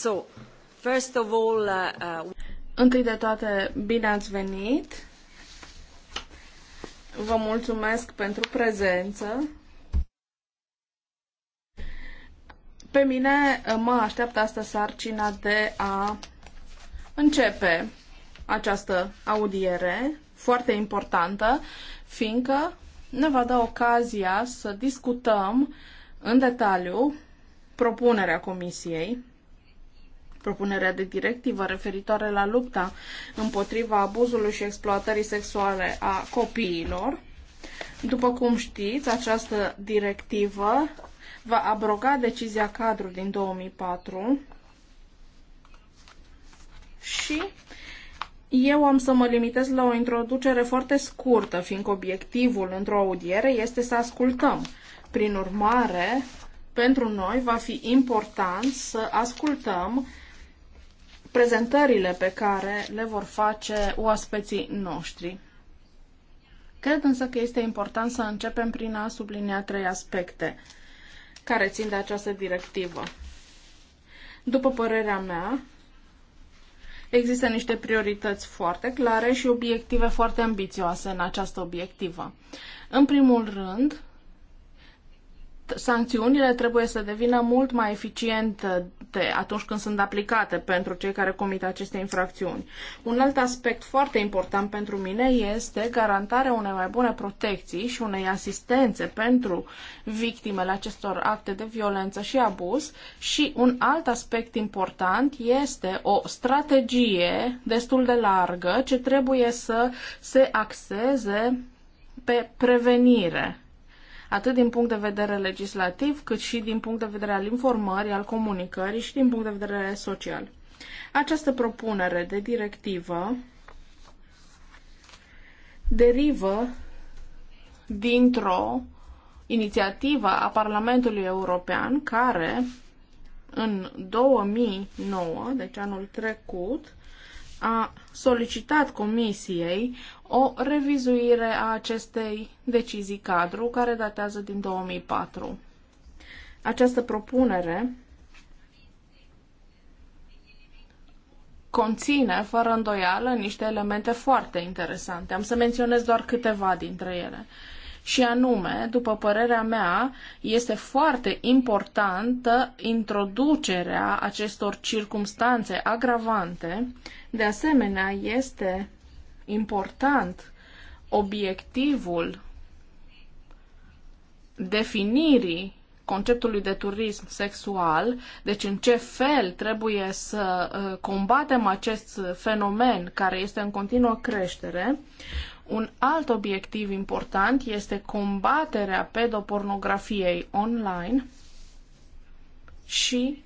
So, first of all, uh, uh... Întâi de toate, bine ați venit. Vă mulțumesc pentru prezență. Pe mine uh, mă așteaptă asta sarcina de a începe această audiere foarte importantă, fiindcă ne va da ocazia să discutăm în detaliu propunerea Comisiei propunerea de directivă referitoare la lupta împotriva abuzului și exploatării sexuale a copiilor. După cum știți, această directivă va abroga decizia cadru din 2004 și eu am să mă limitez la o introducere foarte scurtă, fiindcă obiectivul într-o audiere este să ascultăm. Prin urmare, pentru noi va fi important să ascultăm prezentările pe care le vor face oaspeții noștri. Cred însă că este important să începem prin a sublinia trei aspecte care țin de această directivă. După părerea mea, există niște priorități foarte clare și obiective foarte ambițioase în această obiectivă. În primul rând, sancțiunile trebuie să devină mult mai eficiente atunci când sunt aplicate pentru cei care comit aceste infracțiuni. Un alt aspect foarte important pentru mine este garantarea unei mai bune protecții și unei asistențe pentru victimele acestor acte de violență și abuz și un alt aspect important este o strategie destul de largă ce trebuie să se axeze pe prevenire atât din punct de vedere legislativ, cât și din punct de vedere al informării, al comunicării și din punct de vedere social. Această propunere de directivă derivă dintr-o inițiativă a Parlamentului European care în 2009, deci anul trecut, a solicitat Comisiei o revizuire a acestei decizii cadru care datează din 2004. Această propunere conține, fără îndoială, niște elemente foarte interesante. Am să menționez doar câteva dintre ele și anume, după părerea mea, este foarte importantă introducerea acestor circumstanțe agravante. De asemenea, este important obiectivul definirii conceptului de turism sexual, deci în ce fel trebuie să uh, combatem acest fenomen care este în continuă creștere. Un alt obiectiv important este combaterea pedopornografiei online și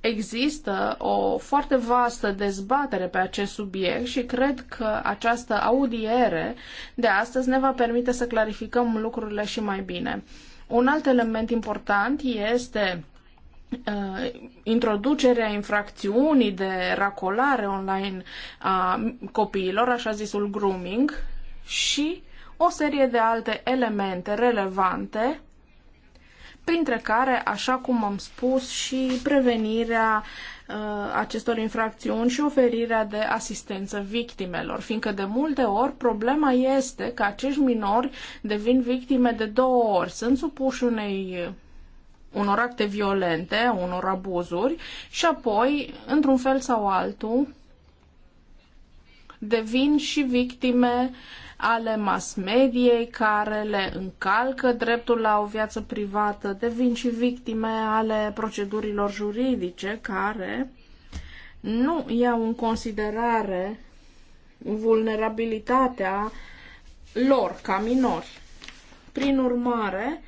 există o foarte vastă dezbatere pe acest subiect și cred că această audiere de astăzi ne va permite să clarificăm lucrurile și mai bine. Un alt element important este Uh, introducerea infracțiunii de racolare online a copiilor, așa zisul grooming, și o serie de alte elemente relevante, printre care, așa cum am spus, și prevenirea uh, acestor infracțiuni și oferirea de asistență victimelor, fiindcă de multe ori problema este că acești minori devin victime de două ori. Sunt supuși unei unor acte violente, unor abuzuri și apoi, într-un fel sau altul, devin și victime ale mass mediei care le încalcă dreptul la o viață privată, devin și victime ale procedurilor juridice care nu iau în considerare vulnerabilitatea lor ca minori. Prin urmare,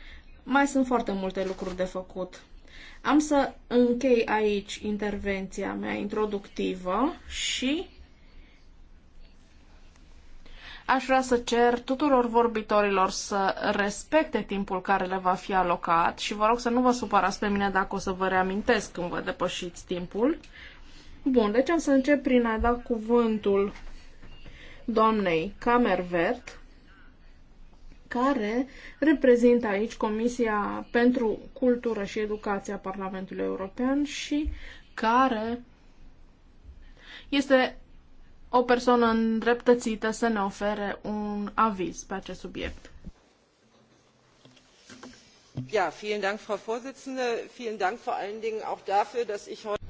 mai sunt foarte multe lucruri de făcut. Am să închei aici intervenția mea introductivă și aș vrea să cer tuturor vorbitorilor să respecte timpul care le va fi alocat și vă rog să nu vă supărați pe mine dacă o să vă reamintesc când vă depășiți timpul. Bun, deci am să încep prin a da cuvântul doamnei Camervert, care reprezintă aici Comisia pentru Cultură și Educație a Parlamentului European și care este o persoană îndreptățită să ne ofere un aviz pe acest subiect. Ja, vielen Dank, Frau Vorsitzende. Vielen Dank vor allen Dingen auch dafür, dass ich heute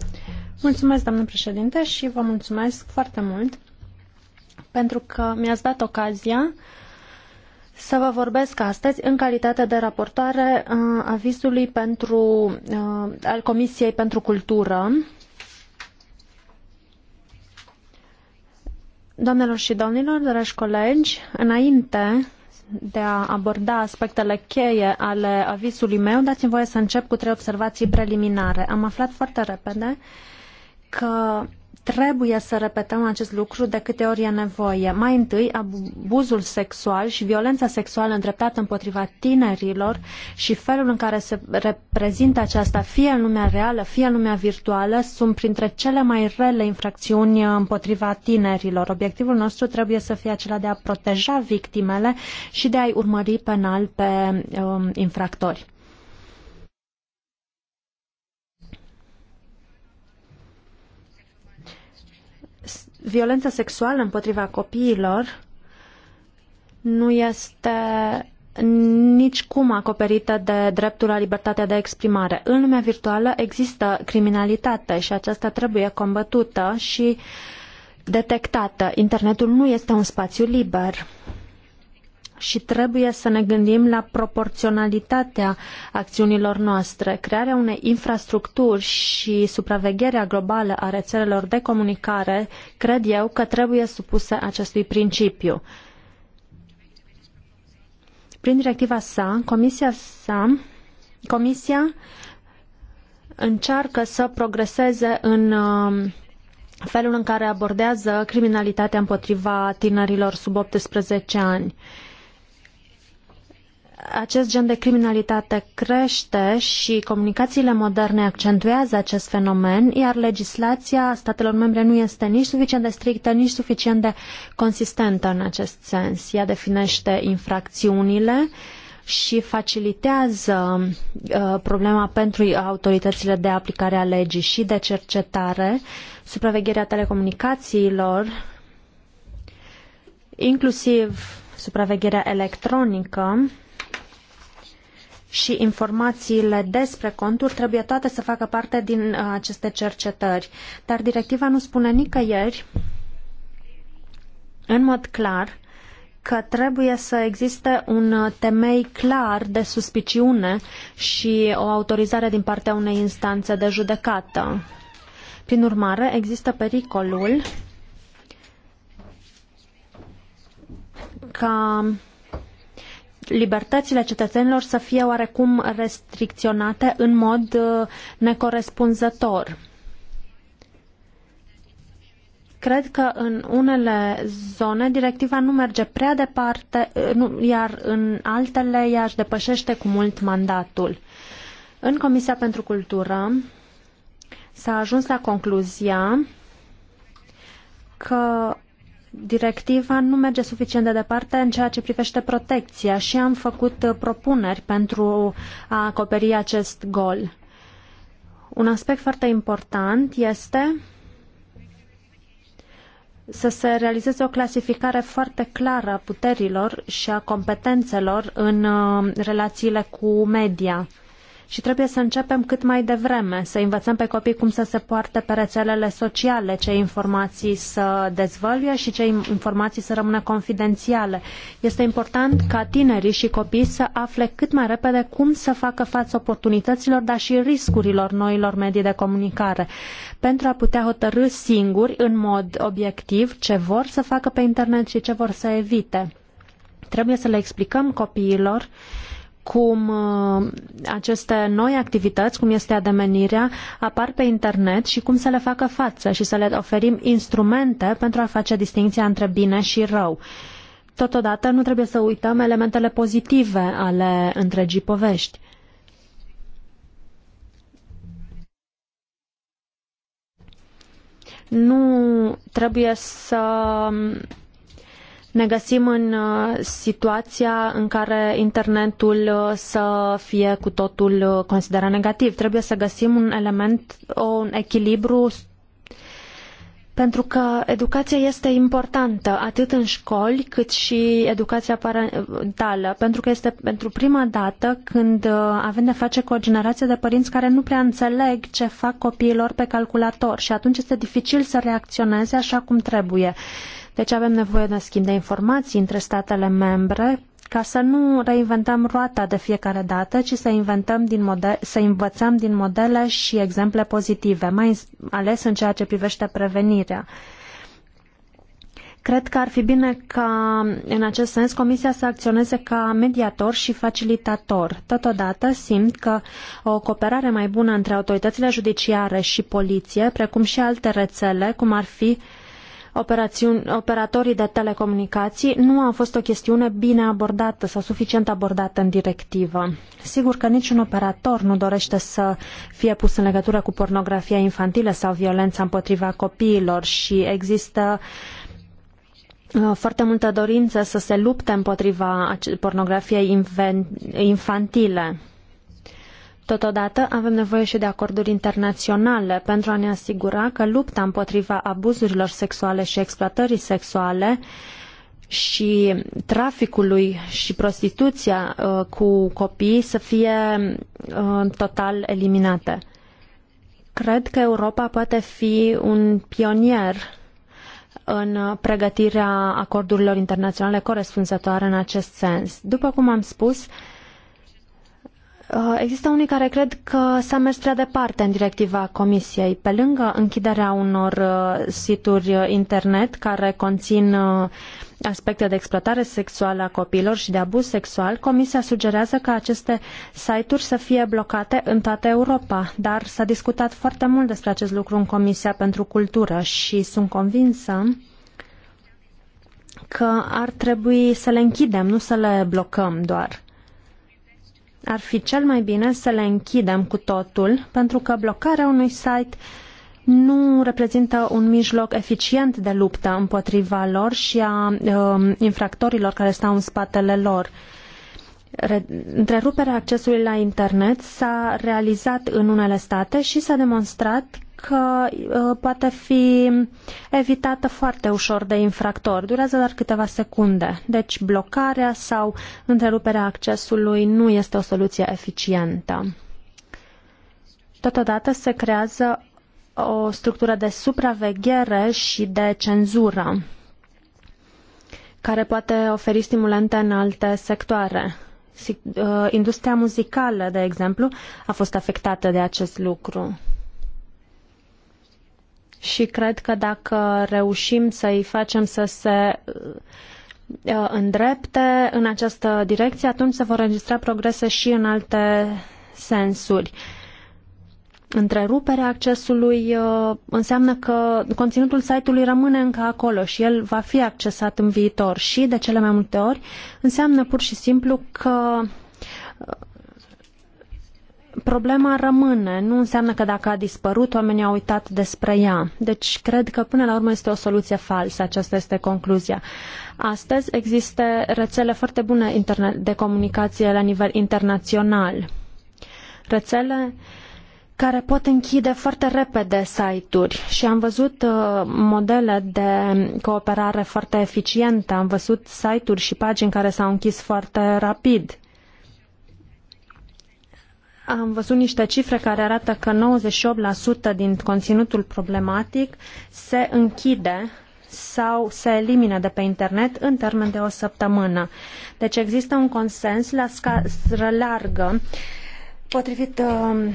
Mulțumesc, doamnă președinte, și vă mulțumesc foarte mult pentru că mi-ați dat ocazia să vă vorbesc astăzi în calitate de raportoare uh, a avizului pentru, uh, al Comisiei pentru Cultură. Doamnelor și domnilor, dragi colegi, înainte de a aborda aspectele cheie ale avizului meu, dați-mi voie să încep cu trei observații preliminare. Am aflat foarte repede că trebuie să repetăm acest lucru de câte ori e nevoie. Mai întâi, abuzul sexual și violența sexuală îndreptată împotriva tinerilor și felul în care se reprezintă aceasta fie în lumea reală, fie în lumea virtuală, sunt printre cele mai rele infracțiuni împotriva tinerilor. Obiectivul nostru trebuie să fie acela de a proteja victimele și de a-i urmări penal pe um, infractori. violența sexuală împotriva copiilor nu este nici cum acoperită de dreptul la libertatea de exprimare. În lumea virtuală există criminalitate și aceasta trebuie combătută și detectată. Internetul nu este un spațiu liber și trebuie să ne gândim la proporționalitatea acțiunilor noastre. Crearea unei infrastructuri și supravegherea globală a rețelelor de comunicare cred eu că trebuie supuse acestui principiu. Prin directiva sa, Comisia sa, Comisia încearcă să progreseze în um, felul în care abordează criminalitatea împotriva tinerilor sub 18 ani acest gen de criminalitate crește și comunicațiile moderne accentuează acest fenomen, iar legislația statelor membre nu este nici suficient de strictă, nici suficient de consistentă în acest sens. Ea definește infracțiunile și facilitează uh, problema pentru autoritățile de aplicare a legii și de cercetare, supravegherea telecomunicațiilor, inclusiv supravegherea electronică, și informațiile despre conturi trebuie toate să facă parte din uh, aceste cercetări. Dar directiva nu spune nicăieri, în mod clar, că trebuie să existe un uh, temei clar de suspiciune și o autorizare din partea unei instanțe de judecată. Prin urmare, există pericolul ca libertățile cetățenilor să fie oarecum restricționate în mod uh, necorespunzător. Cred că în unele zone directiva nu merge prea departe, uh, nu, iar în altele ea își depășește cu mult mandatul. În Comisia pentru Cultură s-a ajuns la concluzia că directiva nu merge suficient de departe în ceea ce privește protecția și am făcut uh, propuneri pentru a acoperi acest gol. Un aspect foarte important este să se realizeze o clasificare foarte clară a puterilor și a competențelor în uh, relațiile cu media și trebuie să începem cât mai devreme, să învățăm pe copii cum să se poarte pe rețelele sociale, ce informații să dezvăluie și ce informații să rămână confidențiale. Este important ca tinerii și copiii să afle cât mai repede cum să facă față oportunităților, dar și riscurilor noilor medii de comunicare, pentru a putea hotărâ singuri, în mod obiectiv, ce vor să facă pe internet și ce vor să evite. Trebuie să le explicăm copiilor cum uh, aceste noi activități, cum este ademenirea, apar pe internet și cum să le facă față și să le oferim instrumente pentru a face distinția între bine și rău. Totodată nu trebuie să uităm elementele pozitive ale întregii povești. Nu trebuie să ne găsim în uh, situația în care internetul uh, să fie cu totul uh, considerat negativ. Trebuie să găsim un element, un echilibru pentru că educația este importantă atât în școli cât și educația parentală, pentru că este pentru prima dată când avem de face cu o generație de părinți care nu prea înțeleg ce fac copiilor pe calculator și atunci este dificil să reacționeze așa cum trebuie. Deci avem nevoie de schimb de informații între statele membre ca să nu reinventăm roata de fiecare dată, ci să, inventăm din model, să învățăm din modele și exemple pozitive, mai ales în ceea ce privește prevenirea. Cred că ar fi bine ca, în acest sens, Comisia să acționeze ca mediator și facilitator. Totodată simt că o cooperare mai bună între autoritățile judiciare și poliție, precum și alte rețele, cum ar fi uh, operatorii de telecomunicații nu a fost o chestiune bine abordată sau suficient abordată în directivă. Sigur că niciun operator nu dorește să fie pus în legătură cu pornografia infantilă sau violența împotriva copiilor și există uh, foarte multă dorință să se lupte împotriva pornografiei infantile. Totodată avem nevoie și de acorduri internaționale pentru a ne asigura că lupta împotriva abuzurilor sexuale și exploatării sexuale și traficului și prostituția uh, cu copii să fie uh, total eliminate. Cred că Europa poate fi un pionier în pregătirea acordurilor internaționale corespunzătoare în acest sens. După cum am spus, Uh, există unii care cred că s-a mers prea departe în directiva Comisiei. Pe lângă închiderea unor uh, situri uh, internet care conțin aspecte de exploatare sexuală a copiilor și de abuz sexual, Comisia sugerează ca aceste site-uri să fie blocate în toată Europa, dar s-a discutat foarte mult despre acest lucru în Comisia pentru Cultură și sunt convinsă că ar trebui să le închidem, nu să le blocăm doar ar fi cel mai bine să le închidem cu totul, pentru că blocarea unui site nu reprezintă un mijloc eficient de luptă împotriva lor și a um, infractorilor care stau în spatele lor. Re- întreruperea accesului la internet s-a realizat în unele state și s-a demonstrat că uh, poate fi evitată foarte ușor de infractor. Durează doar câteva secunde. Deci blocarea sau întreruperea accesului nu este o soluție eficientă. Totodată se creează o structură de supraveghere și de cenzură care poate oferi stimulente în alte sectoare. Uh, industria muzicală, de exemplu, a fost afectată de acest lucru și cred că dacă reușim să-i facem să se uh, uh, îndrepte în această direcție, atunci se vor înregistra progrese și în alte sensuri. Întreruperea accesului uh, înseamnă că conținutul site-ului rămâne încă acolo și el va fi accesat în viitor și, de cele mai multe ori, înseamnă pur și simplu că problema rămâne. Nu înseamnă că dacă a dispărut, oamenii au uitat despre ea. Deci cred că până la urmă este o soluție falsă. Aceasta este concluzia. Astăzi există rețele foarte bune de comunicație la nivel internațional. Rețele care pot închide foarte repede site-uri și am văzut uh, modele de cooperare foarte eficiente, am văzut site-uri și pagini care s-au închis foarte rapid am văzut niște cifre care arată că 98% din conținutul problematic se închide sau se elimină de pe internet în termen de o săptămână. Deci există un consens la scară largă potrivit um,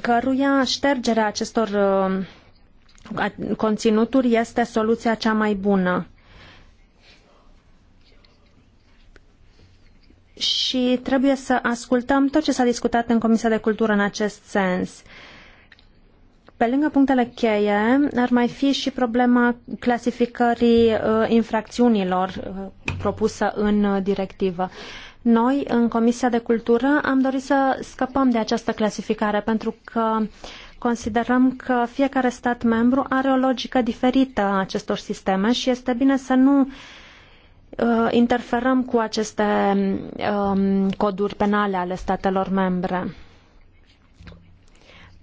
căruia ștergerea acestor um, conținuturi este soluția cea mai bună. și trebuie să ascultăm tot ce s-a discutat în Comisia de Cultură în acest sens. Pe lângă punctele cheie, ar mai fi și problema clasificării uh, infracțiunilor uh, propusă în uh, directivă. Noi, în Comisia de Cultură, am dorit să scăpăm de această clasificare pentru că considerăm că fiecare stat membru are o logică diferită a acestor sisteme și este bine să nu uh, Uh, interferăm cu aceste um, coduri penale ale statelor membre.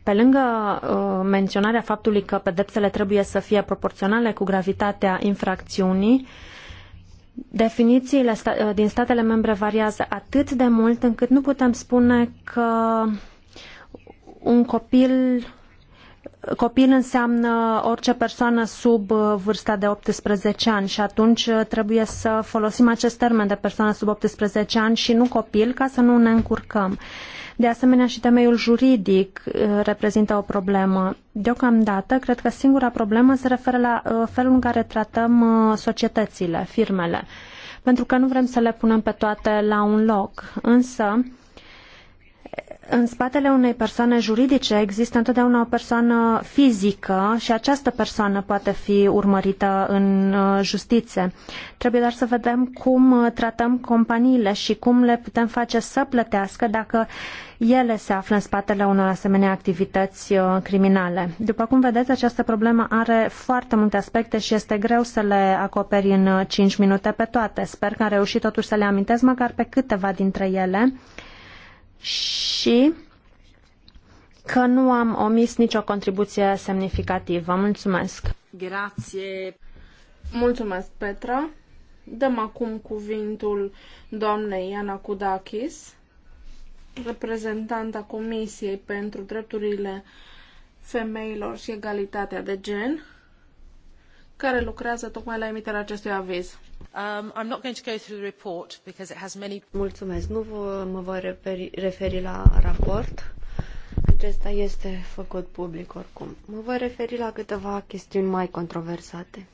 Pe lângă uh, menționarea faptului că pedepsele trebuie să fie proporționale cu gravitatea infracțiunii, definițiile uh, din statele membre variază atât de mult încât nu putem spune că un copil Copil înseamnă orice persoană sub uh, vârsta de 18 ani și atunci uh, trebuie să folosim acest termen de persoană sub 18 ani și nu copil ca să nu ne încurcăm. De asemenea, și temeiul juridic uh, reprezintă o problemă. Deocamdată, cred că singura problemă se referă la felul în care tratăm societățile, firmele, pentru că nu vrem să le punem pe toate la un loc. Însă, în spatele unei persoane juridice există întotdeauna o persoană fizică și această persoană poate fi urmărită în uh, justiție. Trebuie doar să vedem cum uh, tratăm companiile și cum le putem face să plătească dacă ele se află în spatele unor asemenea activități uh, criminale. După cum vedeți, această problemă are foarte multe aspecte și este greu să le acoperi în 5 minute pe toate. Sper că am reușit totuși să le amintesc măcar pe câteva dintre ele și că nu am omis nicio contribuție semnificativă. Mulțumesc! Grație! Mulțumesc, Petra! Dăm acum cuvintul doamnei Iana Kudakis, reprezentanta Comisiei pentru Drepturile Femeilor și Egalitatea de Gen, care lucrează tocmai la emiterea acestui aviz. Um, I'm not going to go through the report because it has many... Mulțumesc. Nu vă, mă voi referi, referi la raport. Acesta este făcut public oricum. Mă voi referi la câteva chestiuni mai controversate.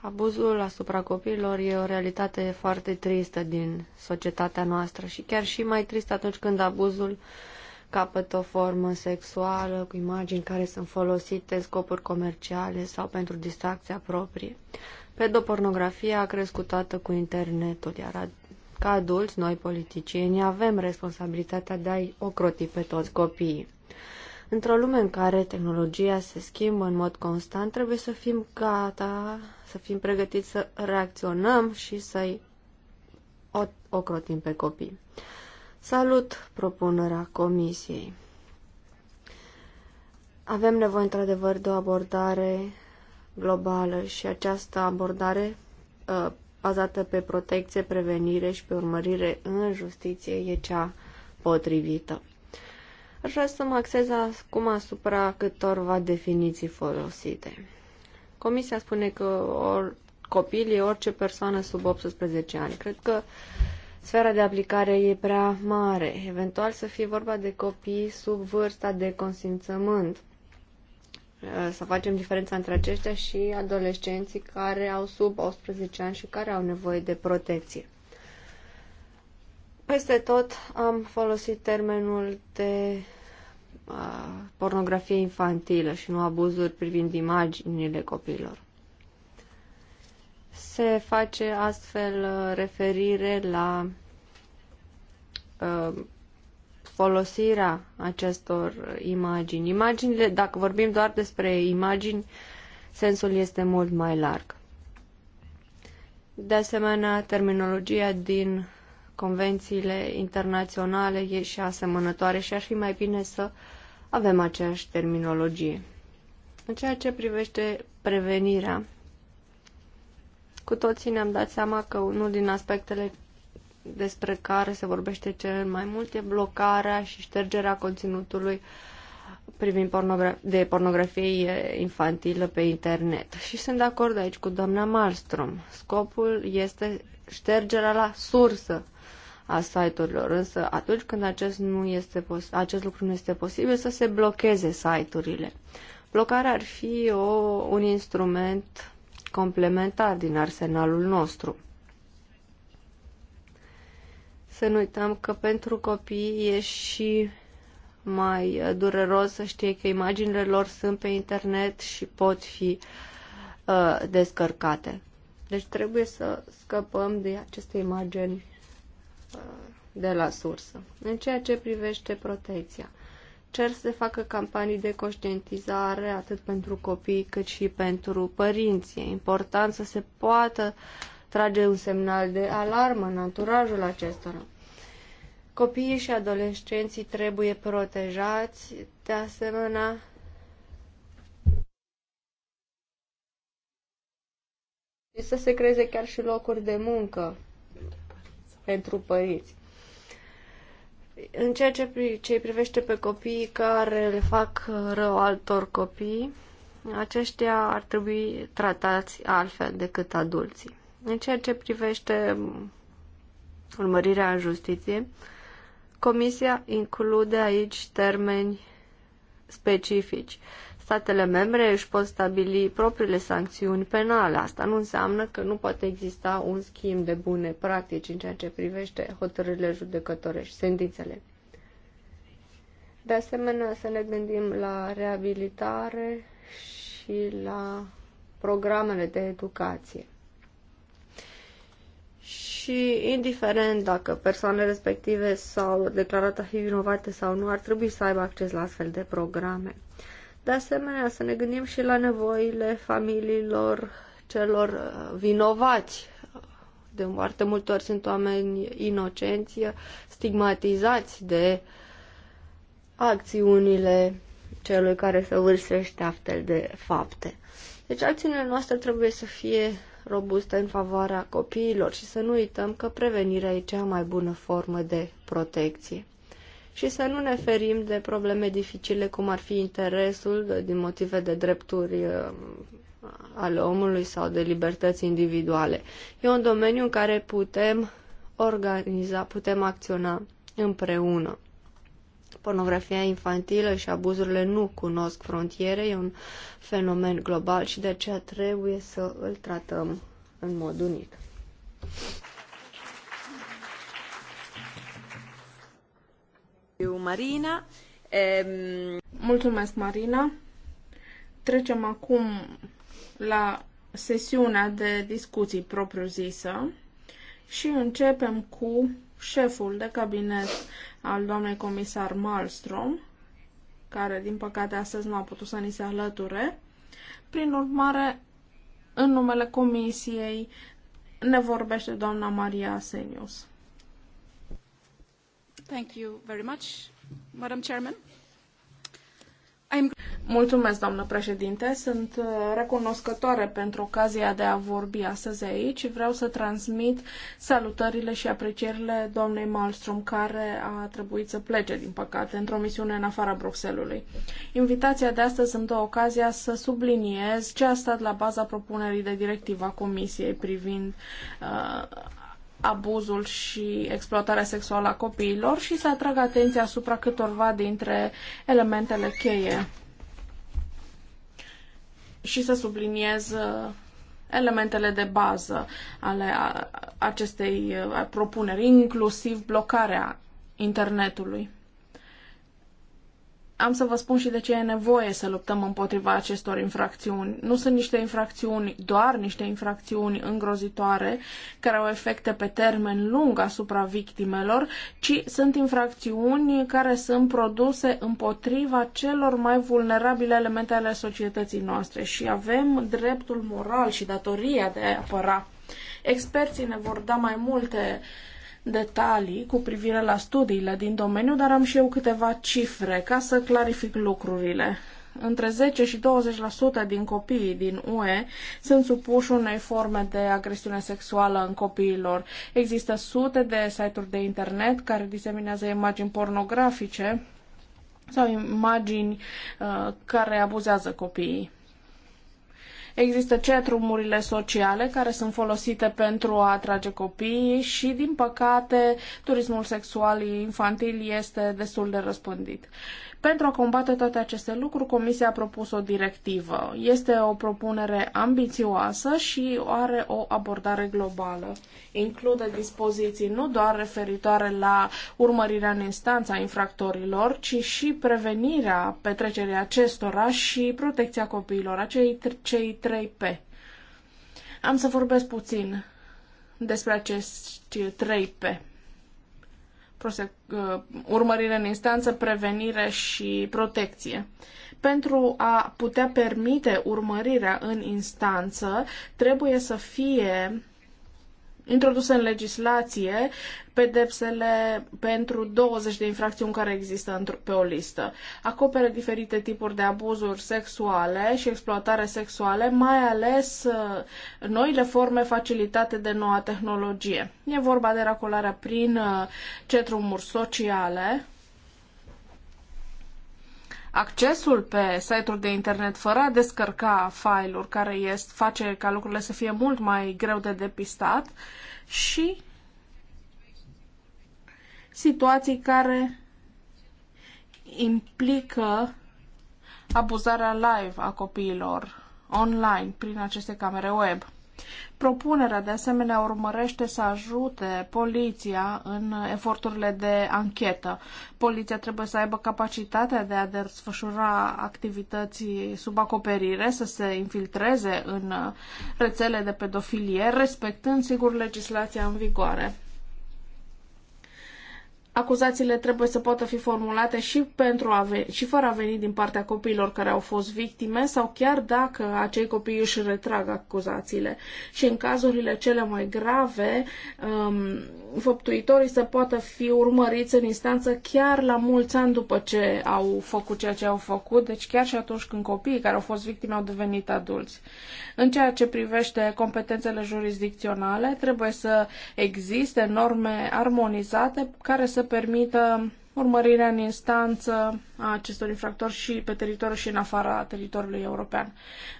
Abuzul asupra copiilor e o realitate foarte tristă din societatea noastră și chiar și mai trist atunci când abuzul capătă o formă sexuală cu imagini care sunt folosite în scopuri comerciale sau pentru distracția proprie. Pedopornografia a crescut toată cu internetul, iar ca adulți, noi politicieni, avem responsabilitatea de a-i ocroti pe toți copiii. Într-o lume în care tehnologia se schimbă în mod constant, trebuie să fim gata, să fim pregătiți să reacționăm și să-i ocrotim pe copii. Salut propunerea comisiei. Avem nevoie, într-adevăr, de o abordare globală și această abordare uh, bazată pe protecție, prevenire și pe urmărire în justiție e cea potrivită. Aș vrea să mă axez acum asupra câtorva definiții folosite. Comisia spune că or, e orice persoană sub 18 ani. Cred că sfera de aplicare e prea mare. Eventual să fie vorba de copii sub vârsta de consimțământ Eh, să facem diferența între aceștia și adolescenții care au sub 18 ani și care au nevoie de protecție. Peste tot am folosit termenul de a, pornografie infantilă și nu abuzuri privind imaginile copiilor. Se face astfel eh, referire la a, eh, folosirea acestor imagini. Imaginile, dacă vorbim doar despre imagini, sensul este mult mai larg. De asemenea, terminologia din convențiile internaționale e și asemănătoare și ar fi mai bine să avem aceeași terminologie. În ceea ce privește prevenirea, cu toții ne-am dat seama că unul din aspectele despre care se vorbește cel mai mult e blocarea și ștergerea conținutului privind pornogra- de pornografie infantilă pe internet. Și sunt de acord aici cu doamna Malmström. Scopul este ștergerea la sursă a site-urilor, însă atunci când acest, nu este acest lucru nu este posibil, să se blocheze site-urile. Blocarea ar fi o, un instrument complementar din arsenalul nostru să nu uităm că pentru copii e și mai dureros să știe că imaginile lor sunt pe internet și pot fi uh, descărcate. Deci trebuie să scăpăm de aceste imagini uh, de la sursă. În ceea ce privește protecția, cer să se facă campanii de conștientizare atât pentru copii cât și pentru părinți. E important să se poată trage un semnal de alarmă în anturajul acestora. Copiii și adolescenții trebuie protejați, de asemenea, și să se creeze chiar și locuri de muncă pentru părinți. În ceea ce îi privește pe copiii care le fac rău altor copii, aceștia ar trebui tratați altfel decât adulții. În ceea ce privește urmărirea în justiție, Comisia include aici termeni specifici. Statele membre își pot stabili propriile sancțiuni penale. Asta nu înseamnă că nu poate exista un schimb de bune practici în ceea ce privește hotărârile judecătorești, sentințele. De asemenea, să ne gândim la reabilitare și la programele de educație și indiferent dacă persoanele respective s-au declarat a fi vinovate sau nu, ar trebui să aibă acces la astfel de programe. De asemenea, să ne gândim și la nevoile familiilor celor uh, vinovați. De foarte multe ori sunt oameni inocenți, stigmatizați de acțiunile celui care vârsește astfel de fapte. Deci acțiunile noastre trebuie să fie robuste în favoarea copiilor și să nu uităm că prevenirea e cea mai bună formă de protecție. Și să nu ne ferim de probleme dificile cum ar fi interesul din motive de drepturi uh, ale omului sau de libertăți individuale. E un domeniu în care putem organiza, putem acționa împreună. Pornografia infantilă și abuzurile nu cunosc frontiere, e un fenomen global și de aceea trebuie să îl tratăm în mod unic. Marina. Mulțumesc, Marina. Trecem acum la sesiunea de discuții propriu-zisă și începem cu șeful de cabinet al doamnei comisar Malmström, care din păcate astăzi nu a putut să ni se alăture. Prin urmare, în numele comisiei ne vorbește doamna Maria Asenius. Thank you very much, Madam Chairman. Mulțumesc, doamnă președinte. Sunt uh, recunoscătoare pentru ocazia de a vorbi astăzi aici. Vreau să transmit salutările și aprecierile doamnei Malmström, care a trebuit să plece, din păcate, într-o misiune în afara Bruxelului. Invitația de astăzi îmi dă ocazia să subliniez ce a stat la baza propunerii de directivă a Comisiei privind uh, abuzul și exploatarea sexuală a copiilor și să atragă atenția asupra câtorva dintre elementele cheie și să subliniez uh, elementele de bază ale acestei uh, propuneri, inclusiv blocarea internetului am să vă spun și de ce e nevoie să luptăm împotriva acestor infracțiuni. Nu sunt niște infracțiuni, doar niște infracțiuni îngrozitoare, care au efecte pe termen lung asupra victimelor, ci sunt infracțiuni care sunt produse împotriva celor mai vulnerabile elemente ale societății noastre și avem dreptul moral și datoria de a apăra. Experții ne vor da mai multe uh, detalii cu privire la studiile din domeniu, dar am și eu câteva cifre ca să clarific lucrurile. Între 10 și 20% din copiii din UE sunt supuși unei forme de agresiune sexuală în copiilor. Există sute de site-uri de internet care diseminează imagini pornografice sau imagini uh, care abuzează copiii. Există centrumurile sociale care sunt folosite pentru a atrage copiii și, din păcate, turismul sexual infantil este destul de răspândit. Pentru a combate toate aceste lucruri, Comisia a propus o directivă. Este o propunere ambițioasă și are o abordare globală. Include dispoziții nu doar referitoare la urmărirea în instanța infractorilor, ci și prevenirea petrecerii acestora și protecția copiilor, acei cei 3P. Am să vorbesc puțin despre acești 3P. Uh, urmărire în instanță, prevenire și protecție. Pentru a putea permite urmărirea în instanță, trebuie să fie introduse în legislație pedepsele pentru 20 de infracțiuni care există pe o listă. Acoperă diferite tipuri de abuzuri sexuale și exploatare sexuale, mai ales uh, noile forme facilitate de noua tehnologie. E vorba de racolarea prin uh, centrumuri sociale, accesul pe site-uri de internet fără a descărca file-uri, care este, face ca lucrurile să fie mult mai greu de depistat și situații care implică abuzarea live a copiilor online prin aceste camere web. Propunerea, de asemenea, urmărește să ajute poliția în eforturile de anchetă. Poliția trebuie să aibă capacitatea de a desfășura activități sub acoperire, să se infiltreze în rețele de pedofilie, respectând, sigur, legislația în vigoare acuzațiile trebuie să poată fi formulate și, pentru a veni, și fără a veni din partea copiilor care au fost victime sau chiar dacă acei copii își retrag acuzațiile. Și în cazurile cele mai grave, um, făptuitorii să poată fi urmăriți în instanță chiar la mulți ani după ce au făcut ceea ce au făcut, deci chiar și atunci când copiii care au fost victime au devenit adulți. În ceea ce privește competențele jurisdicționale, trebuie să existe norme armonizate care să permită urmărirea în instanță a acestor infractori și pe teritoriul și în afara teritoriului european.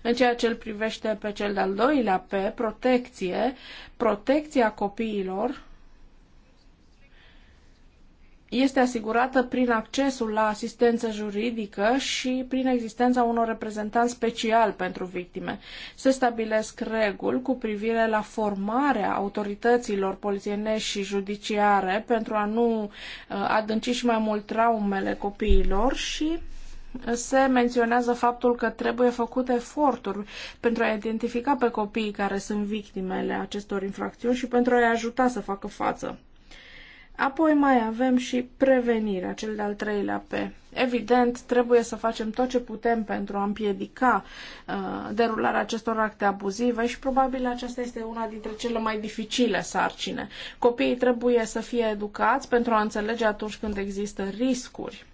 În ceea ce îl privește pe cel de-al doilea P, protecție, protecția copiilor este asigurată prin accesul la asistență juridică și prin existența unor reprezentanți special pentru victime. Se stabilesc reguli cu privire la formarea autorităților polițienești și judiciare pentru a nu uh, adânci și mai mult traumele copiilor și uh, se menționează faptul că trebuie făcut eforturi pentru a identifica pe copiii care sunt victimele acestor infracțiuni și pentru a-i ajuta să facă față. Apoi mai avem și prevenirea, cel de-al treilea P. Evident, trebuie să facem tot ce putem pentru a împiedica uh, derularea acestor acte abuzive și probabil aceasta este una dintre cele mai dificile sarcine. Copiii trebuie să fie educați pentru a înțelege atunci când există riscuri.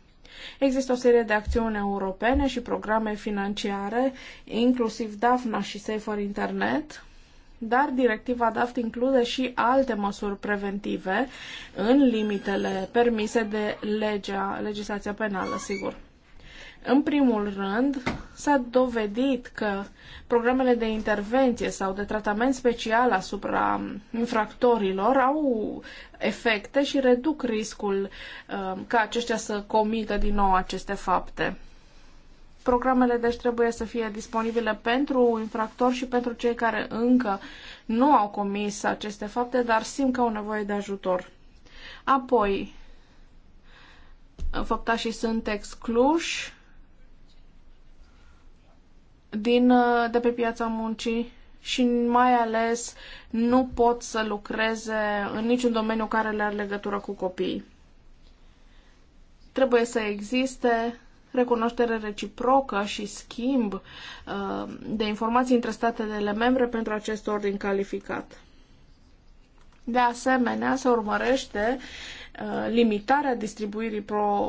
Există o serie de acțiuni europene și programe financiare, inclusiv DAFNA și Safer Internet, dar directiva DAFT include și alte măsuri preventive în limitele permise de legea, legislația penală, sigur. În primul rând, s-a dovedit că programele de intervenție sau de tratament special asupra infractorilor au efecte și reduc riscul uh, ca aceștia să comită din nou aceste fapte. Programele deci trebuie să fie disponibile pentru infractori și pentru cei care încă nu au comis aceste fapte, dar simt că au nevoie de ajutor. Apoi, și sunt excluși din, de pe piața muncii și mai ales nu pot să lucreze în niciun domeniu care le are legătură cu copiii. Trebuie să existe recunoaștere reciprocă și schimb uh, de informații între statele membre pentru acest ordin calificat. De asemenea, se urmărește uh, limitarea distribuirii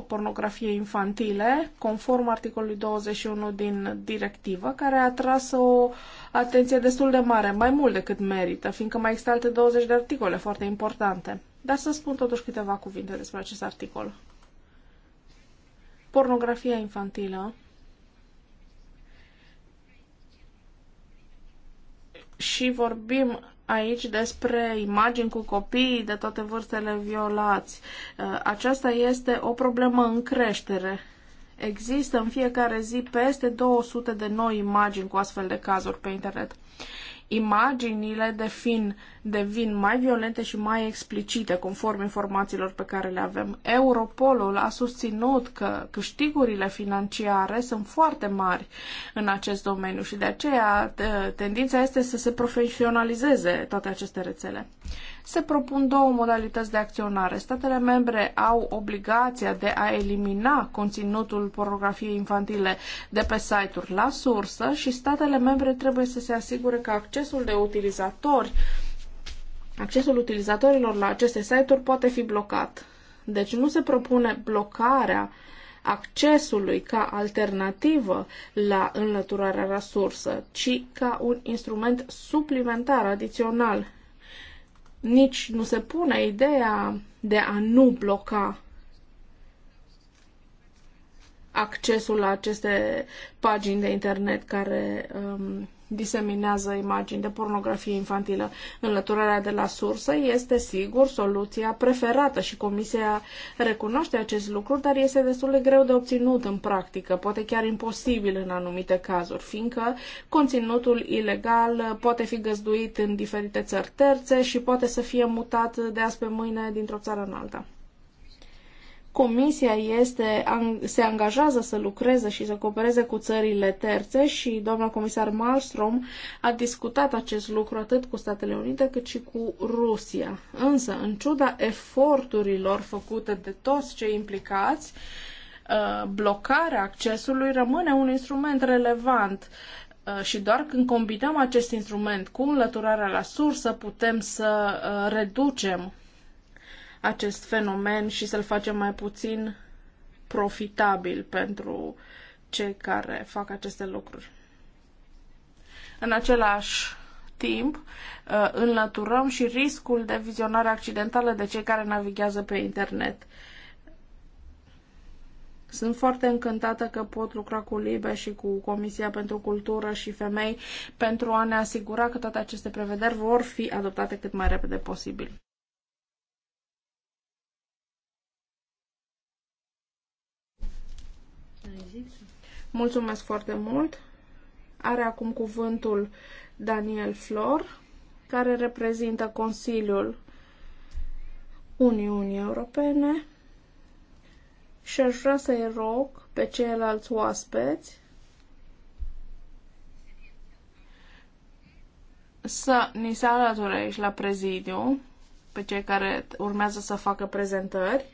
pornografiei infantile, conform articolului 21 din directivă, care a atras o atenție destul de mare, mai mult decât merită, fiindcă mai există alte 20 de articole foarte importante. Dar să spun totuși câteva cuvinte despre acest articol. Pornografia infantilă și vorbim aici despre imagini cu copii de toate vârstele violați. Uh, aceasta este o problemă în creștere. Există în fiecare zi peste 200 de noi imagini cu astfel de cazuri pe internet. Imaginile defin uh, devin mai violente și mai explicite, conform informațiilor pe care le avem. Europolul a susținut că câștigurile financiare sunt foarte mari în acest domeniu și de aceea ă, tendința este să se profesionalizeze toate aceste rețele. Se propun două modalități de acționare. Statele membre au obligația de a elimina conținutul pornografiei infantile de pe site-uri la sursă și statele membre trebuie să se asigure că accesul de utilizatori Accesul utilizatorilor la aceste site-uri poate fi blocat. Deci nu se propune blocarea accesului ca alternativă la înlăturarea la sursă, ci ca un instrument suplimentar, adițional. Nici nu se pune ideea de a nu bloca accesul la aceste pagini de internet care um, diseminează imagini de pornografie infantilă. Înlăturarea de la sursă este, sigur, soluția preferată și Comisia recunoaște acest lucru, dar este destul de greu de obținut în practică, poate chiar imposibil în anumite cazuri, fiindcă conținutul ilegal poate fi găzduit în diferite țări terțe și poate să fie mutat de azi pe mâine dintr-o țară în alta. Comisia este, se angajează să lucreze și să coopereze cu țările terțe și doamna comisar Malmström a discutat acest lucru atât cu Statele Unite cât și cu Rusia. Însă, în ciuda eforturilor făcute de toți cei implicați, uh, blocarea accesului rămâne un instrument relevant uh, și doar când combinăm acest instrument cu înlăturarea la sursă putem să uh, reducem acest fenomen și să-l facem mai puțin profitabil pentru cei care fac aceste lucruri. În același timp, uh, înlăturăm și riscul de vizionare accidentală de cei care navighează pe internet. Sunt foarte încântată că pot lucra cu LIBE și cu Comisia pentru Cultură și Femei pentru a ne asigura că toate aceste prevederi vor fi adoptate cât mai repede posibil. Mulțumesc foarte mult. Are acum cuvântul Daniel Flor, care reprezintă Consiliul Uniunii Europene și aș vrea să-i rog pe ceilalți oaspeți să ni se alăture aici la prezidiu, pe cei care urmează să facă prezentări.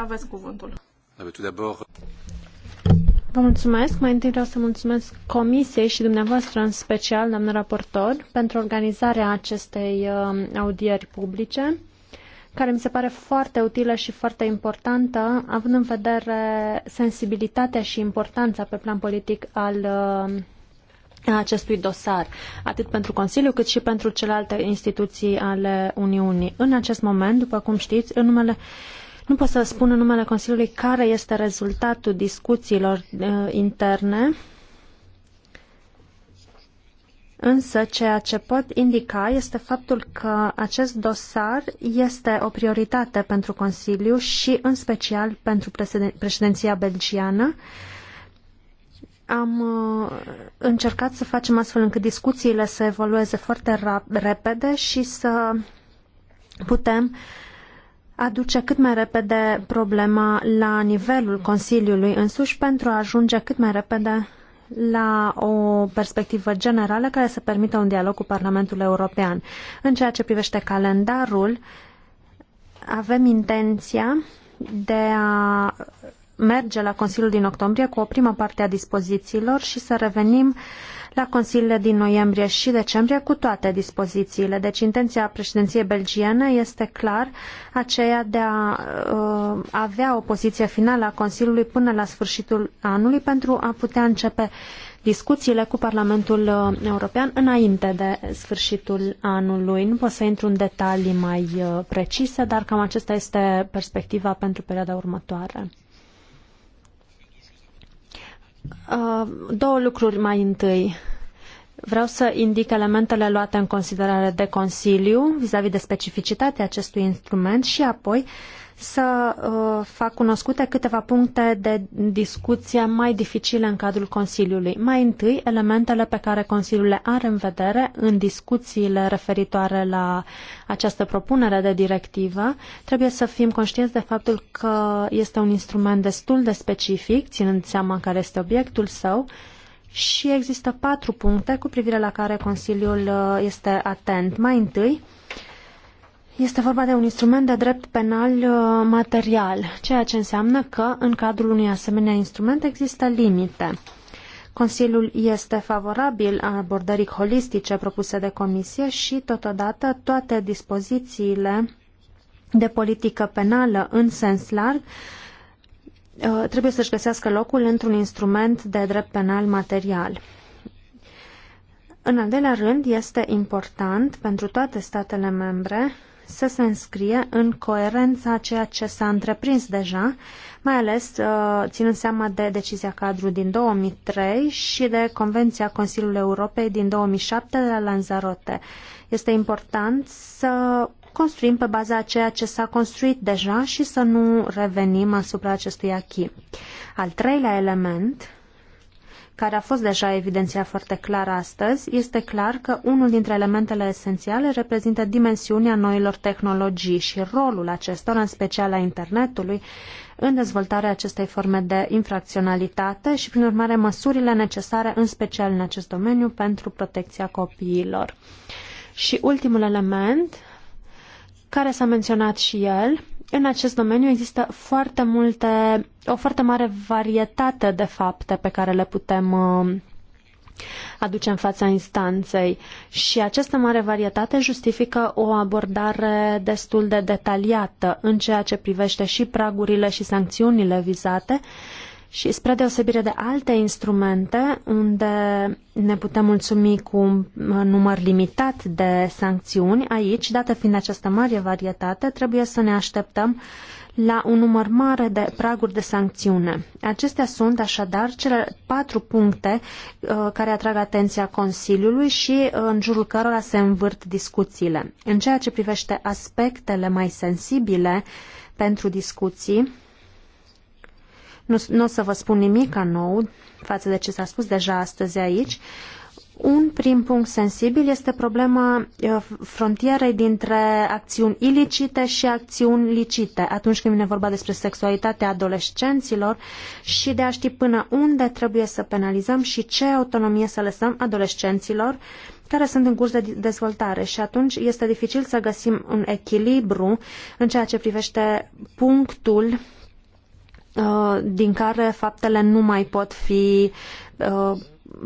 Aveți cuvântul. Vă mulțumesc. Mai întâi vreau să mulțumesc Comisiei și dumneavoastră în special, doamnă raportor, pentru organizarea acestei uh, audieri publice care mi se pare foarte utilă și foarte importantă, având în vedere sensibilitatea și importanța pe plan politic al uh, acestui dosar, atât pentru Consiliu cât și pentru celelalte instituții ale Uniunii. În acest moment, după cum știți, în numele nu pot să spun în numele Consiliului care este rezultatul discuțiilor uh, interne, Însă, ceea ce pot indica este faptul că acest dosar este o prioritate pentru Consiliu și, în special, pentru președinția belgiană. Am uh, încercat să facem astfel încât discuțiile să evolueze foarte repede și să putem uh, aduce cât mai repede problema la nivelul Consiliului însuși pentru a ajunge cât mai repede la o perspectivă generală care să permită un dialog cu Parlamentul European. În ceea ce privește calendarul, avem intenția de a merge la Consiliul din octombrie cu o primă parte a dispozițiilor și să revenim uh, la consiliile din noiembrie și decembrie cu toate dispozițiile. Deci intenția președinției belgiene este clar aceea de a uh, avea o poziție finală a Consiliului până la sfârșitul anului pentru a putea începe discuțiile cu Parlamentul uh, European înainte de sfârșitul anului. Nu pot să intru în detalii mai uh, precise, dar cam acesta este perspectiva pentru perioada următoare. Uh, două lucruri mai întâi. Vreau să indic elementele luate în considerare de Consiliu vis-a-vis de specificitatea acestui instrument și apoi uh, să uh, fac cunoscute câteva puncte de discuție mai dificile în cadrul Consiliului. Mai întâi, elementele pe care Consiliul le are în vedere în discuțiile referitoare la această propunere de directivă. Trebuie să fim conștienți de faptul că este un instrument destul de specific, ținând seama care este obiectul său, și există patru puncte cu privire la care Consiliul uh, este atent. Mai întâi, uh, este vorba de un instrument de drept penal uh, material, ceea ce înseamnă că în cadrul unui asemenea instrument există limite. Consiliul este favorabil a abordării holistice propuse de Comisie și, totodată, toate dispozițiile de politică penală în sens larg uh, trebuie să-și găsească locul într-un instrument de drept penal material. În al doilea rând, este important pentru toate statele membre să se înscrie în coerența ceea ce s-a întreprins deja, mai ales uh, ținând seama de decizia cadru din 2003 și de Convenția Consiliului Europei din 2007 de la Lanzarote. Este important să construim pe baza a ceea ce s-a construit deja și să nu revenim asupra acestui achi. Al treilea element care a fost deja evidențiat foarte clar astăzi, este clar că unul dintre elementele esențiale reprezintă dimensiunea noilor tehnologii și rolul acestora, în special a internetului, în dezvoltarea acestei forme de infracționalitate și, prin urmare, măsurile necesare, în special în acest domeniu, pentru protecția copiilor. Și ultimul element, care s-a menționat și el, în acest domeniu există foarte multe, o foarte mare varietate de fapte pe care le putem uh, aduce în fața instanței și această mare varietate justifică o abordare destul de detaliată în ceea ce privește și pragurile și sancțiunile vizate și spre deosebire de alte instrumente, unde ne putem mulțumi cu un număr limitat de sancțiuni, aici, dată fiind această mare varietate, trebuie să ne așteptăm la un număr mare de praguri de sancțiune. Acestea sunt așadar cele patru puncte uh, care atrag atenția Consiliului și uh, în jurul cărora se învârt discuțiile. În ceea ce privește aspectele mai sensibile pentru discuții, nu, nu o să vă spun nimic nou față de ce s-a spus deja astăzi aici. Un prim punct sensibil este problema uh, frontierei dintre acțiuni ilicite și acțiuni licite, atunci când vine vorba despre sexualitatea adolescenților și de a ști până unde trebuie să penalizăm și ce autonomie să lăsăm adolescenților care sunt în curs de dezvoltare și atunci este dificil să găsim un echilibru în ceea ce privește punctul Uh, din care faptele nu mai pot fi uh,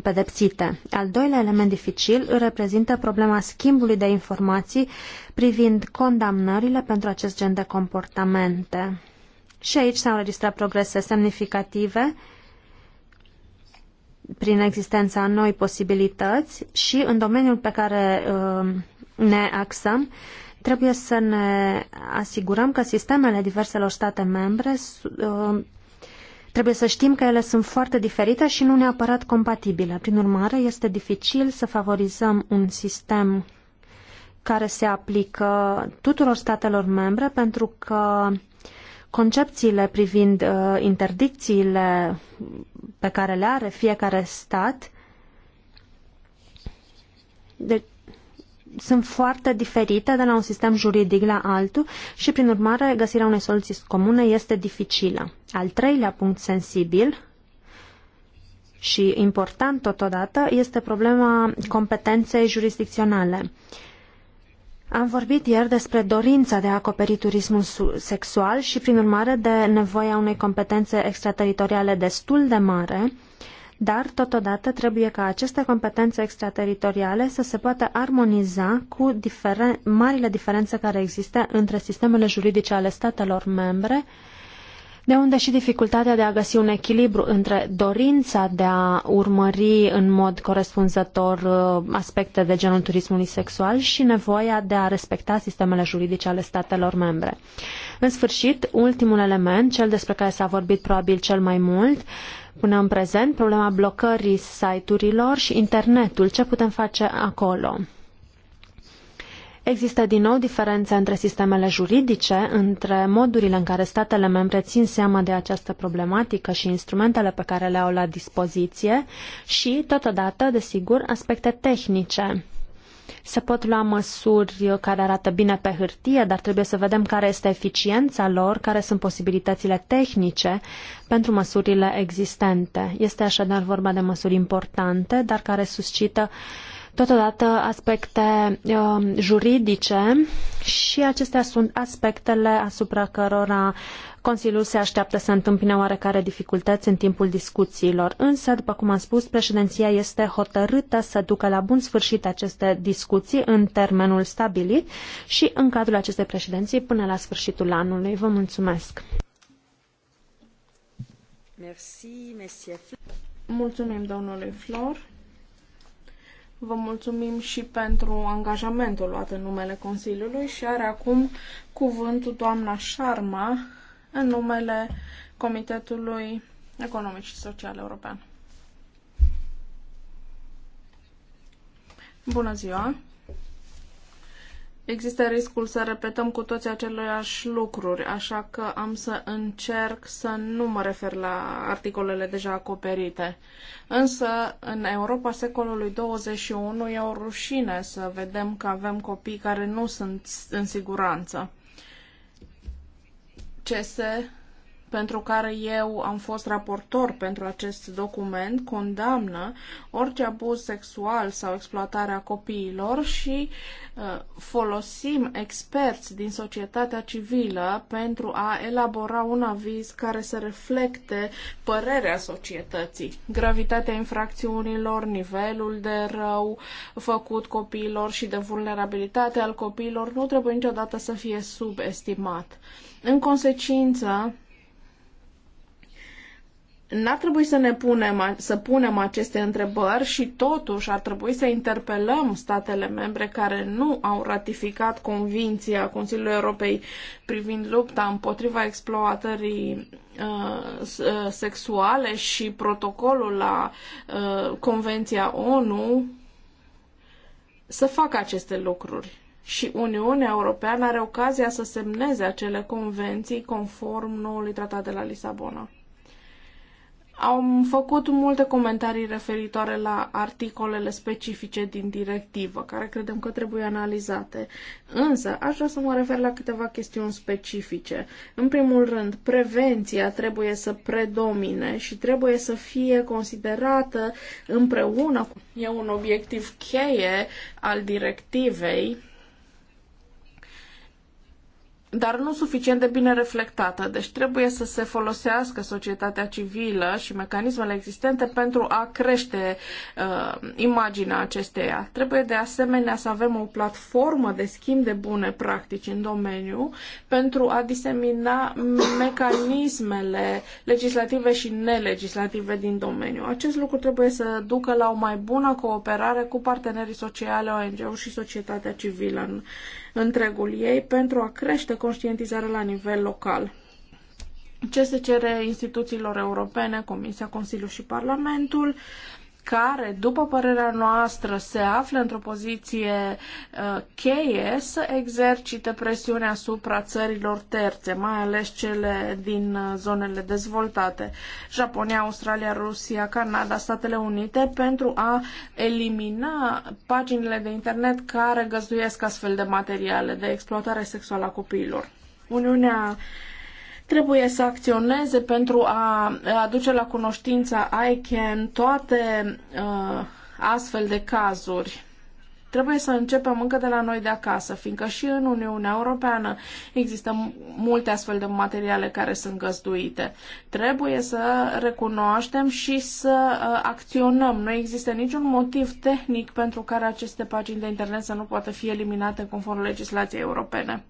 pedepsite. Al doilea element dificil reprezintă problema schimbului de informații privind condamnările pentru acest gen de comportamente. Și aici s-au înregistrat progrese semnificative prin existența noi posibilități și în domeniul pe care uh, ne axăm Trebuie să ne asigurăm că sistemele diverselor state membre uh, trebuie să știm că ele sunt foarte diferite și nu neapărat compatibile. Prin urmare, este dificil să favorizăm un sistem care se aplică tuturor statelor membre pentru că concepțiile privind uh, interdicțiile pe care le are fiecare stat deci, sunt foarte diferite de la un sistem juridic la altul și, prin urmare, găsirea unei soluții comune este dificilă. Al treilea punct sensibil și important totodată este problema competenței jurisdicționale. Am vorbit ieri despre dorința de a acoperi turismul sexual și, prin urmare, de nevoia unei competențe extrateritoriale destul de mare, dar totodată trebuie ca aceste competențe extrateritoriale să se poată armoniza cu diferen- marile diferențe care există între sistemele juridice ale statelor membre, de unde și dificultatea de a găsi un echilibru între dorința de a urmări în mod corespunzător uh, aspecte de genul turismului sexual și nevoia de a respecta sistemele juridice ale statelor membre. În sfârșit, ultimul element, cel despre care s-a vorbit probabil cel mai mult, Până în prezent, problema blocării site-urilor și internetul, ce putem face acolo? Există din nou diferențe între sistemele juridice, între modurile în care statele membre țin seama de această problematică și instrumentele pe care le au la dispoziție și, totodată, desigur, aspecte tehnice. Se pot lua măsuri care arată bine pe hârtie, dar trebuie să vedem care este eficiența lor, care sunt posibilitățile tehnice pentru măsurile existente. Este așadar vorba de măsuri importante, dar care suscită totodată aspecte uh, juridice și acestea sunt aspectele asupra cărora Consiliul se așteaptă să întâmpine oarecare dificultăți în timpul discuțiilor, însă, după cum am spus, președinția este hotărâtă să ducă la bun sfârșit aceste discuții în termenul stabilit și în cadrul acestei președinții până la sfârșitul anului. Vă mulțumesc! Mulțumim domnului Flor. Vă mulțumim și pentru angajamentul luat în numele Consiliului și are acum cuvântul doamna Sharma, în numele Comitetului Economic și Social European. Bună ziua! Există riscul să repetăm cu toți aceleași lucruri, așa că am să încerc să nu mă refer la articolele deja acoperite. Însă, în Europa secolului 21 e o rușine să vedem că avem copii care nu sunt în siguranță ce se pentru care eu am fost raportor pentru acest document, condamnă orice abuz sexual sau exploatarea copiilor și uh, folosim experți din societatea civilă pentru a elabora un aviz care să reflecte părerea societății, gravitatea infracțiunilor, nivelul de rău făcut copiilor și de vulnerabilitate al copiilor nu trebuie niciodată să fie subestimat. În consecință, N-ar trebui să ne punem, să punem aceste întrebări și totuși ar trebui să interpelăm statele membre care nu au ratificat Convinția Consiliului Europei privind lupta împotriva exploatării uh, uh, sexuale și protocolul la uh, Convenția ONU să facă aceste lucruri. Și Uniunea Europeană are ocazia să semneze acele convenții conform noului tratat de la Lisabona. Am făcut multe comentarii referitoare la articolele specifice din directivă, care credem că trebuie analizate. Însă, aș vrea să mă refer la câteva chestiuni specifice. În primul rând, prevenția trebuie să predomine și trebuie să fie considerată împreună. E un obiectiv cheie al directivei dar nu suficient de bine reflectată. Deci trebuie să se folosească societatea civilă și mecanismele existente pentru a crește uh, imaginea acesteia. Trebuie de asemenea să avem o platformă de schimb de bune practici în domeniu pentru a disemina mecanismele legislative și nelegislative din domeniu. Acest lucru trebuie să ducă la o mai bună cooperare cu partenerii sociale, ONG-uri și societatea civilă în întregul ei pentru a crește conștientizarea la nivel local. Ce se cere instituțiilor europene, Comisia, Consiliul și Parlamentul care, după părerea noastră, se află într-o poziție uh, cheie să exercite presiune asupra țărilor terțe, mai ales cele din uh, zonele dezvoltate, Japonia, Australia, Rusia, Canada, Statele Unite, pentru a elimina paginile de internet care găzduiesc astfel de materiale de exploatare sexuală a copiilor. Uniunea uh, trebuie să acționeze pentru a aduce la cunoștința ICANN toate uh, astfel de cazuri. Trebuie să începem încă de la noi de acasă, fiindcă și în Uniunea Europeană există multe astfel de materiale care sunt găzduite. Trebuie să recunoaștem și să uh, acționăm. Nu există niciun motiv tehnic pentru care aceste pagini de internet să nu poată fi eliminate conform legislației europene.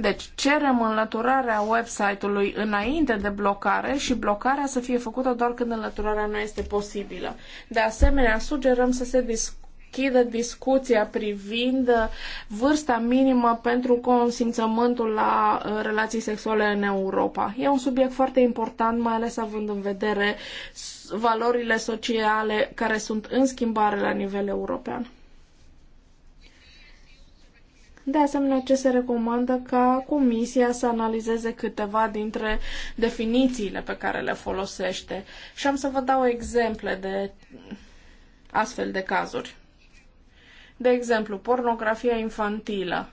Deci cerem înlăturarea website-ului înainte de blocare și blocarea să fie făcută doar când înlăturarea nu este posibilă. De asemenea, sugerăm să se deschidă discuția privind uh, vârsta minimă pentru consimțământul la uh, relații sexuale în Europa. E un subiect foarte important, mai ales având în vedere valorile sociale care sunt în schimbare la nivel european. De asemenea, ce se recomandă ca comisia să analizeze câteva dintre definițiile pe care le folosește. Și am să vă dau exemple de astfel de cazuri. De exemplu, pornografia infantilă.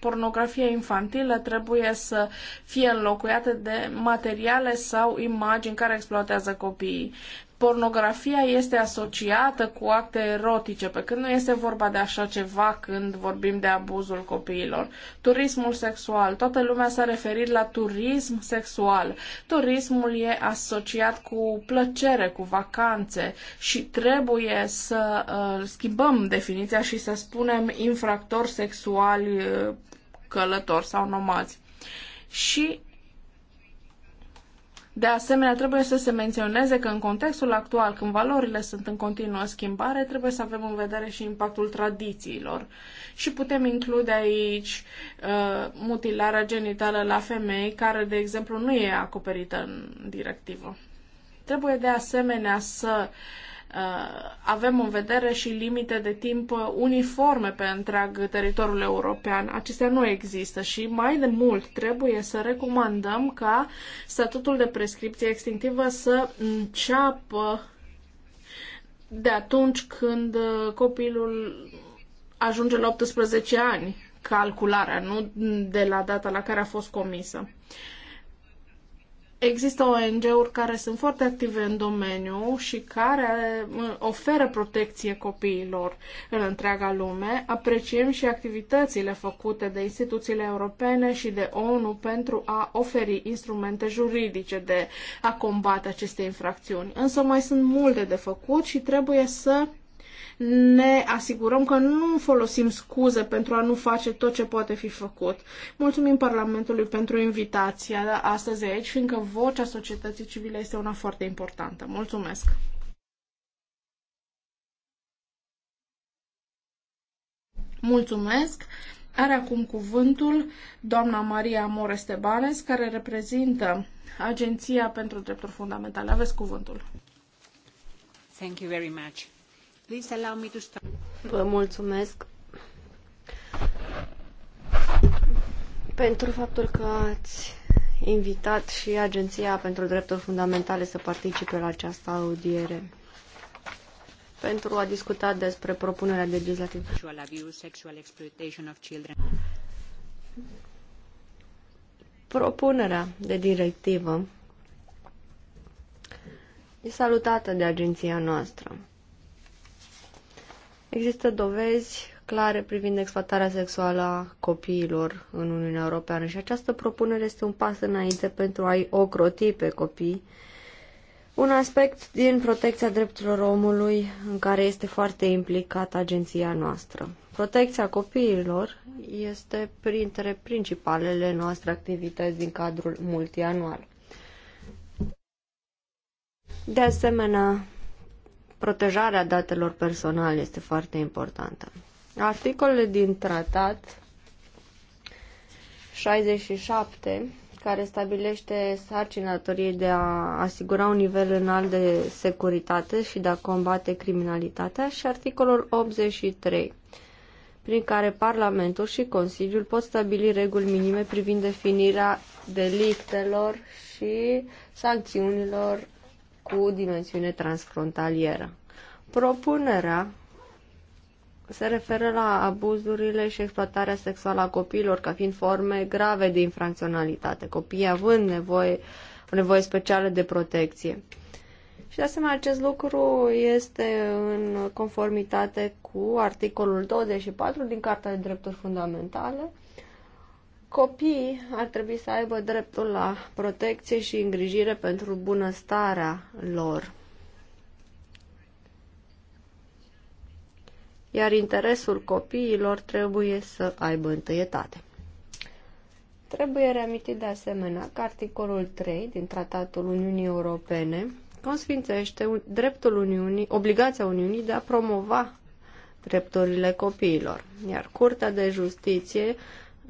Pornografia infantilă trebuie să fie înlocuiată de materiale sau imagini care exploatează copiii pornografia este asociată cu acte erotice, pe când nu este vorba de așa ceva când vorbim de abuzul copiilor. Turismul sexual. Toată lumea s-a referit la turism sexual. Turismul e asociat cu plăcere, cu vacanțe și trebuie să uh, schimbăm definiția și să spunem infractori sexuali, uh, călători sau nomazi. Și de asemenea, trebuie să se menționeze că în contextul actual, când valorile sunt în continuă schimbare, trebuie să avem în vedere și impactul tradițiilor. Și putem include aici uh, mutilarea genitală la femei, care, de exemplu, nu e acoperită în directivă. Trebuie de asemenea să uh, Uh, avem în vedere și limite de timp uniforme pe întreg teritoriul european. Acestea nu există și mai de mult trebuie să recomandăm ca statutul de prescripție extintivă să înceapă de atunci când copilul ajunge la 18 ani, calcularea, nu de la data la care a fost comisă. Uh, Există ONG-uri care sunt foarte active în domeniu și care oferă protecție copiilor în întreaga lume. Apreciem și activitățile făcute de instituțiile europene și de ONU pentru a oferi instrumente juridice de a combate aceste infracțiuni. Însă mai sunt multe de făcut și trebuie să ne asigurăm că nu folosim scuze pentru a nu face tot ce poate fi făcut. Mulțumim Parlamentului pentru invitația astăzi aici, fiindcă vocea societății civile este una foarte importantă. Mulțumesc! Mulțumesc! Are acum cuvântul doamna Maria Morestebanes, care reprezintă Agenția pentru Drepturi Fundamentale. Aveți cuvântul. Thank you very much mulțumesc pentru faptul că ați invitat și Agenția pentru Drepturi Fundamentale să participe la această audiere pentru a discuta despre propunerea legislativă. Propunerea de directivă e salutată de agenția noastră. Există dovezi clare privind exploatarea sexuală a copiilor în Uniunea Europeană și această propunere este un pas înainte pentru a-i ocroti pe copii, un aspect din protecția drepturilor omului în care este foarte implicată agenția noastră. Protecția copiilor este printre principalele noastre activități din cadrul multianual. De asemenea, protejarea datelor personale este foarte importantă. Articolele din tratat 67 care stabilește sarcina datoriei de a asigura un nivel înalt de securitate și de a combate criminalitatea și articolul 83 prin care Parlamentul și Consiliul pot stabili reguli minime privind definirea delictelor și sancțiunilor cu dimensiune transfrontalieră. Propunerea se referă la abuzurile și exploatarea sexuală a copiilor ca fiind forme grave de infracționalitate, copiii având nevoie, o nevoie specială de protecție. Și de asemenea acest lucru este în conformitate cu articolul 24 din Carta de Drepturi Fundamentale, Copiii ar trebui să aibă dreptul la protecție și îngrijire pentru bunăstarea lor. Iar interesul copiilor trebuie să aibă întâietate. Trebuie reamintit de asemenea că articolul 3 din Tratatul Uniunii Europene consfințește dreptul Uniunii, obligația Uniunii de a promova drepturile copiilor, iar Curtea de Justiție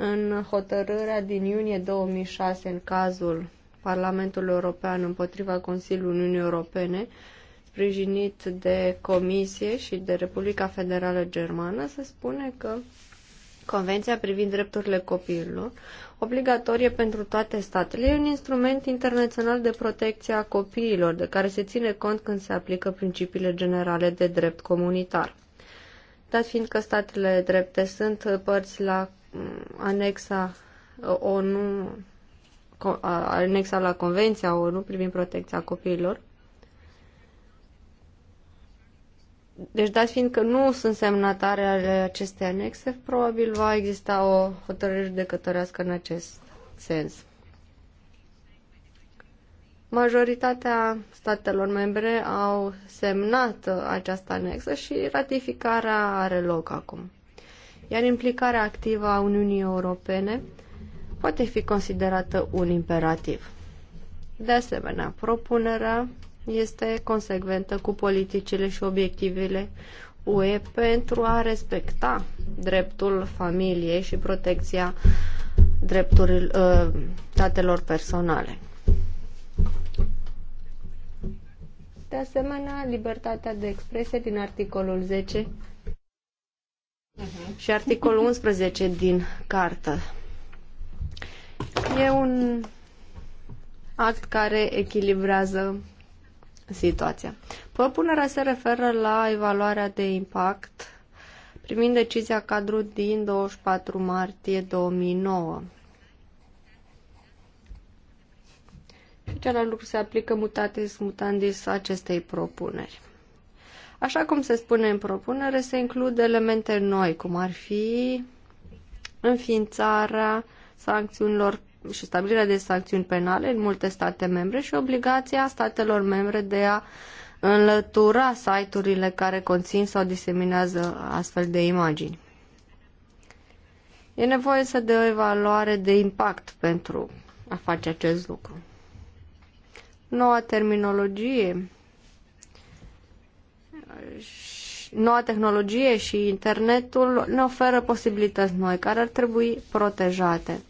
în hotărârea din iunie 2006, în cazul Parlamentului European împotriva Consiliului Uniunii Europene, sprijinit de Comisie și de Republica Federală Germană, se spune că Convenția privind drepturile copiilor, obligatorie pentru toate statele, e un instrument internațional de protecție a copiilor, de care se ține cont când se aplică principiile generale de drept comunitar. Dat fiind că statele drepte sunt părți la anexa ONU, anexa la Convenția ONU privind protecția copiilor. Deci, dat fiind că nu sunt semnatare ale acestei anexe, probabil va exista o hotărâre judecătorească în acest sens. Majoritatea statelor membre au semnat această anexă și ratificarea are loc acum iar implicarea activă a Uniunii Europene poate fi considerată un imperativ. De asemenea, propunerea este consecventă cu politicile și obiectivele UE pentru a respecta dreptul familiei și protecția drepturilor, ă, datelor personale. De asemenea, libertatea de expresie din articolul 10 uh-huh. și articolul 11 din cartă. E un act care echilibrează situația. Propunerea se referă la evaluarea de impact primind decizia cadru din 24 martie 2009. Și celălalt lucru se aplică mutatis mutandis acestei propuneri. Așa cum se spune în propunere, se includ elemente noi, cum ar fi înființarea sancțiunilor și stabilirea de sancțiuni penale în multe state membre și obligația statelor membre de a înlătura site-urile care conțin sau diseminează astfel de imagini. E nevoie să de o evaluare de impact pentru a face acest lucru. Noua terminologie noua tehnologie și internetul ne oferă posibilități noi care ar trebui protejate.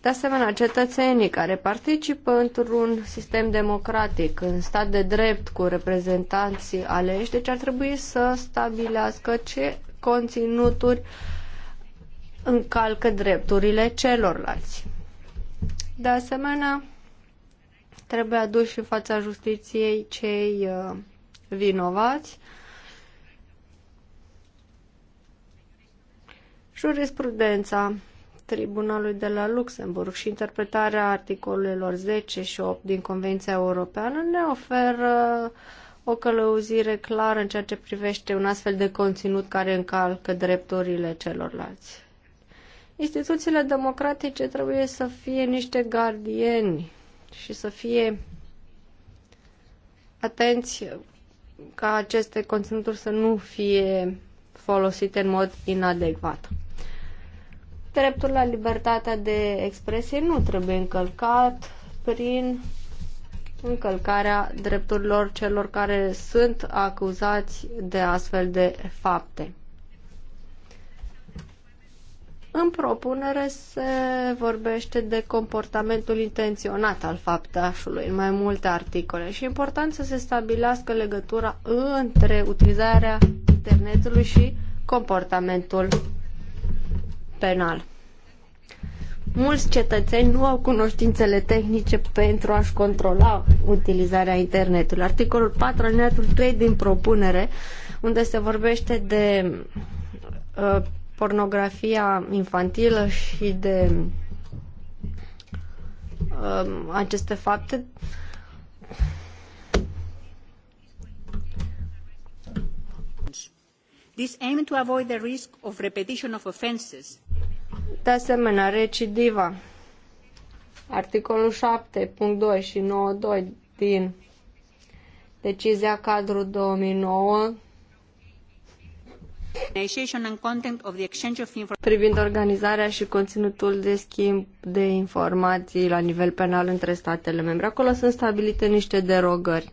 De asemenea, cetățenii care participă într-un sistem democratic, în stat de drept, cu reprezentanții aleși, deci ar trebui să stabilească ce conținuturi încalcă drepturile celorlalți. De asemenea, trebuie aduși în fața justiției cei uh, vinovați. Jurisprudența Tribunalului de la Luxemburg și interpretarea articolelor 10 și 8 din Convenția Europeană ne oferă o călăuzire clară în ceea ce privește un astfel de conținut care încalcă drepturile celorlalți. Instituțiile democratice trebuie să fie niște gardieni și să fie atenți ca aceste conținuturi să nu fie folosite în mod inadecvat. Dreptul la libertatea de expresie nu trebuie încălcat prin încălcarea drepturilor celor care sunt acuzați de astfel de fapte. În propunere se vorbește de comportamentul intenționat al faptașului în mai multe articole și e important să se stabilească legătura între utilizarea internetului și comportamentul penal. Mulți cetățeni nu au cunoștințele tehnice pentru a-și controla utilizarea internetului. Articolul 4, alineatul 3 din propunere, unde se vorbește de uh, pornografia infantilă și de uh, aceste fapte. This aim to avoid the risk of repetition of offenses. De asemenea, recidiva. Articolul 7.2 și 9.2 din decizia cadru 2009 privind organizarea și conținutul de schimb de informații la nivel penal între statele membre. Acolo sunt stabilite niște derogări.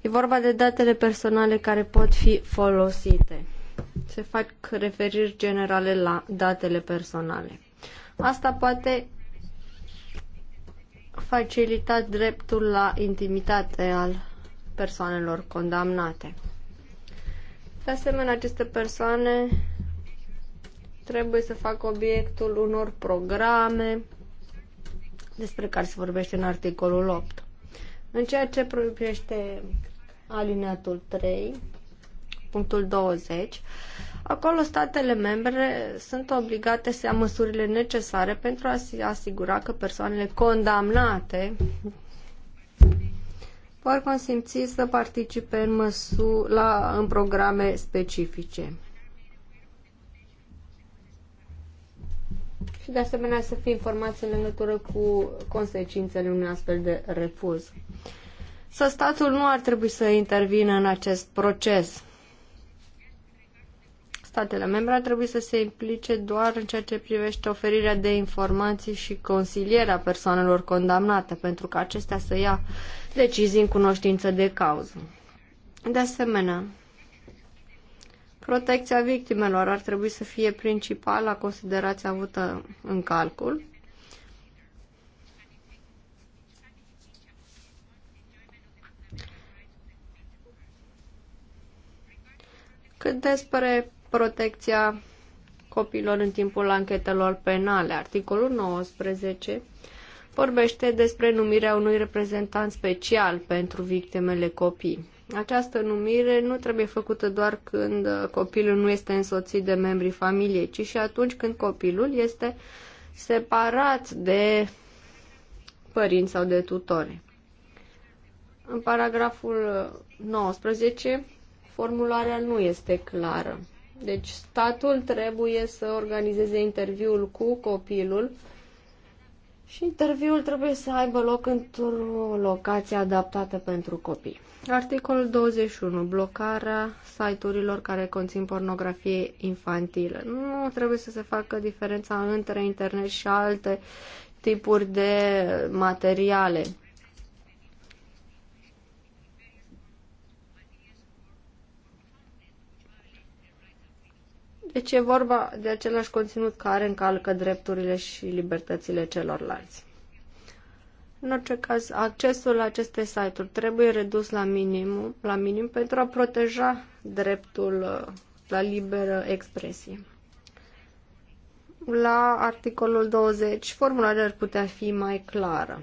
E vorba de datele personale care pot fi folosite. Se fac referiri generale la datele personale. Asta poate facilita dreptul la intimitate al persoanelor condamnate. De asemenea, aceste persoane trebuie să facă obiectul unor programe despre care se vorbește în articolul 8. În ceea ce privește alineatul 3, punctul 20, acolo statele membre sunt obligate să ia măsurile necesare pentru a se asigura că persoanele condamnate vor consimți să participe în, măsu- la, în programe specifice. Și de asemenea să fie informați în legătură cu consecințele unui astfel de refuz. Să statul nu ar trebui să intervină în acest proces. Statele membre ar trebui să se implice doar în ceea ce privește oferirea de informații și consilierea persoanelor condamnate, pentru că acestea să ia decizii în cunoștință de cauză. De asemenea, protecția victimelor ar trebui să fie principala considerație avută în calcul. Cât despre protecția copilor în timpul anchetelor penale, articolul 19 vorbește despre numirea unui reprezentant special pentru victimele copii. Această numire nu trebuie făcută doar când copilul nu este însoțit de membrii familiei, ci și atunci când copilul este separat de părinți sau de tutore. În paragraful 19, formularea nu este clară. Deci statul trebuie să organizeze interviul cu copilul și interviul trebuie să aibă loc într-o locație adaptată pentru copii. Articolul 21. Blocarea site-urilor care conțin pornografie infantilă. Nu trebuie să se facă diferența între internet și alte tipuri de materiale Deci e vorba de același conținut care încalcă drepturile și libertățile celorlalți. În orice caz, accesul la aceste site-uri trebuie redus la minim, la minim pentru a proteja dreptul uh, la liberă expresie. La articolul 20, formularea ar putea fi mai clară.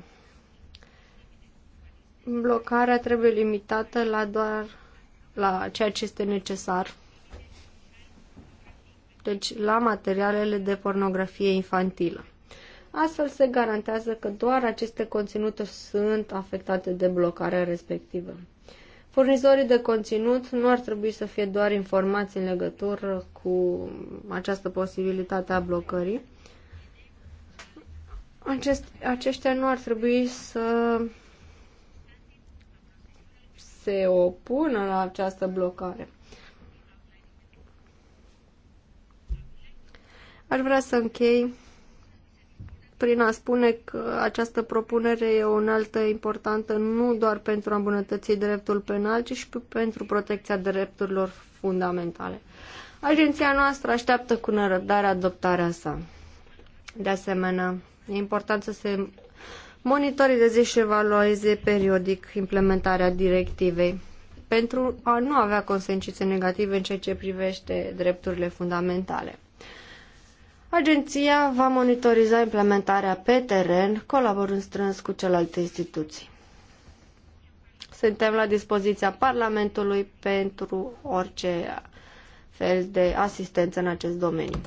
Blocarea trebuie limitată la doar la ceea ce este necesar deci la materialele de pornografie infantilă. Astfel se garantează că doar aceste conținuturi sunt afectate de blocarea respectivă. Furnizorii de conținut nu ar trebui să fie doar informații în legătură cu această posibilitate a blocării. Acest, aceștia nu ar trebui să se opună la această blocare. Aș vrea să închei prin a spune că această propunere e o altă importantă nu doar pentru a îmbunătăți dreptul penal, ci și pentru protecția drepturilor fundamentale. Agenția noastră așteaptă cu nerăbdare adoptarea sa. De asemenea, e important să se monitorizeze și evalueze periodic implementarea directivei pentru a nu avea consecințe negative în ceea ce privește drepturile fundamentale. Agenția va monitoriza implementarea pe teren, colaborând strâns cu celelalte instituții. Suntem la dispoziția Parlamentului pentru orice fel de asistență în acest domeniu.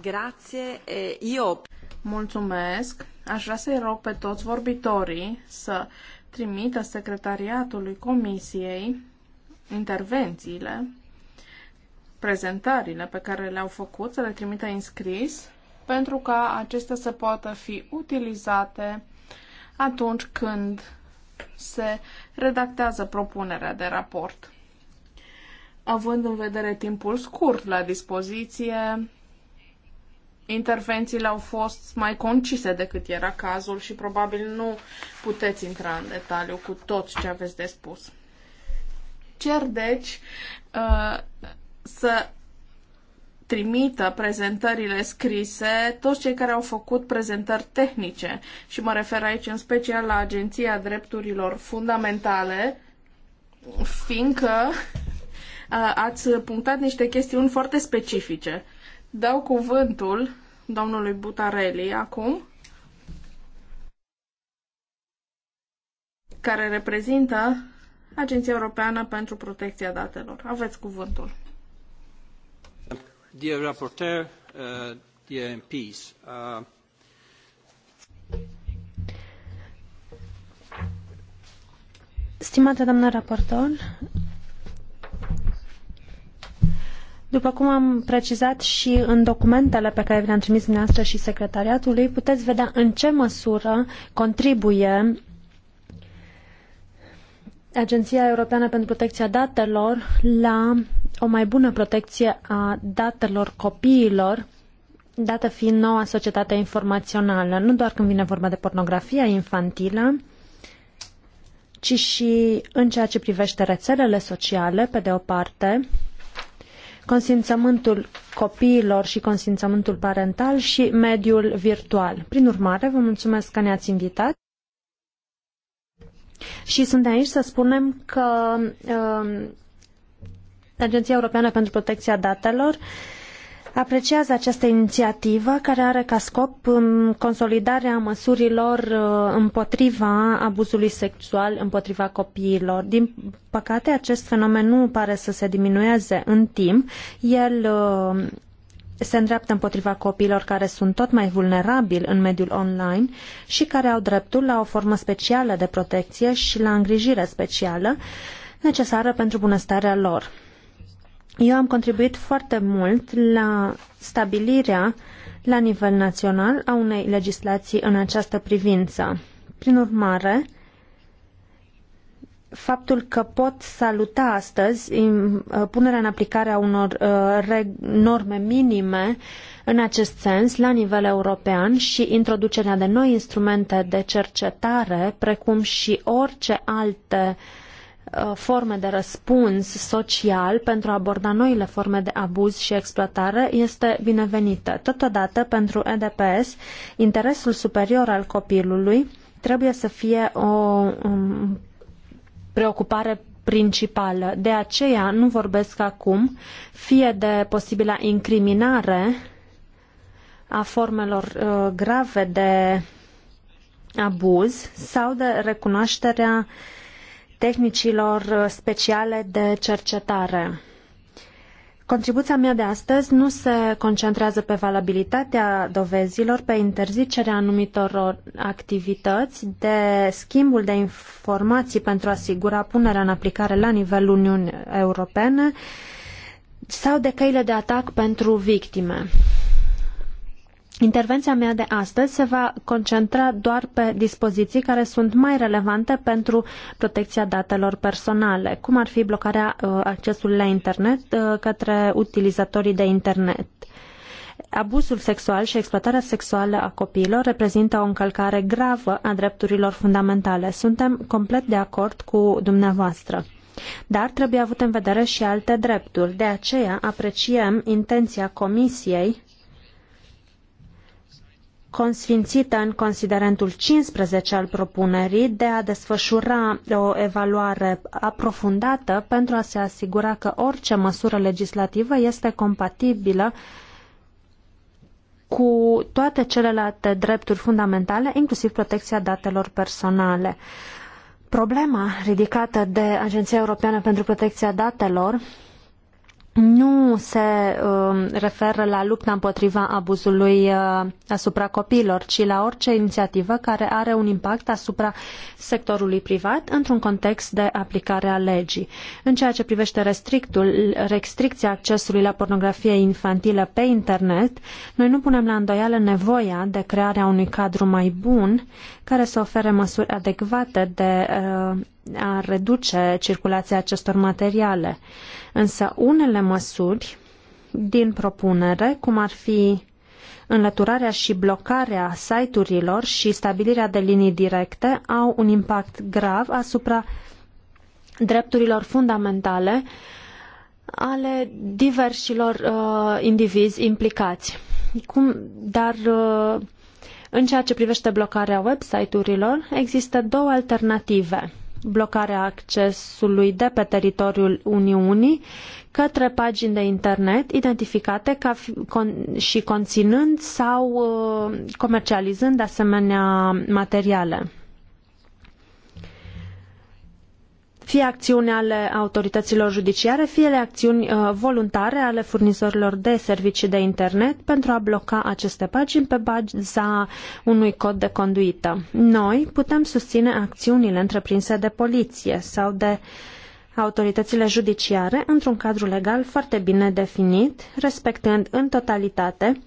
Grație, eu. Mulțumesc. Aș vrea să-i rog pe toți vorbitorii să trimită secretariatului Comisiei intervențiile prezentările pe care le-au făcut, să le trimită înscris, pentru ca acestea să poată fi utilizate atunci când se redactează propunerea de raport. Având în vedere timpul scurt la dispoziție, intervențiile au fost mai concise decât era cazul și probabil nu puteți intra în detaliu cu tot ce aveți de spus. Cer, deci, uh, să trimită prezentările scrise toți cei care au făcut prezentări tehnice și mă refer aici în special la Agenția Drepturilor Fundamentale, fiindcă ați punctat niște chestiuni foarte specifice. Dau cuvântul domnului Butarelli acum, care reprezintă Agenția Europeană pentru Protecția Datelor. Aveți cuvântul. Dear Rapporteur, uh, dear MPs, uh... Stimată doamnă raportor, după cum am precizat și în documentele pe care vi le-am trimis dumneavoastră și secretariatului, puteți vedea în ce măsură contribuie Agenția Europeană pentru Protecția Datelor la o mai bună protecție a datelor copiilor, dată fiind noua societate informațională, nu doar când vine vorba de pornografia infantilă, ci și în ceea ce privește rețelele sociale, pe de o parte, consimțământul copiilor și consimțământul parental și mediul virtual. Prin urmare, vă mulțumesc că ne-ați invitat. Și sunt aici să spunem că uh, Agenția Europeană pentru Protecția Datelor apreciază această inițiativă care are ca scop um, consolidarea măsurilor uh, împotriva abuzului sexual împotriva copiilor. Din păcate, acest fenomen nu pare să se diminueze în timp. El uh, se îndreaptă împotriva copiilor care sunt tot mai vulnerabili în mediul online și care au dreptul la o formă specială de protecție și la îngrijire specială necesară pentru bunăstarea lor. Eu am contribuit foarte mult la stabilirea la nivel național a unei legislații în această privință. Prin urmare, faptul că pot saluta astăzi uh, punerea în aplicare a unor uh, norme minime în acest sens la nivel european și introducerea de noi instrumente de cercetare, precum și orice alte uh, forme de răspuns social pentru a aborda noile forme de abuz și exploatare este binevenită. Totodată, pentru EDPS, interesul superior al copilului trebuie să fie o um, preocupare principală. De aceea nu vorbesc acum fie de posibila incriminare a formelor uh, grave de abuz sau de recunoașterea tehnicilor uh, speciale de cercetare. Contribuția mea de astăzi nu se concentrează pe valabilitatea dovezilor, pe interzicerea anumitor activități, de schimbul de informații pentru a asigura punerea în aplicare la nivelul Uniunii Europene sau de căile de atac pentru victime. Intervenția mea de astăzi se va concentra doar pe dispoziții care sunt mai relevante pentru protecția datelor personale, cum ar fi blocarea uh, accesului la internet uh, către utilizatorii de internet. Abuzul sexual și exploatarea sexuală a copiilor reprezintă o încălcare gravă a drepturilor fundamentale. Suntem complet de acord cu dumneavoastră. Dar trebuie avut în vedere și alte drepturi. De aceea apreciem intenția Comisiei consfințită în considerentul 15 al propunerii de a desfășura o evaluare aprofundată pentru a se asigura că orice măsură legislativă este compatibilă cu toate celelalte drepturi fundamentale, inclusiv protecția datelor personale. Problema ridicată de Agenția Europeană pentru Protecția Datelor nu se uh, referă la lupta împotriva abuzului uh, asupra copiilor, ci la orice inițiativă care are un impact asupra sectorului privat într-un context de aplicare a legii. În ceea ce privește restrictul, restricția accesului la pornografie infantilă pe internet, noi nu punem la îndoială nevoia de crearea unui cadru mai bun care să ofere măsuri adecvate de uh, a reduce circulația acestor materiale. Însă unele măsuri din propunere, cum ar fi înlăturarea și blocarea site-urilor și stabilirea de linii directe, au un impact grav asupra drepturilor fundamentale ale diversilor uh, indivizi implicați. Cum, dar uh, în ceea ce privește blocarea website-urilor, există două alternative blocarea accesului de pe teritoriul Uniunii către pagini de internet identificate ca și conținând sau uh, comercializând asemenea materiale. fie acțiuni ale autorităților judiciare, fie ale acțiuni uh, voluntare ale furnizorilor de servicii de internet pentru a bloca aceste pagini pe baza unui cod de conduită. Noi putem susține acțiunile întreprinse de poliție sau de autoritățile judiciare într-un cadru legal foarte bine definit, respectând în totalitate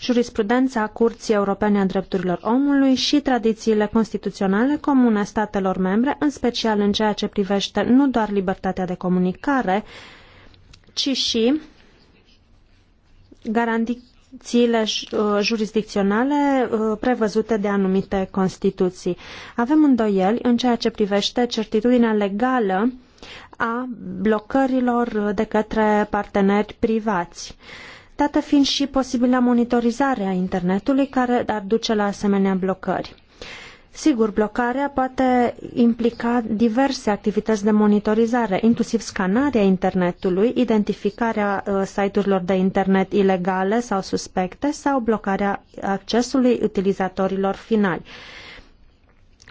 jurisprudența Curții Europene a Drepturilor Omului și tradițiile constituționale comune statelor membre, în special în ceea ce privește nu doar libertatea de comunicare, ci și garanțiile uh, jurisdicționale uh, prevăzute de anumite Constituții. Avem îndoieli în ceea ce privește certitudinea legală a blocărilor de către parteneri privați. Uh, limitată fiind și posibilă monitorizare a internetului care ar duce la asemenea blocări. Sigur, blocarea poate implica diverse activități de monitorizare, inclusiv scanarea internetului, identificarea uh, site-urilor de internet ilegale sau suspecte sau blocarea accesului utilizatorilor finali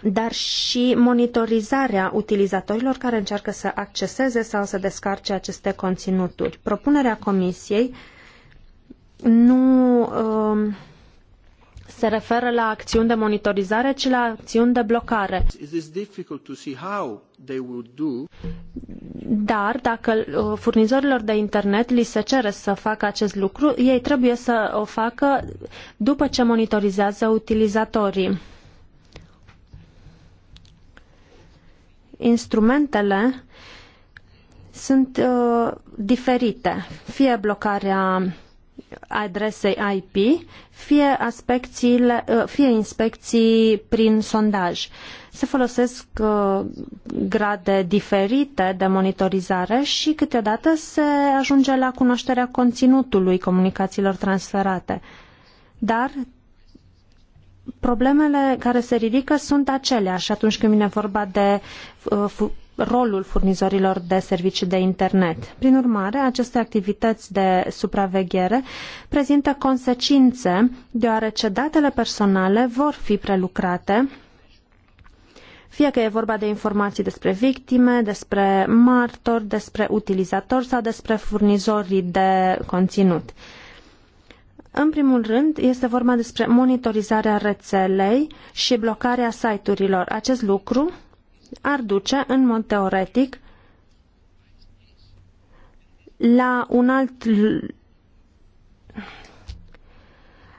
dar și monitorizarea utilizatorilor care încearcă să acceseze sau să descarce aceste conținuturi. Propunerea Comisiei uh, nu um, se referă la acțiuni de monitorizare, ci la acțiuni de blocare. Dar dacă uh, furnizorilor de internet li se cere să facă acest lucru, ei trebuie să o facă după ce monitorizează utilizatorii. Instrumentele sunt uh, diferite. Fie blocarea adresei IP, fie, aspecțiile, ă, fie inspecții prin sondaj. Se folosesc ă, grade diferite de monitorizare și câteodată se ajunge la cunoașterea conținutului comunicațiilor transferate. Dar problemele care se ridică sunt aceleași atunci când vine vorba de ă, rolul furnizorilor de servicii de internet. Prin urmare, aceste activități de supraveghere prezintă consecințe, deoarece datele personale vor fi prelucrate fie că e vorba de informații despre victime, despre martori, despre utilizatori sau despre furnizorii de conținut. În primul rând, este vorba despre monitorizarea rețelei și blocarea site-urilor. Acest lucru ar duce, în mod teoretic, la un alt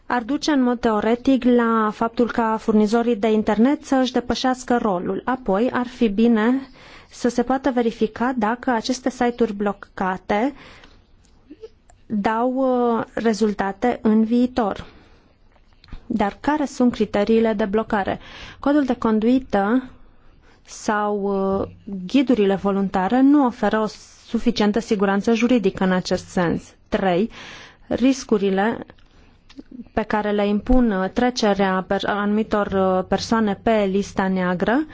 ar duce în mod teoretic la faptul ca furnizorii de internet să își depășească rolul. Apoi ar fi bine să se poată verifica dacă aceste site-uri blocate dau uh, rezultate în viitor. Dar care sunt criteriile de blocare? Codul de conduită sau uh, ghidurile voluntare nu oferă o suficientă siguranță juridică în acest sens. 3. Riscurile pe care le impun uh, trecerea anumitor uh, persoane pe lista neagră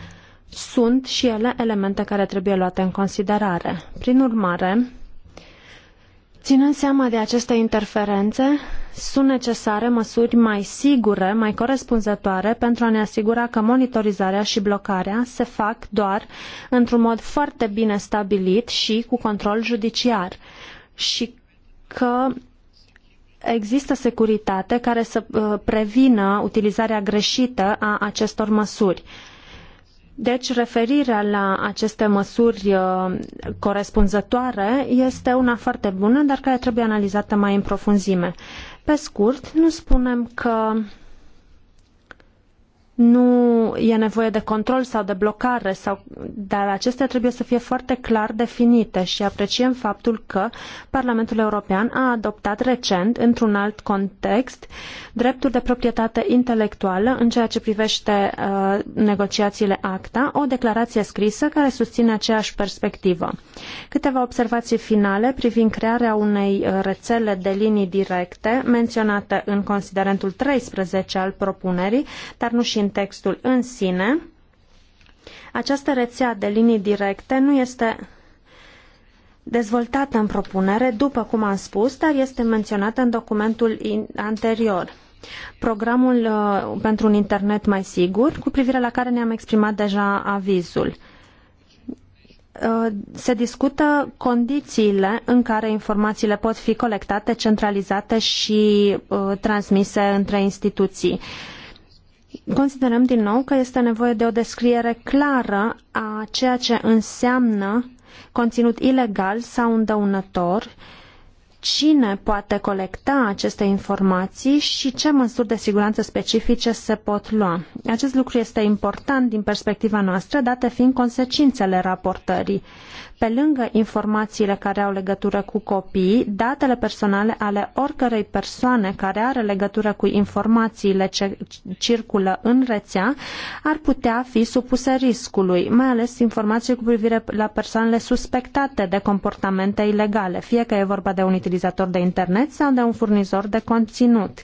sunt și ele elemente care trebuie luate în considerare. Prin urmare, Ținând seama de aceste interferențe, sunt necesare măsuri mai sigure, mai corespunzătoare pentru a ne asigura că monitorizarea și blocarea se fac doar într-un mod foarte bine stabilit și cu control judiciar și că există securitate care să uh, prevină utilizarea greșită a acestor măsuri. Deci, referirea la aceste măsuri uh, corespunzătoare este una foarte bună, dar care trebuie analizată mai în profunzime. Pe scurt, nu spunem că nu e nevoie de control sau de blocare, sau, dar acestea trebuie să fie foarte clar definite și apreciem faptul că Parlamentul European a adoptat recent, într-un alt context, drepturi de proprietate intelectuală în ceea ce privește uh, negociațiile ACTA, o declarație scrisă care susține aceeași perspectivă. Câteva observații finale privind crearea unei uh, rețele de linii directe menționate în considerentul 13 al propunerii, dar nu și în textul în sine, această rețea de linii directe nu este dezvoltată în propunere, după cum am spus, dar este menționată în documentul anterior. Programul uh, pentru un internet mai sigur, cu privire la care ne-am exprimat deja avizul. Uh, se discută condițiile în care informațiile pot fi colectate, centralizate și uh, transmise între instituții. Uh, Considerăm din nou că este nevoie de o descriere clară a ceea ce înseamnă conținut ilegal sau îndăunător, cine poate colecta aceste informații și ce măsuri de siguranță specifice se pot lua. Acest lucru este important din perspectiva noastră, date fiind consecințele raportării. Pe lângă informațiile care au legătură cu copii, datele personale ale oricărei persoane care are legătură cu informațiile ce circulă în rețea ar putea fi supuse riscului, mai ales informații cu privire la persoanele suspectate de comportamente ilegale, fie că e vorba de un utilizator de internet sau de un furnizor de conținut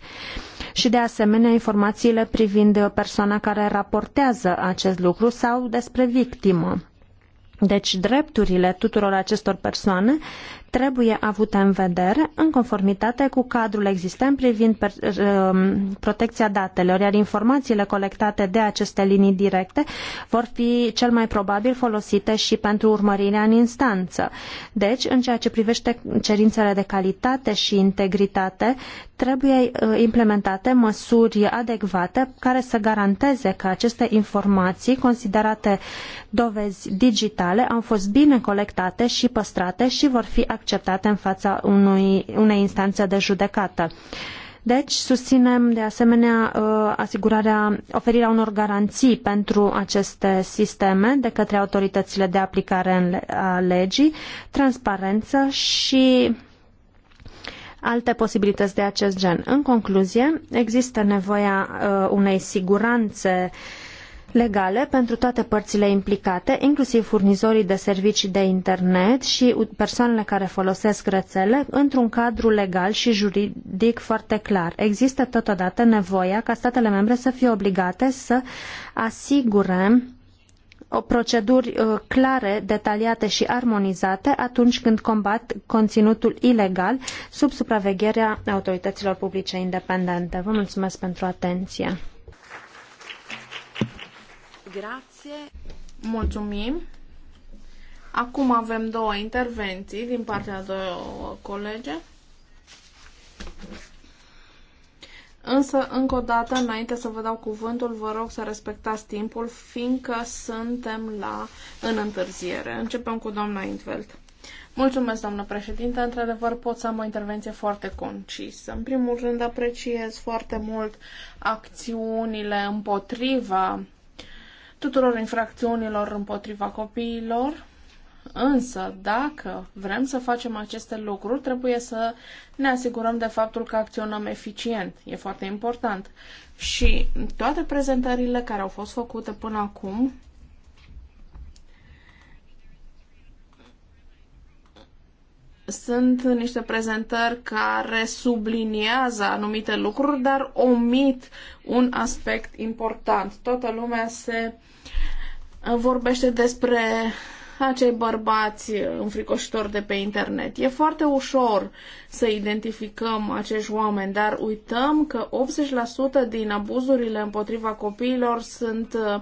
și de asemenea informațiile privind persoana care raportează acest lucru sau despre victimă deci drepturile tuturor acestor persoane trebuie avute în vedere în conformitate cu cadrul existent privind per, um, protecția datelor, iar informațiile colectate de aceste linii directe vor fi cel mai probabil folosite și pentru urmărirea în instanță. Deci, în ceea ce privește cerințele de calitate și integritate, trebuie uh, implementate măsuri adecvate care să garanteze că aceste informații considerate dovezi digitale au fost bine colectate și păstrate și vor fi accesibile acceptate în fața unui, unei instanțe de judecată. Deci, susținem de asemenea uh, asigurarea, oferirea unor garanții pentru aceste sisteme de către autoritățile de aplicare a legii, transparență și alte posibilități de acest gen. În concluzie, există nevoia uh, unei siguranțe uh, legale pentru toate părțile implicate, inclusiv furnizorii de servicii de internet și persoanele care folosesc rețele, într-un cadru legal și juridic foarte clar. Există totodată nevoia ca statele membre să fie obligate să asigure o uh, proceduri uh, clare, detaliate și armonizate atunci când combat conținutul ilegal sub supravegherea autorităților publice independente. Vă mulțumesc pentru atenție. Grație. Mulțumim. Acum avem două intervenții din partea două colege. Însă, încă o dată, înainte să vă dau cuvântul, vă rog să respectați timpul, fiindcă suntem la în întârziere. Începem cu doamna Intveld. Mulțumesc, doamnă președinte. Într-adevăr, pot să am o intervenție foarte concisă. În primul rând, apreciez foarte mult acțiunile împotriva tuturor infracțiunilor împotriva copiilor, Însă, dacă vrem să facem aceste lucruri, trebuie să ne asigurăm de faptul că acționăm eficient. E foarte important. Și toate prezentările care au fost făcute până acum sunt niște prezentări care subliniază anumite lucruri, dar omit un aspect important. Toată lumea se vorbește despre acei bărbați înfricoșitori de pe internet. E foarte ușor să identificăm acești oameni, dar uităm că 80% din abuzurile împotriva copiilor sunt uh,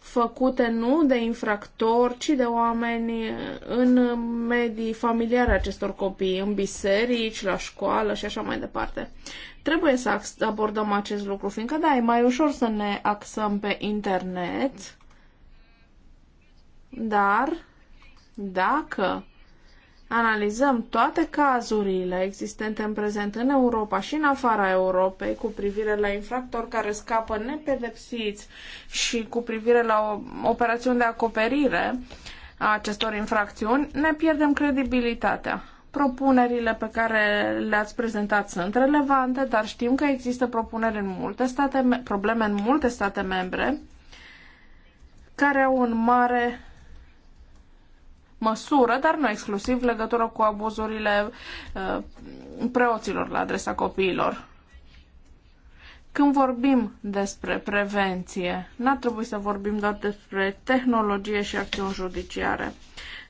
făcute nu de infractori, ci de oameni uh, în medii familiare acestor copii, în biserici, la școală și așa mai departe. Trebuie să abordăm acest lucru, fiindcă da, e mai ușor să ne axăm pe internet, dar dacă analizăm toate cazurile existente în prezent în Europa și în afara Europei cu privire la infractori care scapă nepedepsiți și cu privire la operațiuni de acoperire a acestor infracțiuni, ne pierdem credibilitatea. Propunerile pe care le-ați prezentat sunt relevante, dar știm că există propuneri în multe state, probleme în multe state membre care au un mare măsură, dar nu exclusiv, legătură cu abuzurile uh, preoților la adresa copiilor. Când vorbim despre prevenție, n-ar trebui să vorbim doar despre tehnologie și acțiuni judiciare.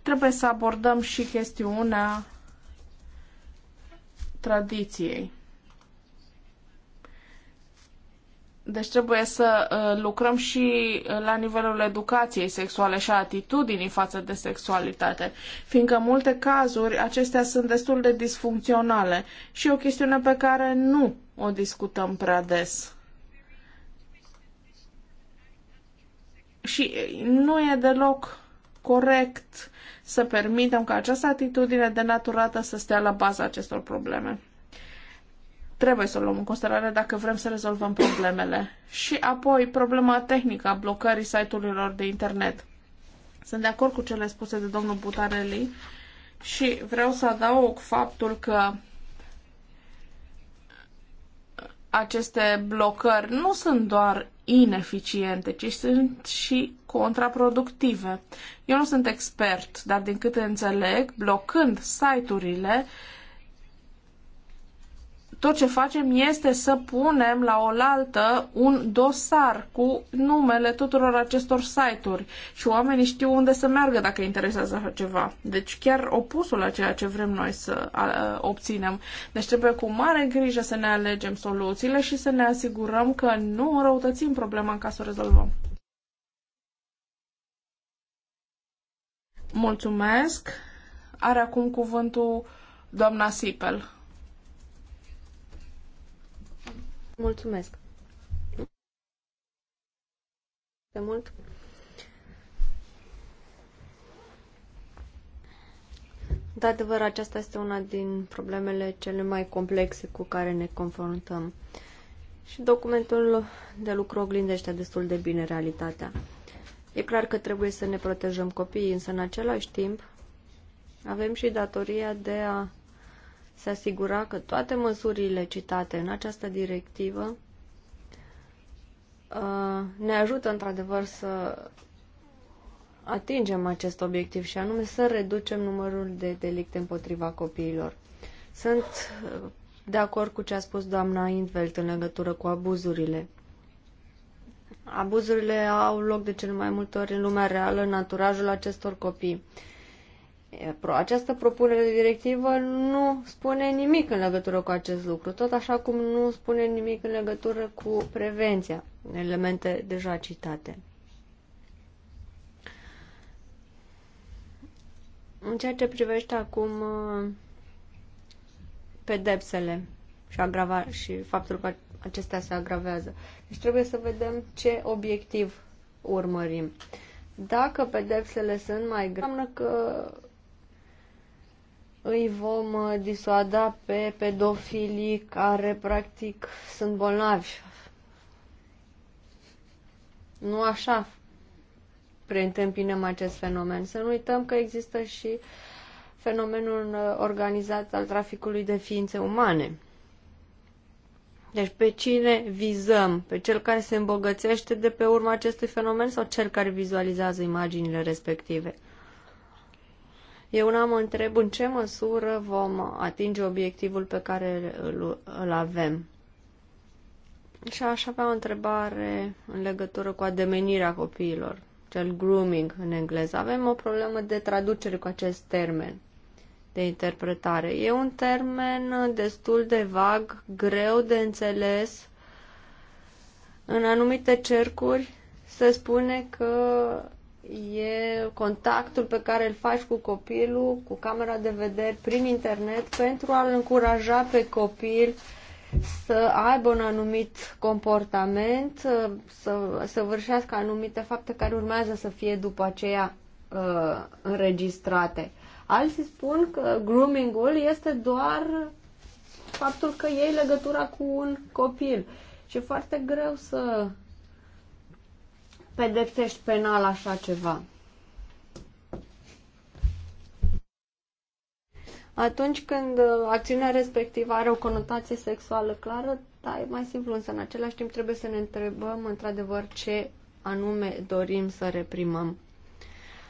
Trebuie să abordăm și chestiunea tradiției. Deci trebuie să uh, lucrăm și uh, la nivelul educației sexuale și a atitudinii față de sexualitate, fiindcă în multe cazuri acestea sunt destul de disfuncționale și o chestiune pe care nu o discutăm prea des. Și uh, nu e deloc corect să permitem ca această atitudine denaturată să stea la baza acestor probleme trebuie să o luăm în considerare dacă vrem să rezolvăm problemele. Și apoi, problema tehnică a blocării site-urilor de internet. Sunt de acord cu cele spuse de domnul Butarelli și vreau să adaug faptul că aceste blocări nu sunt doar ineficiente, ci sunt și contraproductive. Eu nu sunt expert, dar din câte înțeleg, blocând site-urile, uh, tot ce facem este să punem la oaltă un dosar cu numele tuturor acestor site-uri și oamenii știu unde să meargă dacă interesează așa ceva. Deci chiar opusul a ceea ce vrem noi să obținem. Deci trebuie cu mare grijă să ne alegem soluțiile și să ne asigurăm că nu răutățim problema ca să o rezolvăm. Mulțumesc. Are acum cuvântul doamna Sipel. Mulțumesc. De mult. De adevăr, aceasta este una din problemele cele mai complexe cu care ne confruntăm. Și documentul de lucru oglindește destul de bine realitatea. E clar că trebuie să ne protejăm copiii, însă în același timp avem și datoria de a se asigura că toate măsurile citate în această directivă uh, ne ajută într-adevăr să atingem acest obiectiv și anume să reducem numărul de delicte împotriva copiilor. Sunt uh, de acord cu ce a spus doamna Intveld în legătură cu abuzurile. Abuzurile au loc de cel mai multe ori în lumea reală, în naturajul acestor copii. Această propunere de directivă nu spune nimic în legătură cu acest lucru, tot așa cum nu spune nimic în legătură cu prevenția, elemente deja citate. În ceea ce privește acum uh, pedepsele și, agrava- și faptul că acestea se agravează. Deci trebuie să vedem ce obiectiv urmărim. Dacă pedepsele sunt mai grave, înseamnă că îi vom uh, disuada pe pedofilii care practic sunt bolnavi. Nu așa preîntâmpinăm acest fenomen. Să nu uităm că există și fenomenul uh, organizat al traficului de ființe umane. Deci pe cine vizăm? Pe cel care se îmbogățește de pe urma acestui fenomen sau cel care vizualizează imaginile respective? Eu una mă întreb în ce măsură vom atinge obiectivul pe care îl, îl avem. Și aș avea o întrebare în legătură cu ademenirea copiilor, cel grooming în engleză. Avem o problemă de traducere cu acest termen, de interpretare. E un termen destul de vag, greu de înțeles. În anumite cercuri se spune că e contactul pe care îl faci cu copilul, cu camera de vedere, prin internet, pentru a-l încuraja pe copil să aibă un anumit comportament, să să vârșească anumite fapte care urmează să fie după aceea uh, înregistrate. Alții spun că groomingul este doar faptul că iei legătura cu un copil. Și e foarte greu să pedepsești penal așa ceva. Atunci când uh, acțiunea respectivă are o conotație sexuală clară, da, e mai simplu, însă în același timp trebuie să ne întrebăm într-adevăr ce anume dorim să reprimăm.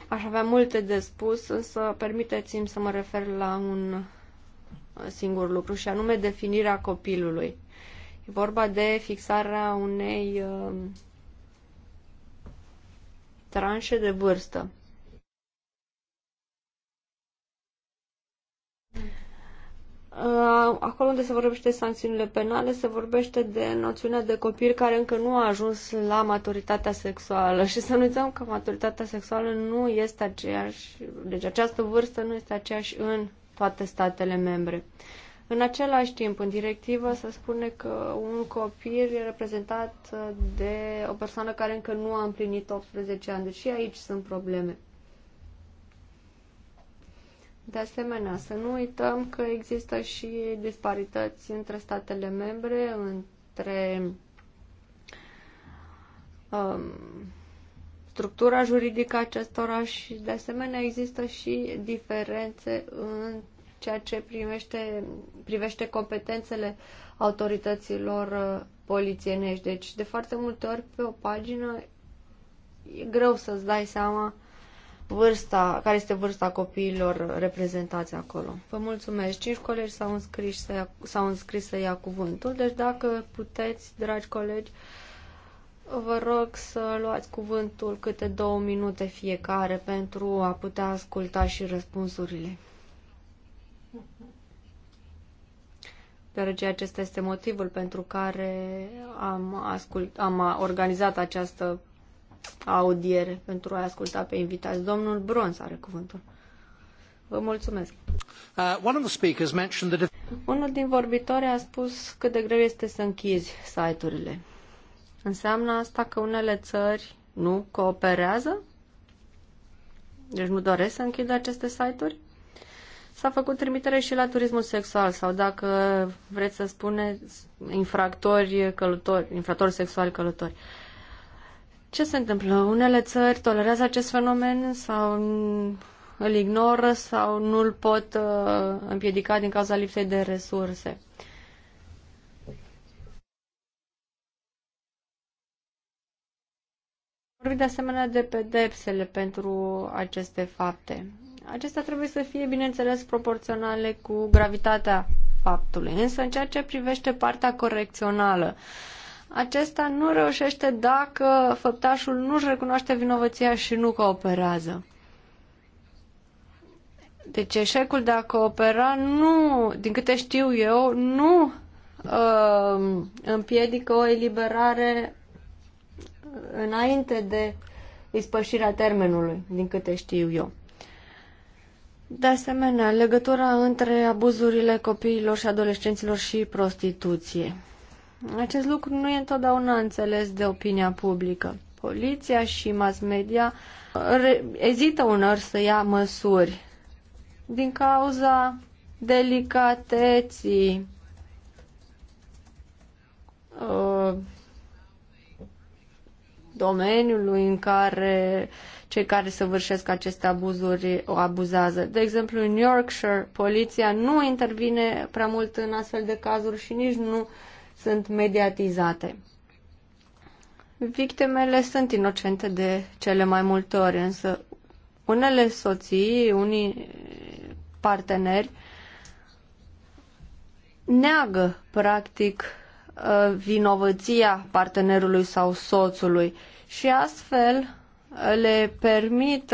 Aș avea multe de spus, însă permiteți-mi să mă refer la un uh, singur lucru și anume definirea copilului. E vorba de fixarea unei uh, tranșe de vârstă. Uh, acolo unde se vorbește de sancțiunile penale, se vorbește de noțiunea de copil care încă nu a ajuns la maturitatea sexuală. Și să nu uităm că maturitatea sexuală nu este aceeași, deci această vârstă nu este aceeași în toate statele membre. Uh, în același timp, în directivă se spune că un copil e reprezentat uh, de o persoană care încă nu a împlinit 18 ani, deci și aici sunt probleme. De asemenea, să nu uităm că există și disparități între statele membre, între um, structura juridică acestora și, de asemenea, există și diferențe între ceea ce primește, privește competențele autorităților uh, polițienești. Deci, de foarte multe ori, pe o pagină e greu să-ți dai seama vârsta, care este vârsta copiilor reprezentați acolo. Vă mulțumesc. Cinci colegi s-au înscris să ia, s-au înscris să ia cuvântul, deci dacă puteți, dragi colegi, vă rog să luați cuvântul câte două minute fiecare pentru a putea asculta și răspunsurile deoarece acesta este motivul pentru care am, ascult, am organizat această audiere pentru a asculta pe invitați. Domnul Brons are cuvântul. Vă mulțumesc. Uh, one of the speakers mentioned that if... Unul din vorbitori a spus cât de greu este să închizi site-urile. Înseamnă asta că unele țări nu cooperează? Deci nu doresc să închidă aceste site-uri? S-a făcut trimitere și la turismul sexual sau dacă vreți să spuneți infractori călători, infractori sexuali călători. Ce se întâmplă? Unele țări tolerează acest fenomen sau îl ignoră sau nu îl pot uh, împiedica din cauza lipsei de resurse. Vorbim de asemenea de pedepsele pentru aceste fapte. Acestea trebuie să fie, bineînțeles, proporționale cu gravitatea faptului. Însă, în ceea ce privește partea corecțională, acesta nu reușește dacă făptașul nu-și recunoaște vinovăția și nu cooperează. Deci eșecul de a coopera nu, din câte știu eu, nu uh, împiedică o eliberare înainte de ispășirea termenului, din câte știu eu. De asemenea, legătura între abuzurile copiilor și adolescenților și prostituție. Acest lucru nu e întotdeauna înțeles de opinia publică. Poliția și mass media uh, ezită unor să ia măsuri din cauza delicateții uh, domeniului în care cei care săvârșesc aceste abuzuri o abuzează. De exemplu, în Yorkshire, poliția nu intervine prea mult în astfel de cazuri și nici nu sunt mediatizate. Victimele sunt inocente de cele mai multe ori, însă unele soții, unii parteneri, neagă, practic, uh, vinovăția partenerului sau soțului și astfel le permit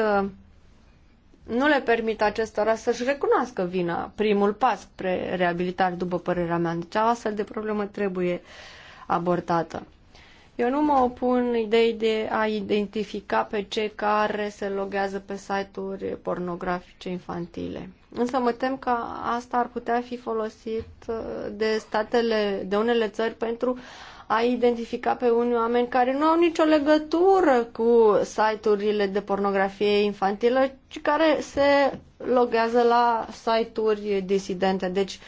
nu le permit acestora să-și recunoască vina, primul pas spre reabilitare, după părerea mea. Deci o astfel de problemă trebuie abordată. Eu nu mă opun idei de a identifica pe cei care se loghează pe site-uri pornografice infantile. Însă mă tem că asta ar putea fi folosit uh, de statele, de unele țări pentru a identifica pe unii oameni care nu au nicio legătură cu site-urile de pornografie infantilă, ci care se loghează la site-uri disidente. Deci,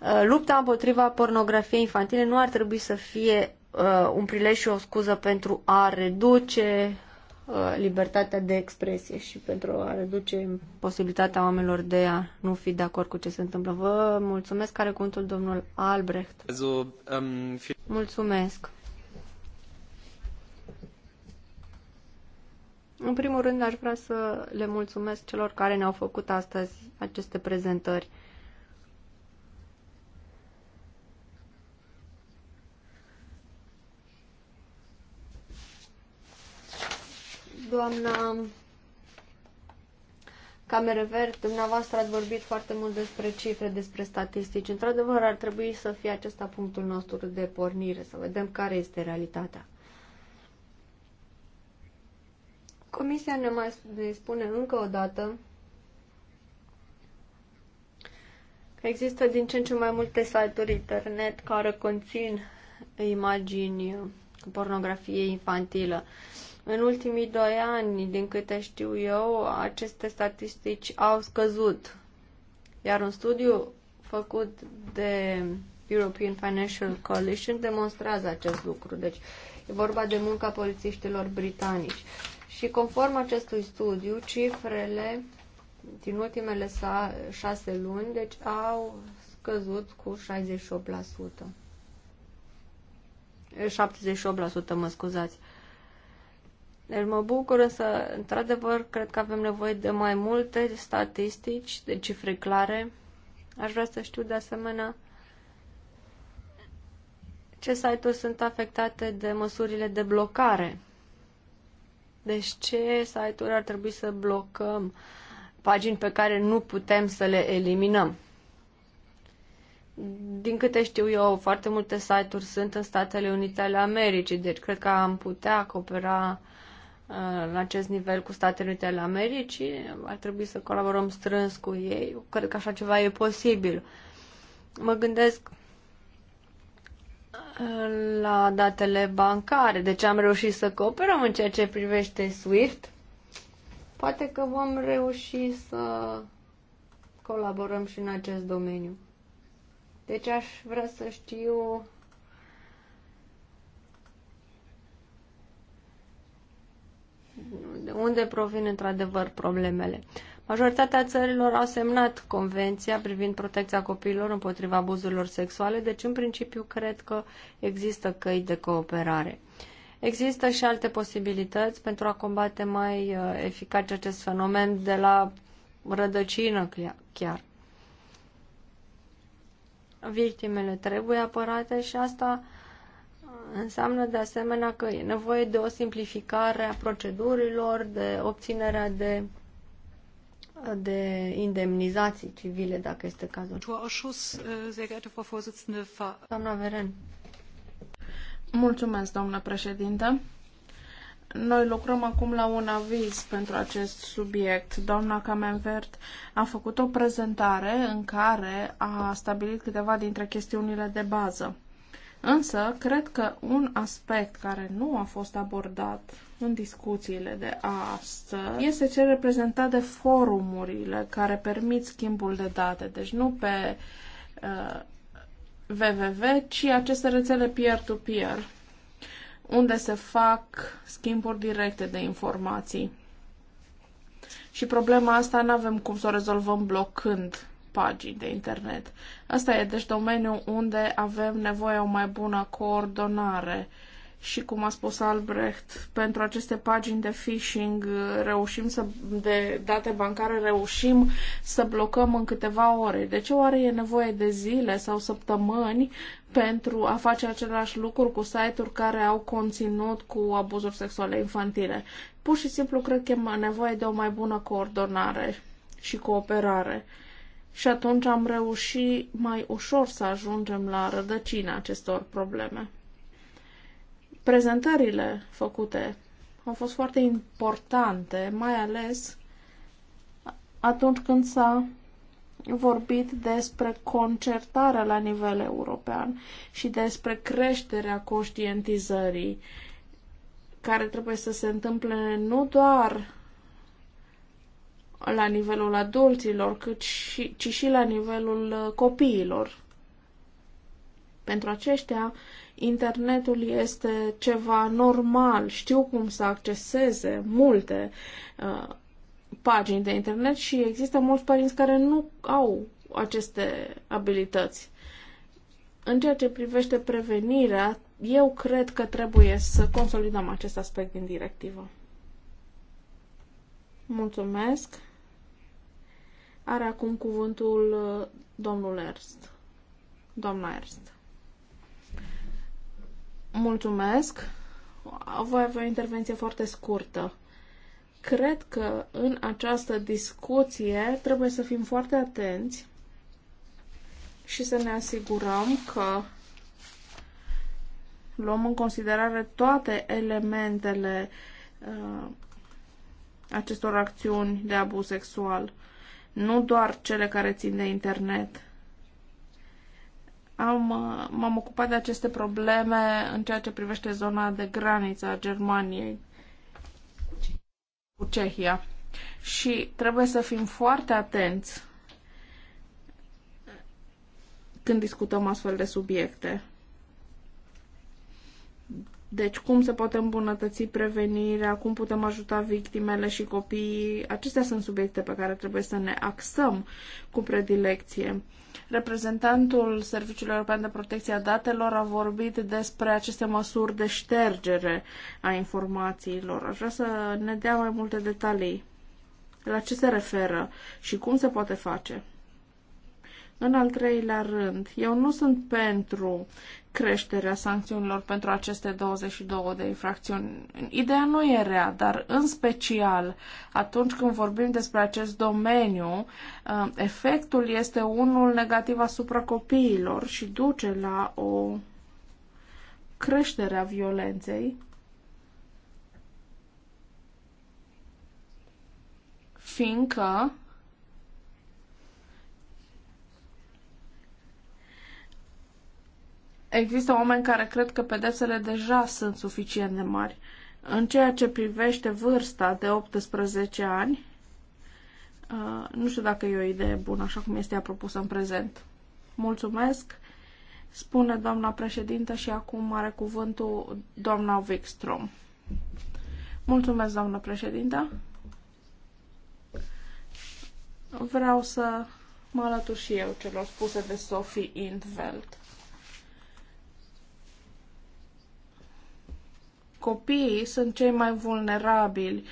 uh, lupta împotriva pornografiei infantile nu ar trebui să fie uh, un prilej și o scuză pentru a reduce Uh, libertatea de expresie și pentru a reduce posibilitatea oamenilor de a nu fi de acord cu ce se întâmplă. Vă mulțumesc, care cuvântul domnul Albrecht. Ähm, mulțumesc. În primul rând, aș vrea să le mulțumesc celor care ne-au făcut astăzi aceste prezentări. doamna Verde, dumneavoastră ați vorbit foarte mult despre cifre, despre statistici. Într-adevăr, ar trebui să fie acesta punctul nostru de pornire, să vedem care este realitatea. Comisia ne mai ne spune încă o dată că există din ce în ce mai multe site-uri internet care conțin imagini cu pornografie infantilă. Uh, în ultimii doi ani, din câte știu eu, aceste statistici au scăzut. Iar un studiu făcut de European Financial Coalition demonstrează acest lucru. Deci e vorba de munca polițiștilor britanici. Și conform acestui studiu, cifrele din ultimele șase luni deci au scăzut cu 68%. 78%, mă scuzați. Deci mă bucur să, într-adevăr, cred că avem nevoie de mai multe statistici, de cifre clare. Aș vrea să știu, de asemenea, ce site-uri sunt afectate de măsurile de blocare. Deci ce site-uri ar trebui să blocăm, pagini pe care nu putem să le eliminăm. Din câte știu eu, foarte multe site-uri sunt în Statele Unite ale Americii, deci cred că am putea acopera uh, la uh, acest nivel cu Statele Unite ale Americii, ar trebui să colaborăm strâns cu ei. Eu cred că așa ceva e posibil. Mă gândesc uh, la datele bancare, de ce am reușit să cooperăm în ceea ce privește SWIFT. Poate că vom reuși să colaborăm și în acest domeniu. Deci aș vrea să știu de unde provin într-adevăr problemele. Majoritatea țărilor au semnat convenția privind protecția copiilor împotriva abuzurilor sexuale, deci în principiu cred că există căi de cooperare. Există și alte posibilități pentru a combate mai uh, eficace acest fenomen de la rădăcină chiar. Victimele trebuie apărate și asta Înseamnă de asemenea că e nevoie de o simplificare a procedurilor, de obținerea de de indemnizații civile, dacă este cazul. Äh, Doamna Veren. Mulțumesc, doamnă președintă. Noi lucrăm acum la un aviz pentru acest subiect. Doamna Camenvert a făcut o prezentare în care a stabilit câteva dintre chestiunile de bază. Însă, cred că un aspect care nu a fost abordat în discuțiile de astăzi este cel reprezentat de forumurile care permit schimbul de date. Deci nu pe uh, www, ci aceste rețele peer-to-peer, -peer, unde se fac schimburi directe de informații. Și problema asta nu avem cum să o rezolvăm blocând pagini de internet. Asta e deci domeniul unde avem nevoie o mai bună coordonare și cum a spus Albrecht, pentru aceste pagini de phishing uh, reușim să, de date bancare reușim să blocăm în câteva ore. De ce oare e nevoie de zile sau săptămâni pentru a face același lucru cu site-uri care au conținut cu abuzuri sexuale infantile? Pur și simplu cred că e nevoie de o mai bună coordonare și cooperare și atunci am reușit mai ușor să ajungem la rădăcina acestor probleme. Prezentările făcute au fost foarte importante, mai ales atunci când s-a vorbit despre concertarea la nivel european și despre creșterea conștientizării care trebuie să se întâmple nu doar la nivelul adulților, cât și, ci și la nivelul uh, copiilor. Pentru aceștia, internetul este ceva normal, știu cum să acceseze multe uh, pagini de internet și există mulți părinți care nu au aceste abilități. În ceea ce privește prevenirea, eu cred că trebuie să consolidăm acest aspect din directivă. Mulțumesc! Are acum cuvântul uh, domnul Ernst. Doamna Ernst. Mulțumesc. Voi avea o intervenție foarte scurtă. Cred că în această discuție trebuie să fim foarte atenți și să ne asigurăm că luăm în considerare toate elementele uh, acestor acțiuni de abuz sexual nu doar cele care țin de internet. Am, uh, m-am ocupat de aceste probleme în ceea ce privește zona de graniță a Germaniei cu Cehia. Și trebuie să fim foarte atenți când discutăm astfel de subiecte. Deci cum se poate îmbunătăți prevenirea, cum putem ajuta victimele și copiii, acestea sunt subiecte pe care trebuie să ne axăm cu predilecție. Reprezentantul Serviciului European de Protecție a Datelor a vorbit despre aceste măsuri de ștergere a informațiilor. Aș vrea să ne dea mai multe detalii. La ce se referă și cum se poate face? În al treilea rând, eu nu sunt pentru creșterea sancțiunilor pentru aceste 22 de infracțiuni. Ideea nu e rea, dar în special atunci când vorbim despre acest domeniu, uh, efectul este unul negativ asupra copiilor și duce la o creștere a violenței. Fiindcă Există oameni care cred că pedepsele deja sunt suficient de mari. În ceea ce privește vârsta de 18 ani, uh, nu știu dacă e o idee bună, așa cum este ea propusă în prezent. Mulțumesc, spune doamna președintă și acum are cuvântul doamna Wikstrom. Mulțumesc, doamna președintă. Vreau să mă alătur și eu celor spuse de Sophie Intveld. Copiii sunt cei mai vulnerabili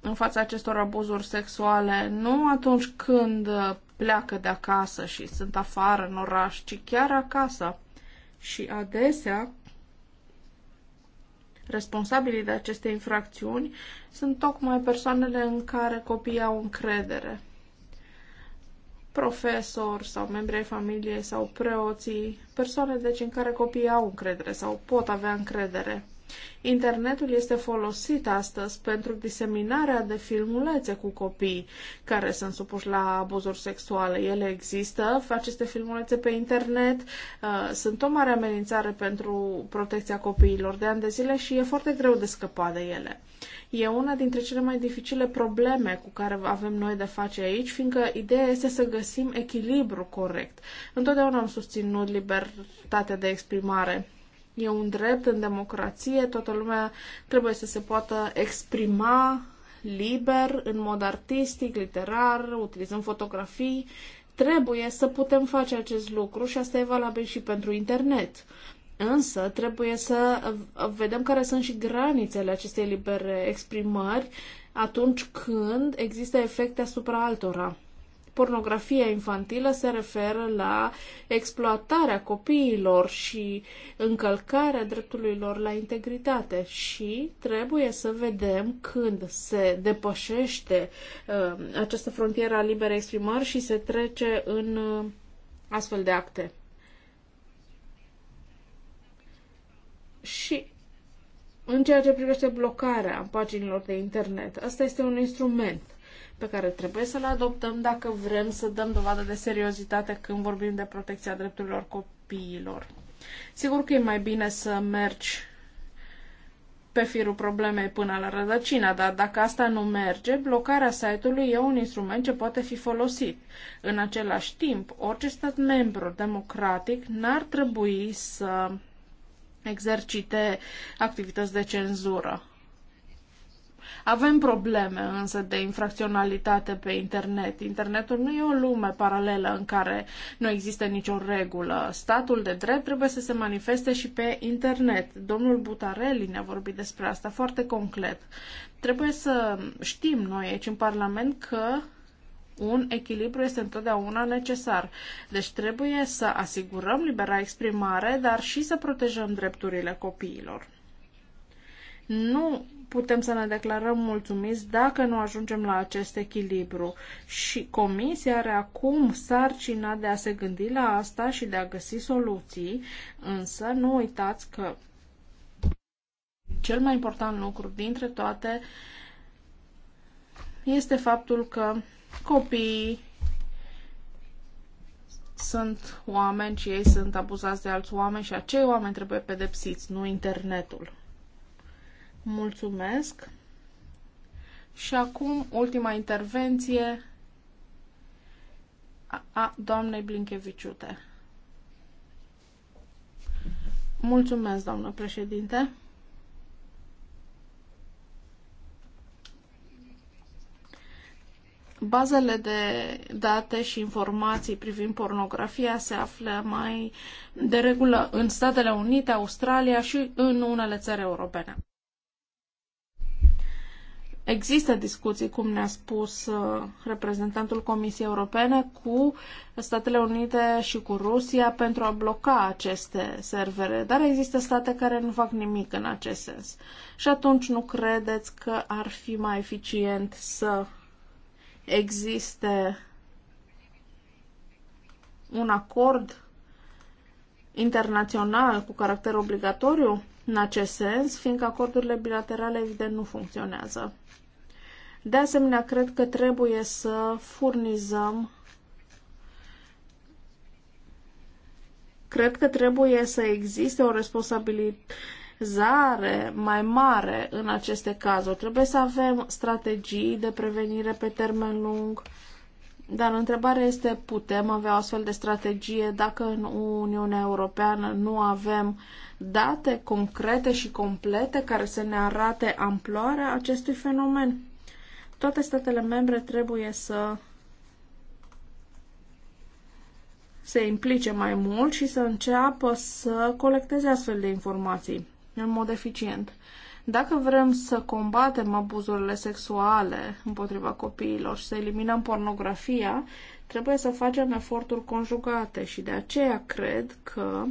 în fața acestor abuzuri sexuale, nu atunci când uh, pleacă de acasă și sunt afară în oraș, ci chiar acasă. Și adesea, responsabilii de aceste infracțiuni sunt tocmai persoanele în care copiii au încredere. Profesori sau membri ai familiei sau preoții, persoane deci în care copiii au încredere sau pot avea încredere. Internetul este folosit astăzi pentru diseminarea de filmulețe cu copii care sunt supuși la abuzuri sexuale. Ele există, aceste filmulețe pe internet uh, sunt o mare amenințare pentru protecția copiilor de ani de zile și e foarte greu de scăpat de ele. E una dintre cele mai dificile probleme cu care avem noi de face aici, fiindcă ideea este să găsim echilibru corect. Întotdeauna am susținut libertatea de exprimare E un drept în democrație, toată lumea trebuie să se poată exprima liber, în mod artistic, literar, utilizând fotografii. Trebuie să putem face acest lucru și asta e valabil și pentru internet. Însă trebuie să vedem care sunt și granițele acestei libere exprimări atunci când există efecte asupra altora pornografia infantilă se referă la exploatarea copiilor și încălcarea dreptului lor la integritate și trebuie să vedem când se depășește uh, această frontieră a liberei exprimări și se trece în uh, astfel de acte. Și în ceea ce privește blocarea paginilor de internet, asta este un instrument pe care trebuie să le adoptăm dacă vrem să dăm dovadă de seriozitate când vorbim de protecția drepturilor copiilor. Sigur că e mai bine să mergi pe firul problemei până la rădăcina, dar dacă asta nu merge, blocarea site-ului e un instrument ce poate fi folosit. În același timp, orice stat membru democratic n-ar trebui să exercite activități de cenzură. Avem probleme însă de infracționalitate pe internet. Internetul nu e o lume paralelă în care nu există nicio regulă. Statul de drept trebuie să se manifeste și pe internet. Domnul Butarelli ne-a vorbit despre asta foarte concret. Trebuie să știm noi aici în Parlament că un echilibru este întotdeauna necesar. Deci trebuie să asigurăm libera exprimare, dar și să protejăm drepturile copiilor. Nu putem să ne declarăm mulțumiți dacă nu ajungem la acest echilibru. Și Comisia are acum sarcina de a se gândi la asta și de a găsi soluții, însă nu uitați că cel mai important lucru dintre toate este faptul că copiii sunt oameni și ei sunt abuzați de alți oameni și acei oameni trebuie pedepsiți, nu internetul. Mulțumesc. Și acum ultima intervenție a, a doamnei Blincheviciute. Mulțumesc, doamnă președinte. Bazele de date și informații privind pornografia se află mai de regulă în Statele Unite, Australia și în unele țări europene. Există discuții, cum ne-a spus uh, reprezentantul Comisiei Europene, cu Statele Unite și cu Rusia pentru a bloca aceste servere, dar există state care nu fac nimic în acest sens. Și atunci nu credeți că ar fi mai eficient să existe un acord internațional cu caracter obligatoriu? în acest sens, fiindcă acordurile bilaterale evident nu funcționează. De asemenea, cred că trebuie să furnizăm cred că trebuie să existe o responsabilizare mai mare în aceste cazuri. Trebuie să avem strategii de prevenire pe termen lung, dar întrebarea este, putem avea o astfel de strategie dacă în Uniunea Europeană nu avem date concrete și complete care să ne arate amploarea acestui fenomen? Toate statele membre trebuie să se implice mai mult și să înceapă să colecteze astfel de informații în mod eficient. Dacă vrem să combatem abuzurile sexuale împotriva copiilor și să eliminăm pornografia, trebuie să facem eforturi conjugate și de aceea cred că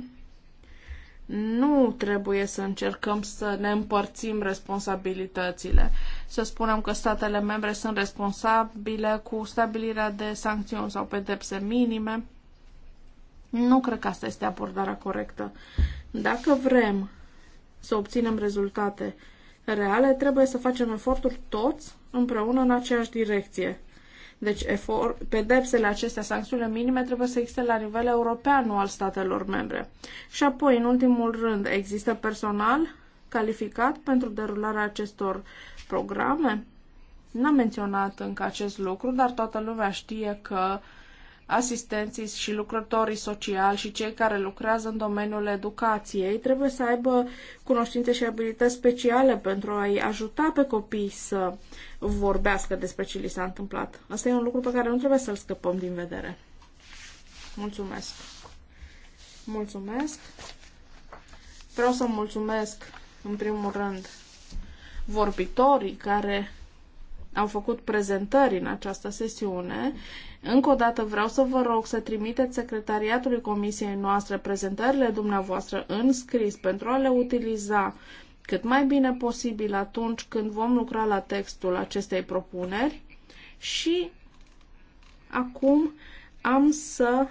nu trebuie să încercăm să ne împărțim responsabilitățile. Să spunem că statele membre sunt responsabile cu stabilirea de sancțiuni sau pedepse minime. Nu cred că asta este abordarea corectă. Dacă vrem să obținem rezultate reale, trebuie să facem eforturi toți împreună în aceeași direcție. Deci efort, pedepsele acestea, sancțiunile minime, trebuie să existe la nivel european, nu al statelor membre. Și apoi, în ultimul rând, există personal calificat pentru derularea acestor programe? N-am menționat încă acest lucru, dar toată lumea știe că uh, asistenții și lucrătorii sociali și cei care lucrează în domeniul educației trebuie să aibă cunoștințe și abilități speciale pentru a-i ajuta pe copii să vorbească despre ce li s-a întâmplat. Asta e un lucru pe care nu trebuie să-l scăpăm din vedere. Mulțumesc! Mulțumesc! Vreau să mulțumesc, în primul rând, vorbitorii care au făcut prezentări în această sesiune încă o dată vreau să vă rog să trimiteți secretariatului comisiei noastre prezentările dumneavoastră în scris pentru a le utiliza cât mai bine posibil atunci când vom lucra la textul acestei propuneri și acum am să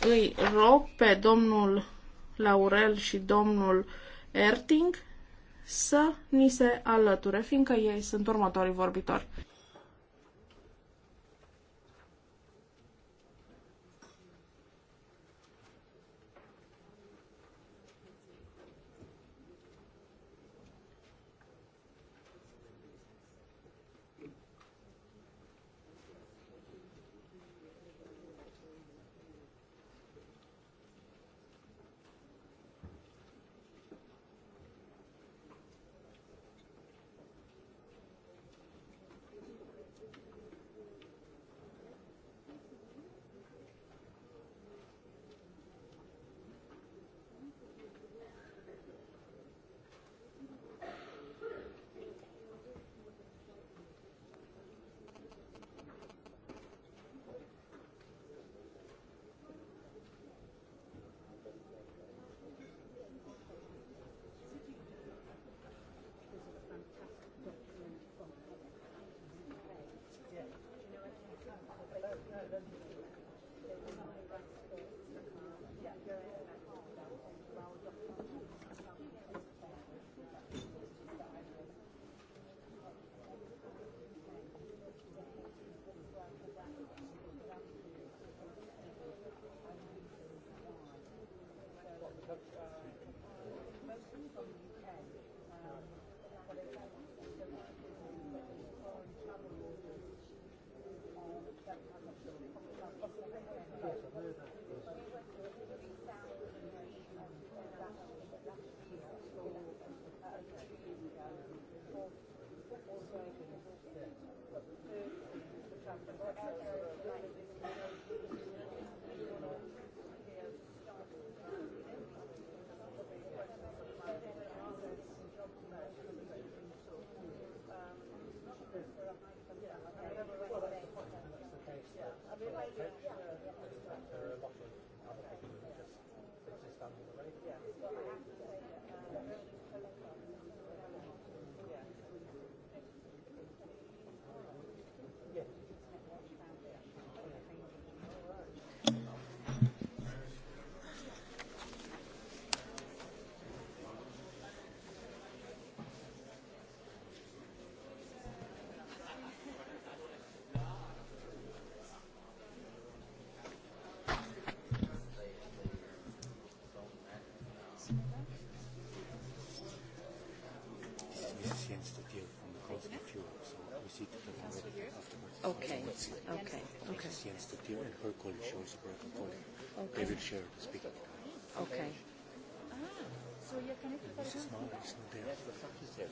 îi rog pe domnul Laurel și domnul Erting să ni se alăture, fiindcă ei sunt următorii vorbitori. Okay. Okay. Okay. her she her Okay. speaking ah, Okay.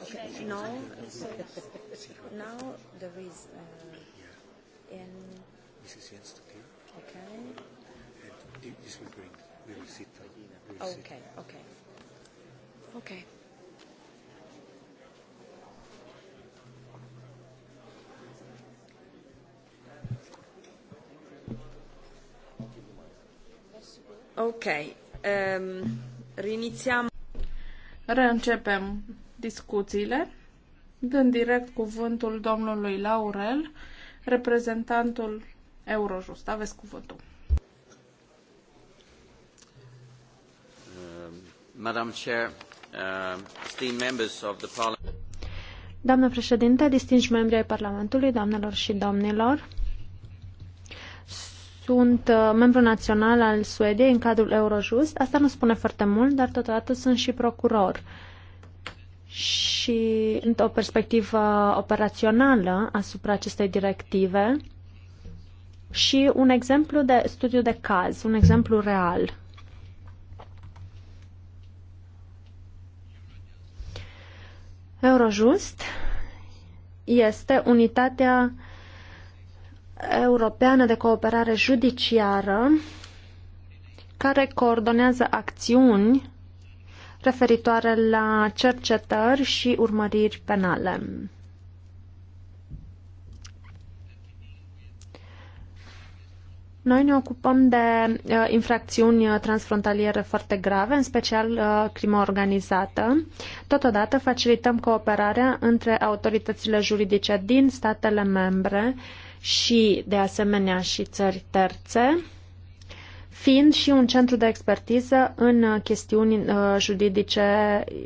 Okay. now there is. Uh, yeah. In. Mrs. Jens Okay. And this will bring. We will sit. okay. Okay. Okay. Ok. Um, ehm, reinițiam. Reîncepem discuțiile, dând direct cuvântul domnului Laurel, reprezentantul Eurojust. Aveți cuvântul. Ehm, Madam Chair, uh, members of the Parliament. Doamnă președinte, distinși membri ai Parlamentului, doamnelor și domnilor, sunt uh, membru național al Suediei în cadrul Eurojust. Asta nu spune foarte mult, dar totodată sunt și procuror. Și într-o perspectivă operațională asupra acestei directive și un exemplu de studiu de caz, un exemplu real. Eurojust este unitatea Europeană de Cooperare Judiciară care coordonează acțiuni referitoare la cercetări și urmăriri penale. Noi ne ocupăm de uh, infracțiuni uh, transfrontaliere foarte grave, în special uh, crimă organizată. Totodată facilităm cooperarea între autoritățile juridice din statele membre uh, și de asemenea și țări terțe, fiind și un centru de expertiză în uh, chestiuni uh, juridice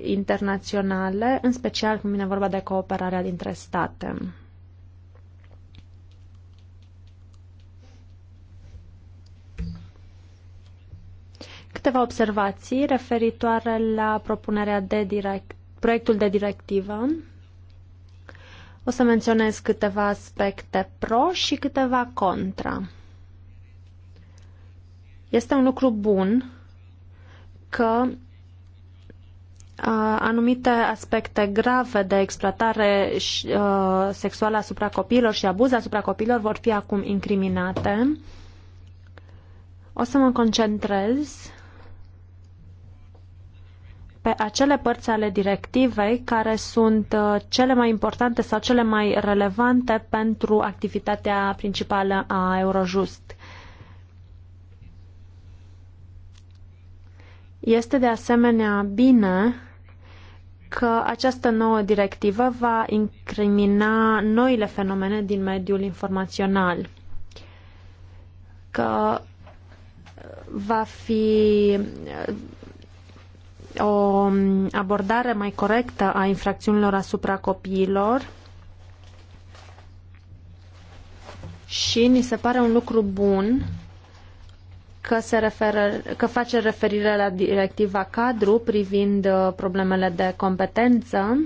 internaționale, în special când vine vorba de cooperarea dintre state. Câteva observații referitoare la propunerea de direct, proiectul de directivă o să menționez câteva aspecte pro și câteva contra. Este un lucru bun că anumite aspecte grave de exploatare sexuală asupra copiilor și abuz asupra copiilor vor fi acum incriminate. O să mă concentrez pe acele părți ale directivei care sunt uh, cele mai importante sau cele mai relevante pentru activitatea principală a Eurojust. Este de asemenea bine că această nouă directivă va incrimina noile fenomene din mediul informațional, că va fi o abordare mai corectă a infracțiunilor asupra copiilor și ni se pare un lucru bun că, se referă, că face referire la directiva cadru privind uh, problemele de competență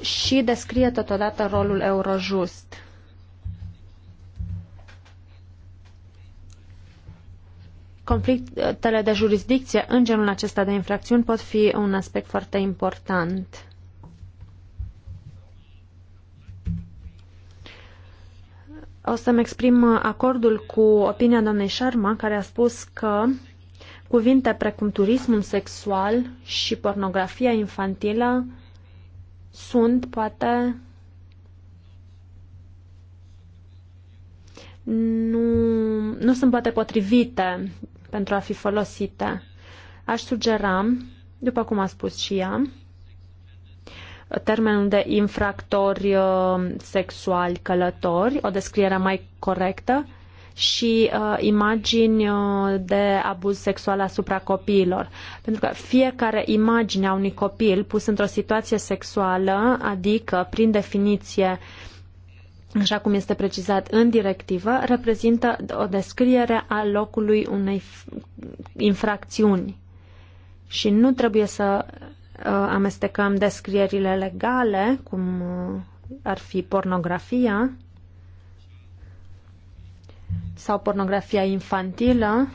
și descrie totodată rolul Eurojust. Conflictele de jurisdicție în genul acesta de infracțiuni pot fi un aspect foarte important. O să-mi exprim acordul cu opinia doamnei Sharma, care a spus că cuvinte precum turismul sexual și pornografia infantilă sunt, poate, nu, nu sunt poate potrivite pentru a fi folosite. Aș sugera, după cum a spus și ea, termenul de infractori uh, sexuali călători, o descriere mai corectă și uh, imagini uh, de abuz sexual asupra copiilor. Pentru că fiecare imagine a unui copil pus într-o situație sexuală, adică, prin definiție, uh, așa cum este precizat în directivă, reprezintă o descriere a locului unei infracțiuni. Și nu trebuie să uh, amestecăm descrierile legale, cum uh, ar fi pornografia sau pornografia infantilă,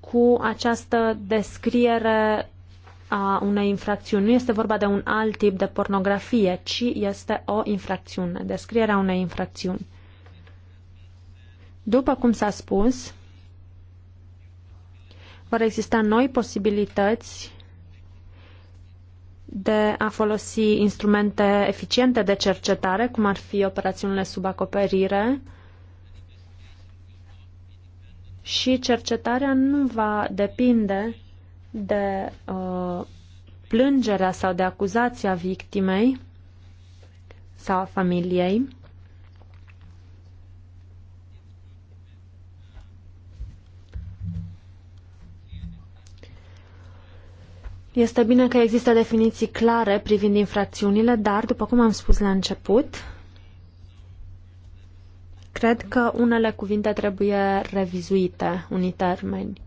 cu această descriere a unei infracțiuni. Nu este vorba de un alt tip de pornografie, ci este o infracțiune, descrierea unei infracțiuni. După cum s-a spus, vor exista noi posibilități de a folosi instrumente eficiente de cercetare, cum ar fi operațiunile sub acoperire, și cercetarea nu va depinde de uh, plângerea sau de acuzația victimei sau a familiei. Este bine că există definiții clare privind infracțiunile, dar, după cum am spus la început, cred că unele cuvinte trebuie revizuite, unii termeni.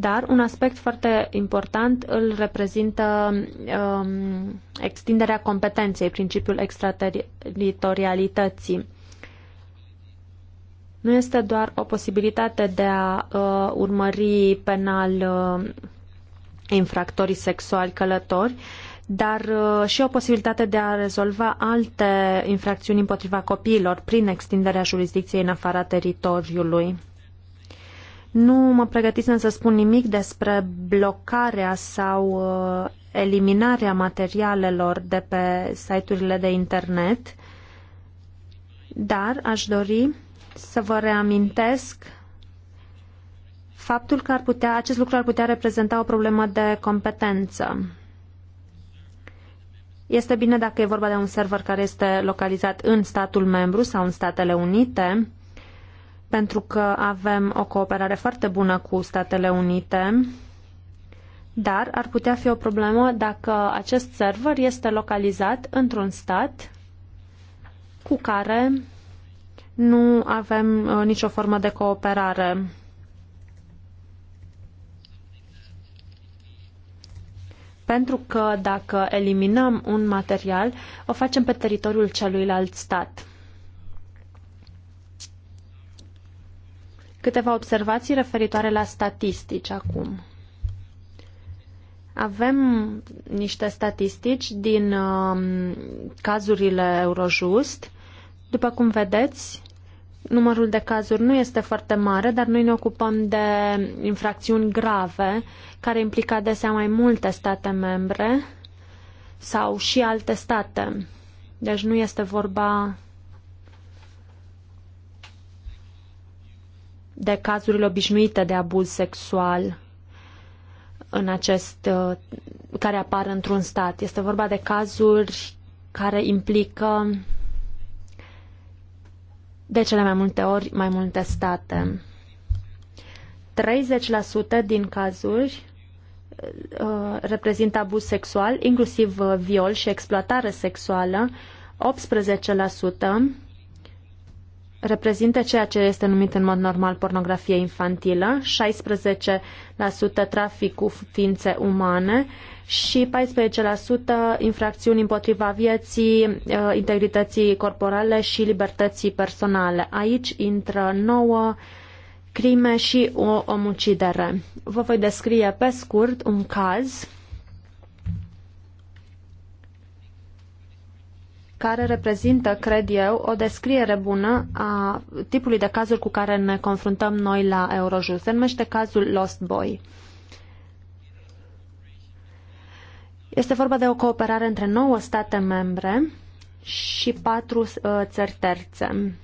Dar un aspect foarte important îl reprezintă um, extinderea competenței, principiul extrateritorialității. Nu este doar o posibilitate de a uh, urmări penal uh, infractorii sexuali călători, dar uh, și o posibilitate de a rezolva alte infracțiuni împotriva copiilor prin extinderea jurisdicției în afara teritoriului. Nu mă pregătisem să spun nimic despre blocarea sau uh, eliminarea materialelor de pe site-urile de internet, dar aș dori să vă reamintesc faptul că ar putea, acest lucru ar putea reprezenta o problemă de competență. Este bine dacă e vorba de un server care este localizat în statul membru sau în Statele Unite, pentru că avem o cooperare foarte bună cu Statele Unite, dar ar putea fi o problemă dacă acest server este localizat într-un stat cu care nu avem uh, nicio formă de cooperare. Pentru că dacă eliminăm un material, o facem pe teritoriul celuilalt stat. Câteva observații referitoare la statistici acum. Avem niște statistici din uh, cazurile Eurojust. După cum vedeți, numărul de cazuri nu este foarte mare, dar noi ne ocupăm de infracțiuni grave, care implică adesea mai multe state membre sau și alte state. Deci nu este vorba de cazurile obișnuite de abuz sexual în acest, uh, care apar într-un stat. Este vorba de cazuri care implică de cele mai multe ori mai multe state. 30% din cazuri uh, reprezintă abuz sexual, inclusiv uh, viol și exploatare sexuală, 18% reprezintă ceea ce este numit în mod normal pornografie infantilă, 16% trafic cu ființe umane și 14% infracțiuni împotriva vieții, uh, integrității corporale și libertății personale. Aici intră 9 crime și o omucidere. Vă voi descrie pe scurt un caz care reprezintă, cred eu, o descriere bună a tipului de cazuri cu care ne confruntăm noi la Eurojust. Se numește cazul Lost Boy. Este vorba de o cooperare între 9 state membre și 4 uh, țări terțe.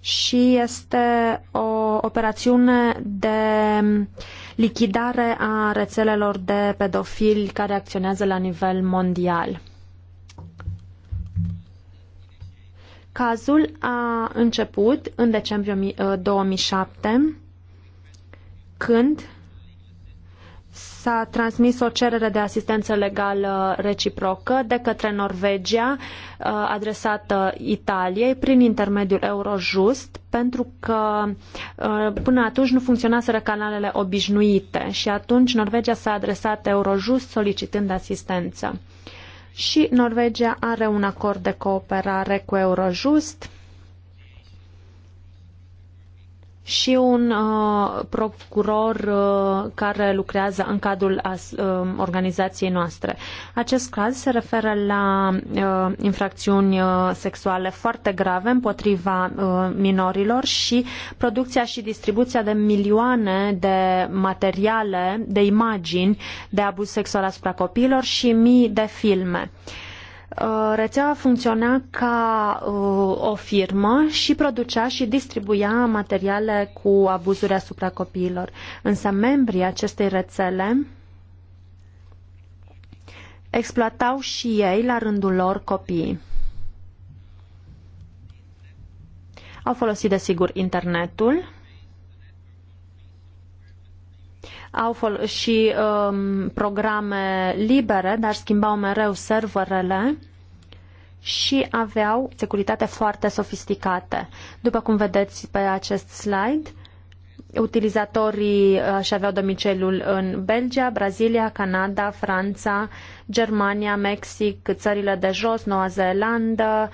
Și este o operațiune de uh, lichidare a rețelelor de pedofili care acționează la nivel mondial. Cazul a început în decembrie 2007, când s-a transmis o cerere de asistență legală reciprocă de către Norvegia uh, adresată Italiei prin intermediul Eurojust pentru că uh, până atunci nu funcționaseră canalele obișnuite și atunci Norvegia s-a adresat Eurojust solicitând asistență. Și Norvegia are un acord de cooperare cu Eurojust și un uh, procuror uh, care lucrează în cadrul as, uh, organizației noastre. Acest caz se referă la uh, infracțiuni uh, sexuale foarte grave împotriva uh, minorilor și producția și distribuția de milioane de materiale, de imagini de abuz sexual asupra copiilor și mii de filme. Uh, Uh, rețeaua funcționa ca uh, o firmă și producea și distribuia materiale cu abuzuri asupra copiilor. Însă membrii acestei rețele exploatau și ei la rândul lor copiii. Au folosit, desigur, internetul au și um, programe libere, dar schimbau mereu serverele și aveau securitate foarte sofisticate. După cum vedeți pe acest slide, utilizatorii uh, și aveau domiciliul în Belgia, Brazilia, Canada, Franța, Germania, Mexic, țările de jos, Noua Zeelandă,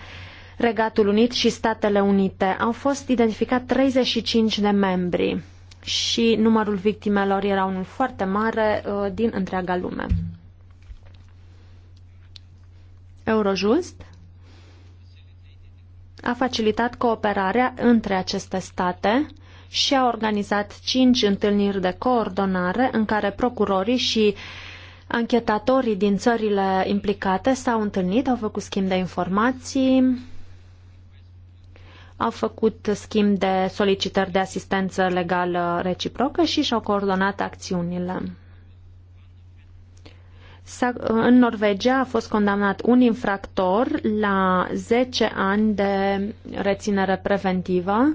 Regatul Unit și Statele Unite. Au fost identificat 35 de membri și numărul victimelor era unul foarte mare uh, din întreaga lume. Eurojust a facilitat cooperarea între aceste state și a organizat cinci întâlniri de coordonare în care procurorii și anchetatorii din țările implicate s-au întâlnit, au făcut schimb de informații, au făcut schimb de solicitări de asistență legală reciprocă și și-au coordonat acțiunile. În Norvegia a fost condamnat un infractor la 10 ani de reținere preventivă,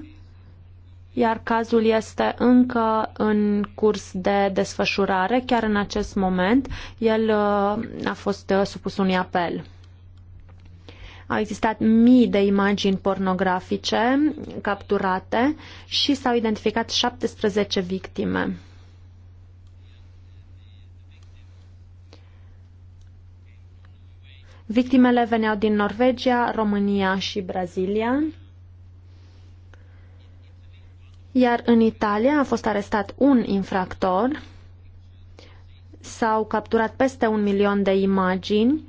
iar cazul este încă în curs de desfășurare. Chiar în acest moment, el uh, a fost uh, supus unui apel. Au existat mii de imagini pornografice capturate și s-au identificat 17 victime. Victimele veneau din Norvegia, România și Brazilia. Iar în Italia a fost arestat un infractor, s-au capturat peste un milion de imagini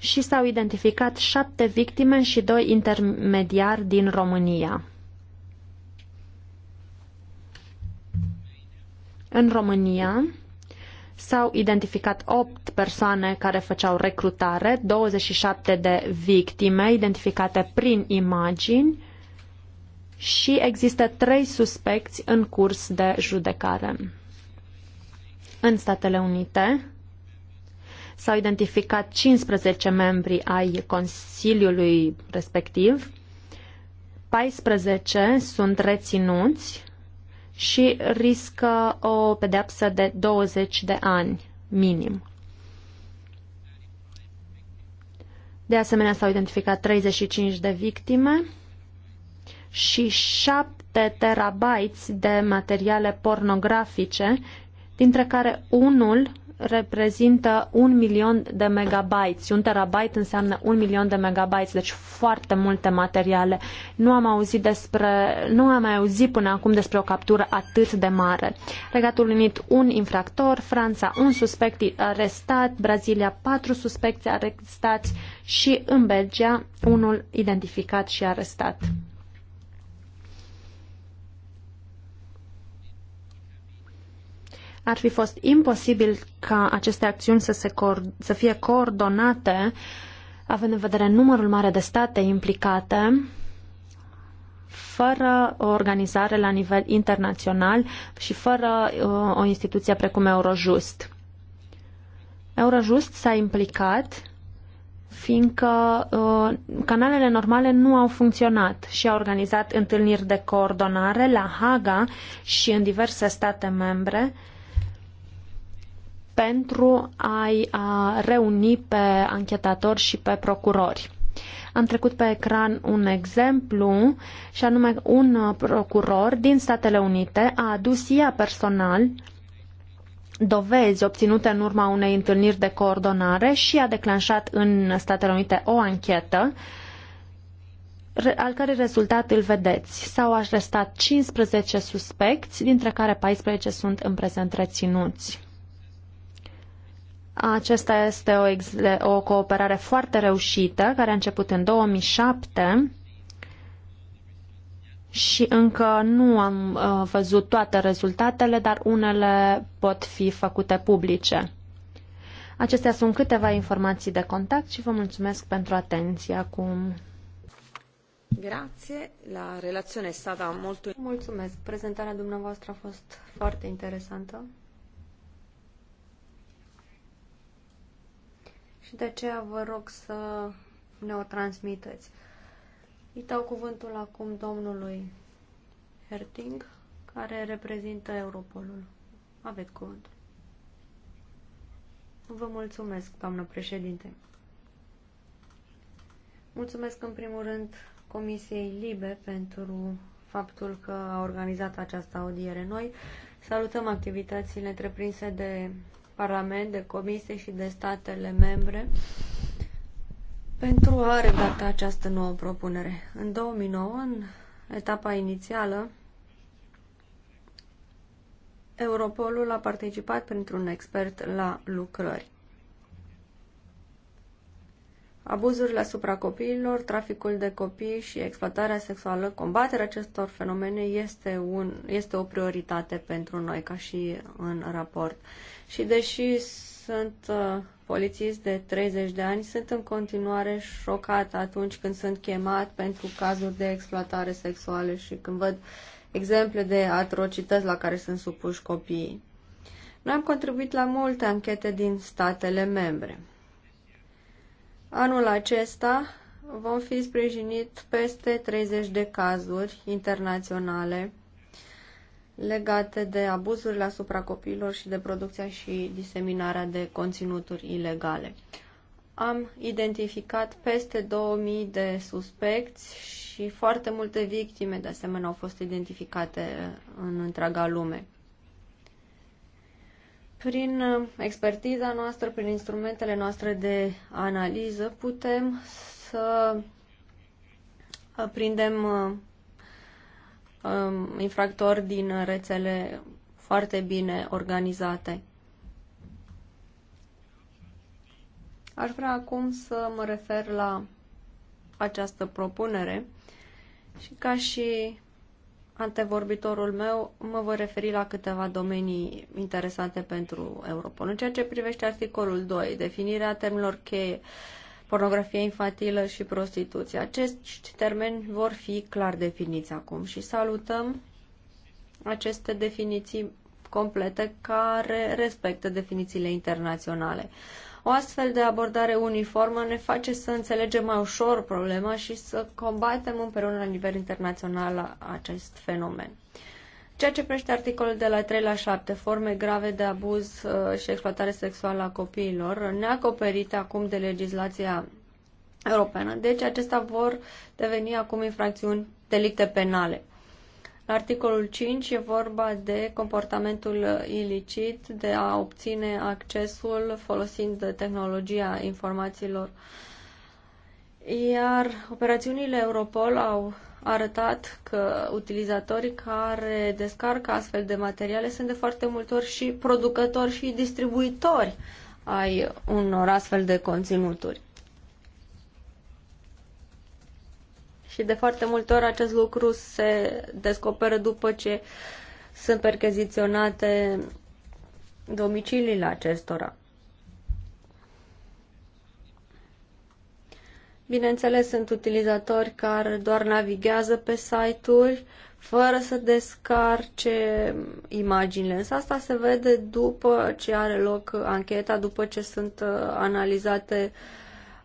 și s-au identificat șapte victime și doi intermediari din România. În România s-au identificat 8 persoane care făceau recrutare, 27 de victime identificate prin imagini și există 3 suspecți în curs de judecare. În Statele Unite, S-au identificat 15 membri ai Consiliului respectiv, 14 sunt reținuți și riscă o pedeapsă de 20 de ani minim. De asemenea, s-au identificat 35 de victime și 7 terabytes de materiale pornografice, dintre care unul reprezintă un milion de megabytes. Un terabyte înseamnă un milion de megabytes, deci foarte multe materiale. Nu am auzit despre, nu am mai auzit până acum despre o captură atât de mare. Regatul Unit un infractor, Franța un suspect arestat, Brazilia patru suspecți arestați și în Belgia unul identificat și arestat. ar fi fost imposibil ca aceste acțiuni să, se să fie coordonate, având în vedere numărul mare de state implicate, fără o organizare la nivel internațional și fără uh, o instituție precum Eurojust. Eurojust s-a implicat fiindcă uh, canalele normale nu au funcționat și a organizat întâlniri de coordonare la Haga și în diverse state membre pentru a-i a reuni pe anchetatori și pe procurori. Am trecut pe ecran un exemplu și anume un uh, procuror din Statele Unite a adus ea personal dovezi obținute în urma unei întâlniri de coordonare și a declanșat în Statele Unite o anchetă al cărei rezultat îl vedeți. S-au arestat 15 suspecți, dintre care 14 sunt în prezent reținuți. Aceasta este o, o cooperare foarte reușită care a început în 2007 și încă nu am uh, văzut toate rezultatele, dar unele pot fi făcute publice. Acestea sunt câteva informații de contact și vă mulțumesc pentru atenție acum. Grazie, la relazione è stata molto... Mulțumesc, prezentarea dumneavoastră a fost foarte interesantă. și de aceea vă rog să ne o transmiteți. Îi dau cuvântul acum domnului Herting, care reprezintă Europolul. Aveți cuvântul. Vă mulțumesc, doamnă președinte. Mulțumesc în primul rând Comisiei Libe pentru faptul că a organizat această audiere. Noi salutăm activitățile întreprinse de Parlament, de Comisie și de statele membre pentru a redacta această nouă propunere. În 2009, în etapa inițială, Europolul a participat printr-un expert la lucrări abuzurile asupra copiilor, traficul de copii și exploatarea sexuală, combaterea acestor fenomene este, un, este o prioritate pentru noi, ca și în raport. Și deși sunt uh, polițist de 30 de ani, sunt în continuare șocat atunci când sunt chemat pentru cazuri de exploatare sexuală și când văd exemple de atrocități la care sunt supuși copiii. Noi am contribuit la multe anchete din statele membre. Anul acesta vom fi sprijinit peste 30 de cazuri internaționale legate de abuzurile asupra copiilor și de producția și diseminarea de conținuturi ilegale. Am identificat peste 2000 de suspecți și foarte multe victime de asemenea au fost identificate în întreaga lume. Prin uh, expertiza noastră, prin instrumentele noastre de analiză, putem să uh, prindem uh, um, infractori din rețele foarte bine organizate. Aș vrea acum să mă refer la această propunere și ca și antevorbitorul meu, mă voi referi la câteva domenii interesante pentru Europol. În ceea ce privește articolul 2, definirea termenilor cheie, pornografie infantilă și prostituție. Acești termeni vor fi clar definiți acum și salutăm aceste definiții complete care respectă definițiile internaționale. O astfel de abordare uniformă ne face să înțelegem mai ușor problema și să combatem împreună la nivel internațional acest fenomen. Ceea ce prește articolul de la 3 la 7, forme grave de abuz uh, și exploatare sexuală a copiilor, neacoperite acum de legislația europeană. Deci acestea vor deveni acum infracțiuni delicte penale articolul 5 e vorba de comportamentul ilicit de a obține accesul folosind tehnologia informațiilor. Iar operațiunile Europol au arătat că utilizatorii care descarcă astfel de materiale sunt de foarte multe ori și producători și distribuitori ai unor astfel de conținuturi. Și de foarte multe ori acest lucru se descoperă după ce sunt percheziționate domiciliile acestora. Bineînțeles, sunt utilizatori care doar navighează pe site-uri fără să descarce imaginile. Însă asta se vede după ce are loc ancheta, după ce sunt uh, analizate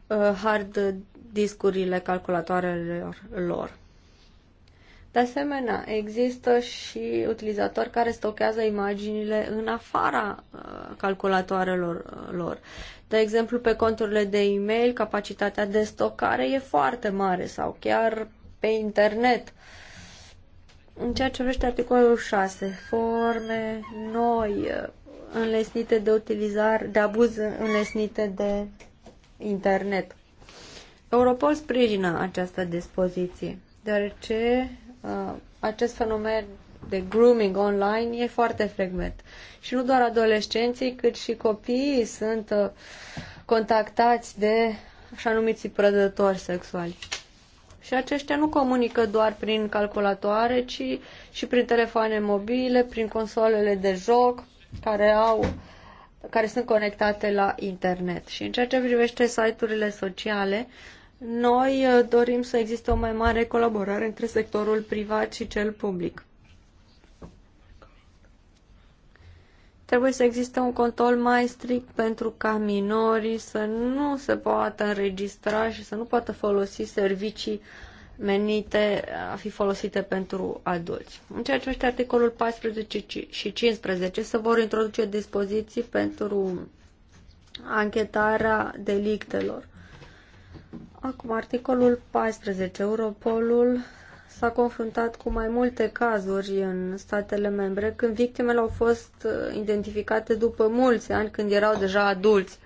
uh, hard discurile calculatoarelor lor. De asemenea, există și utilizatori care stochează imaginile în afara uh, calculatoarelor uh, lor. De exemplu, pe conturile de e-mail, capacitatea de stocare e foarte mare sau chiar pe internet. În ceea ce vrește articolul 6, forme noi uh, înlesnite de utilizare, de abuz înlesnite de internet. Europol sprijină această dispoziție, deoarece uh, acest fenomen de grooming online e foarte frecvent. Și nu doar adolescenții, cât și copiii sunt uh, contactați de așa numiți prădători sexuali. Și aceștia nu comunică doar prin calculatoare, ci și prin telefoane mobile, prin consolele de joc care au care sunt conectate la internet. Și în ceea ce privește site-urile sociale, noi uh, dorim să existe o mai mare colaborare între sectorul privat și cel public. Trebuie să existe un control mai strict pentru ca minorii să nu se poată înregistra și să nu poată folosi servicii menite a fi folosite pentru adulți. În ceea ce privește articolul 14 și 15 se vor introduce dispoziții pentru anchetarea delictelor. Acum, articolul 14. Europolul s-a confruntat cu mai multe cazuri în statele membre când victimele au fost uh, identificate după mulți ani, când erau deja adulți.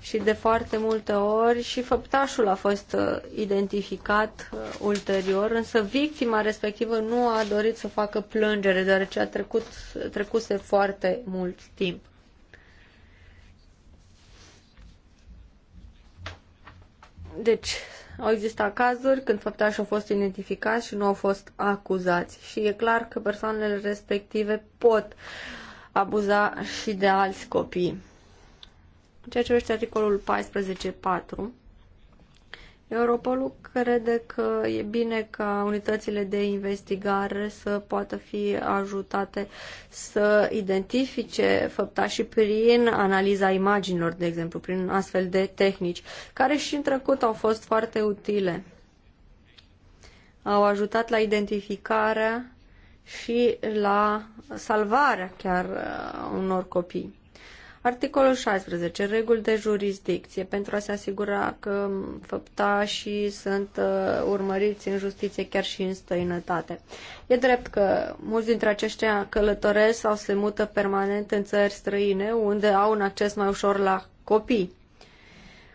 Și de foarte multe ori și făptașul a fost uh, identificat uh, ulterior, însă victima respectivă nu a dorit să facă plângere, deoarece a trecut, trecuse foarte mult timp. Deci, au existat cazuri când făptași au fost identificați și nu au fost acuzați. Și e clar că persoanele respective pot abuza și de alți copii. În ceea ce vește articolul 14.4, Europolul crede că e bine ca unitățile de investigare să poată fi ajutate să identifice și prin analiza imaginilor, de exemplu, prin astfel de tehnici, care și în trecut au fost foarte utile. Au ajutat la identificarea și la salvarea chiar uh, unor copii. Articolul 16. Reguli de jurisdicție pentru a se asigura că făptașii sunt uh, urmăriți în justiție chiar și în străinătate. E drept că mulți dintre aceștia călătoresc sau se mută permanent în țări străine unde au un acces mai ușor la copii.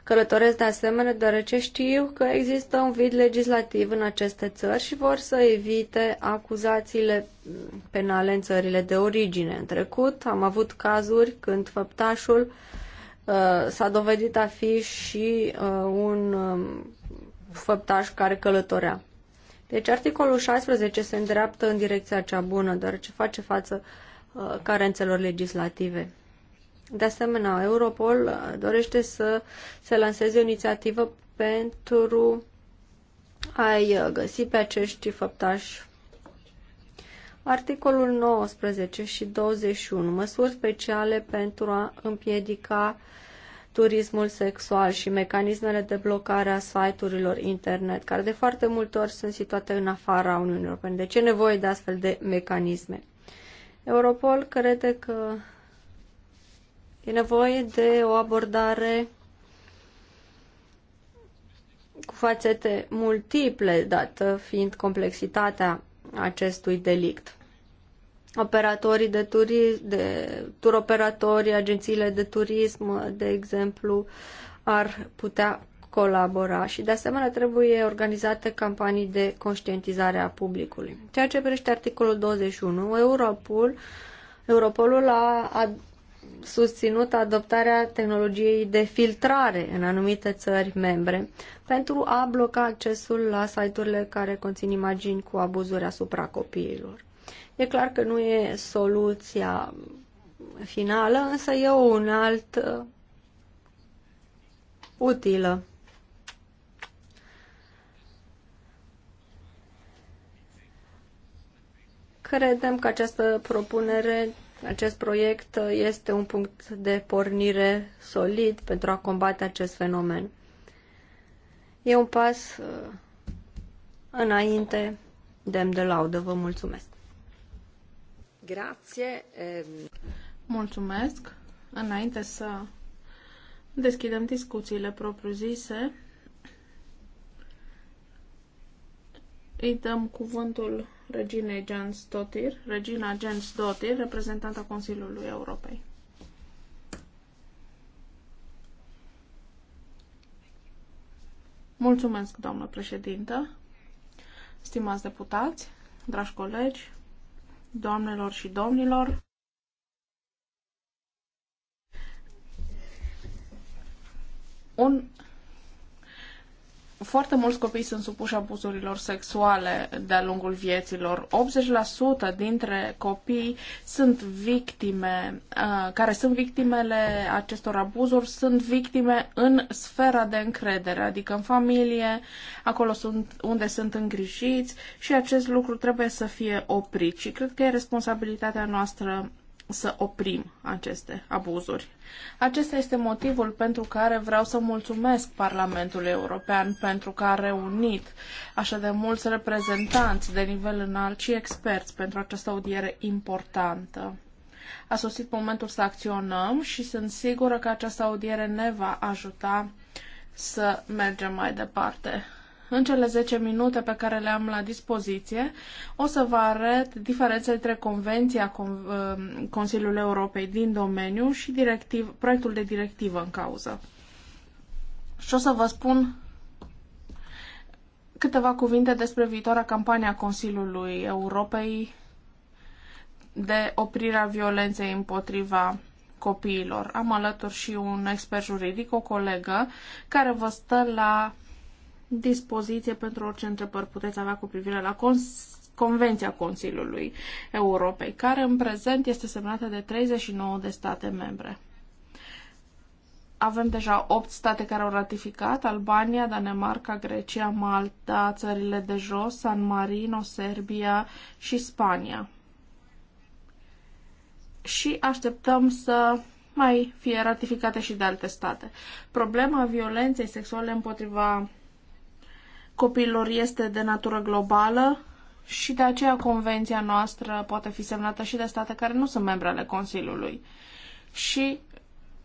Călătoresc de asemenea deoarece știu că există un vid legislativ în aceste țări și vor să evite acuzațiile penale în țările de origine. În trecut am avut cazuri când făptașul uh, s-a dovedit a fi și uh, un uh, făptaș care călătorea. Deci articolul 16 se îndreaptă în direcția cea bună, deoarece face față uh, carențelor legislative. De asemenea, Europol uh, dorește să se lanseze o inițiativă pentru a-i uh, găsi pe acești făptași. Articolul 19 și 21. Măsuri speciale pentru a împiedica turismul sexual și mecanismele de blocare a site-urilor internet, care de foarte multe ori sunt situate în afara Uniunii Europene. De deci ce nevoie de astfel de mecanisme? Europol crede că E nevoie de o abordare cu fațete multiple, dată fiind complexitatea acestui delict. Operatorii de turism, de turoperatorii, agențiile de turism, de exemplu, ar putea colabora și de asemenea trebuie organizate campanii de conștientizare a publicului. Ceea ce privește articolul 21, Europol, Europolul a, a susținut adoptarea tehnologiei de filtrare în anumite țări membre pentru a bloca accesul la site-urile care conțin imagini cu abuzuri asupra copiilor. E clar că nu e soluția finală, însă e o unealtă uh, utilă. Credem că această propunere acest proiect este un punct de pornire solid pentru a combate acest fenomen. E un pas uh, înainte demn de laudă. Vă mulțumesc. Grație. Ehm. Mulțumesc. Înainte să deschidem discuțiile propriu-zise, Îi dăm cuvântul reginei Jens Dotir, regina Jens Dotir, reprezentanta Consiliului Europei. Mulțumesc, doamnă președintă, stimați deputați, dragi colegi, doamnelor și domnilor. Un foarte mulți copii sunt supuși abuzurilor sexuale de-a lungul vieților. 80% dintre copii sunt victime, uh, care sunt victimele acestor abuzuri, sunt victime în sfera de încredere, adică în familie, acolo sunt, unde sunt îngrijiți și acest lucru trebuie să fie oprit. Și cred că e responsabilitatea noastră să oprim aceste abuzuri. Acesta este motivul pentru care vreau să mulțumesc Parlamentului European pentru că a reunit așa de mulți reprezentanți de nivel înalt și experți pentru această audiere importantă. A sosit momentul să acționăm și sunt sigură că această audiere ne va ajuta să mergem mai departe în cele 10 minute pe care le am la dispoziție, o să vă arăt diferențele între Convenția uh, Consiliului Europei din domeniu și directiv, proiectul de directivă în cauză. Și o să vă spun câteva cuvinte despre viitoarea campanie a Consiliului Europei de oprirea violenței împotriva copiilor. Am alături și un expert juridic, o colegă, care vă stă la dispoziție pentru orice întrebări puteți avea cu privire la cons- Convenția Consiliului Europei, care în prezent este semnată de 39 de state membre. Avem deja 8 state care au ratificat, Albania, Danemarca, Grecia, Malta, țările de jos, San Marino, Serbia și Spania. Și așteptăm să mai fie ratificate și de alte state. Problema violenței sexuale împotriva copiilor este de natură globală și de aceea convenția noastră poate fi semnată și de state care nu sunt membre ale Consiliului și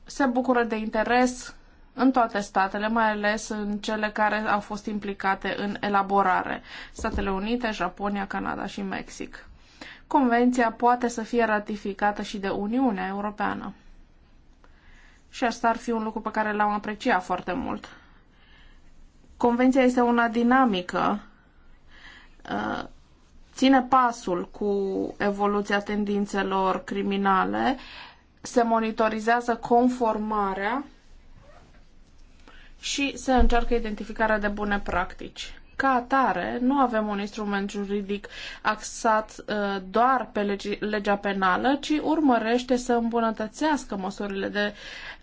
se bucură de interes în toate statele, mai ales în cele care au fost implicate în elaborare, Statele Unite, Japonia, Canada și Mexic. Convenția poate să fie ratificată și de Uniunea Europeană. Și asta ar fi un lucru pe care l-am apreciat foarte mult. Convenția este una dinamică, uh, ține pasul cu evoluția tendințelor criminale, se monitorizează conformarea și se încearcă identificarea de bune practici ca atare, nu avem un instrument juridic axat uh, doar pe legi, legea penală, ci urmărește să îmbunătățească măsurile de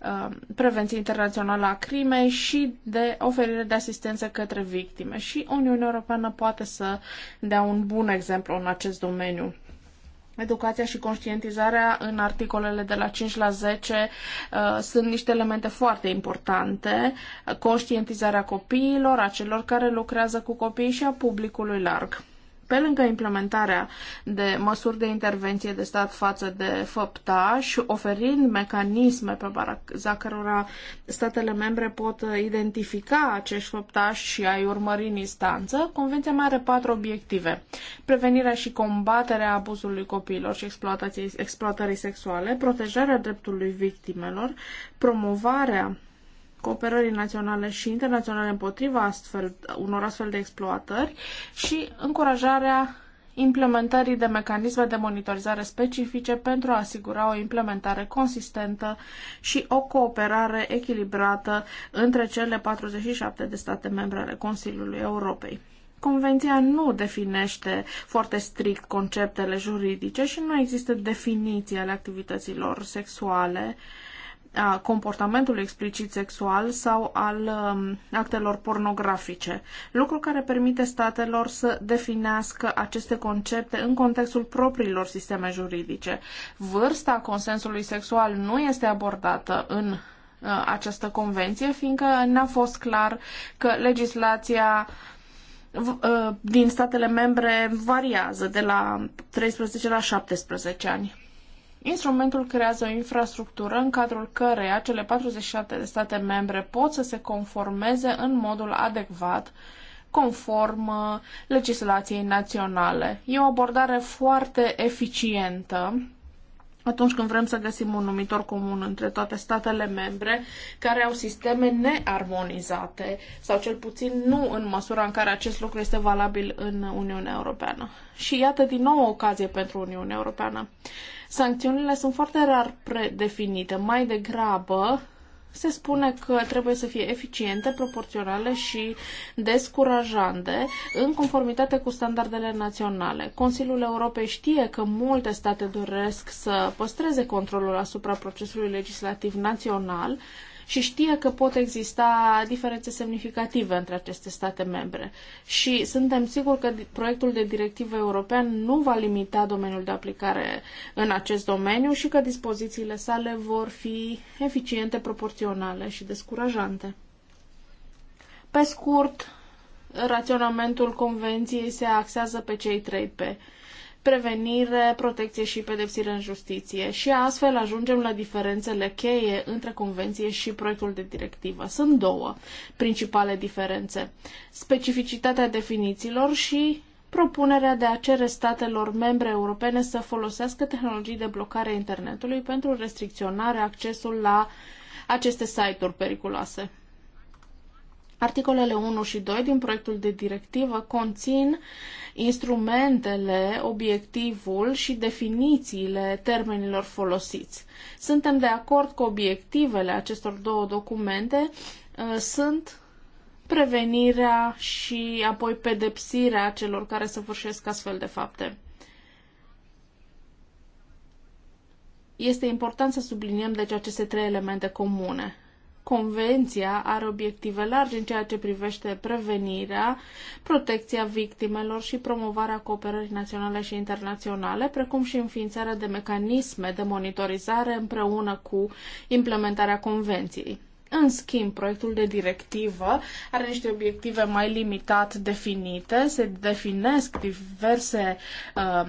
uh, prevenție internațională a crimei și de oferire de asistență către victime. Și Uniunea Europeană poate să dea un bun exemplu în acest domeniu. Educația și conștientizarea în articolele de la 5 la 10 uh, sunt niște elemente foarte importante. Conștientizarea copiilor, a celor care lucrează cu copii și a publicului larg. Pe lângă implementarea de măsuri de intervenție de stat față de și oferind mecanisme pe baza cărora statele membre pot identifica acești făptași și a-i urmări în instanță, Convenția mai are patru obiective. Prevenirea și combaterea abuzului copiilor și exploatării sexuale, protejarea dreptului victimelor, promovarea cooperării naționale și internaționale împotriva astfel, unor astfel de exploatări și încurajarea implementării de mecanisme de monitorizare specifice pentru a asigura o implementare consistentă și o cooperare echilibrată între cele 47 de state membre ale Consiliului Europei. Convenția nu definește foarte strict conceptele juridice și nu există definiții ale activităților sexuale uh, a comportamentului explicit sexual sau al um, actelor pornografice, lucru care permite statelor să definească aceste concepte în contextul propriilor sisteme juridice. Vârsta consensului sexual nu este abordată în uh, această convenție, fiindcă n-a fost clar că legislația uh, din statele membre variază de la 13 la 17 ani. Instrumentul creează o infrastructură în cadrul căreia cele 47 de state membre pot să se conformeze în modul adecvat conform uh, legislației naționale. E o abordare foarte eficientă atunci când vrem să găsim un numitor comun între toate statele membre care au sisteme nearmonizate sau cel puțin nu în măsura în care acest lucru este valabil în Uniunea Europeană. Și iată din nou o ocazie pentru Uniunea Europeană. Sancțiunile sunt foarte rar predefinite, mai degrabă se spune că trebuie să fie eficiente, proporționale și descurajante în conformitate cu standardele naționale. Consiliul Europei știe că multe state doresc să păstreze controlul asupra procesului legislativ național și știe că pot exista diferențe semnificative între aceste state membre. Și suntem siguri că proiectul de directivă european nu va limita domeniul de aplicare în acest domeniu și că dispozițiile sale vor fi eficiente, proporționale și descurajante. Pe scurt, raționamentul convenției se axează pe cei trei P prevenire, protecție și pedepsire în justiție. Și astfel ajungem la diferențele cheie între convenție și proiectul de directivă. Sunt două principale diferențe. Specificitatea definițiilor și propunerea de a cere statelor membre europene să folosească tehnologii de blocare a internetului pentru restricționarea accesului la aceste site-uri periculoase. Articolele 1 și 2 din proiectul de directivă conțin instrumentele, obiectivul și definițiile termenilor folosiți. Suntem de acord că obiectivele acestor două documente uh, sunt prevenirea și apoi pedepsirea celor care săvârșesc astfel de fapte. Este important să subliniem deci aceste trei elemente comune. Convenția are obiective largi în ceea ce privește prevenirea, protecția victimelor și promovarea cooperării naționale și internaționale, precum și înființarea de mecanisme de monitorizare împreună cu implementarea Convenției. În schimb, proiectul de directivă are niște obiective mai limitat definite, se definesc diverse um,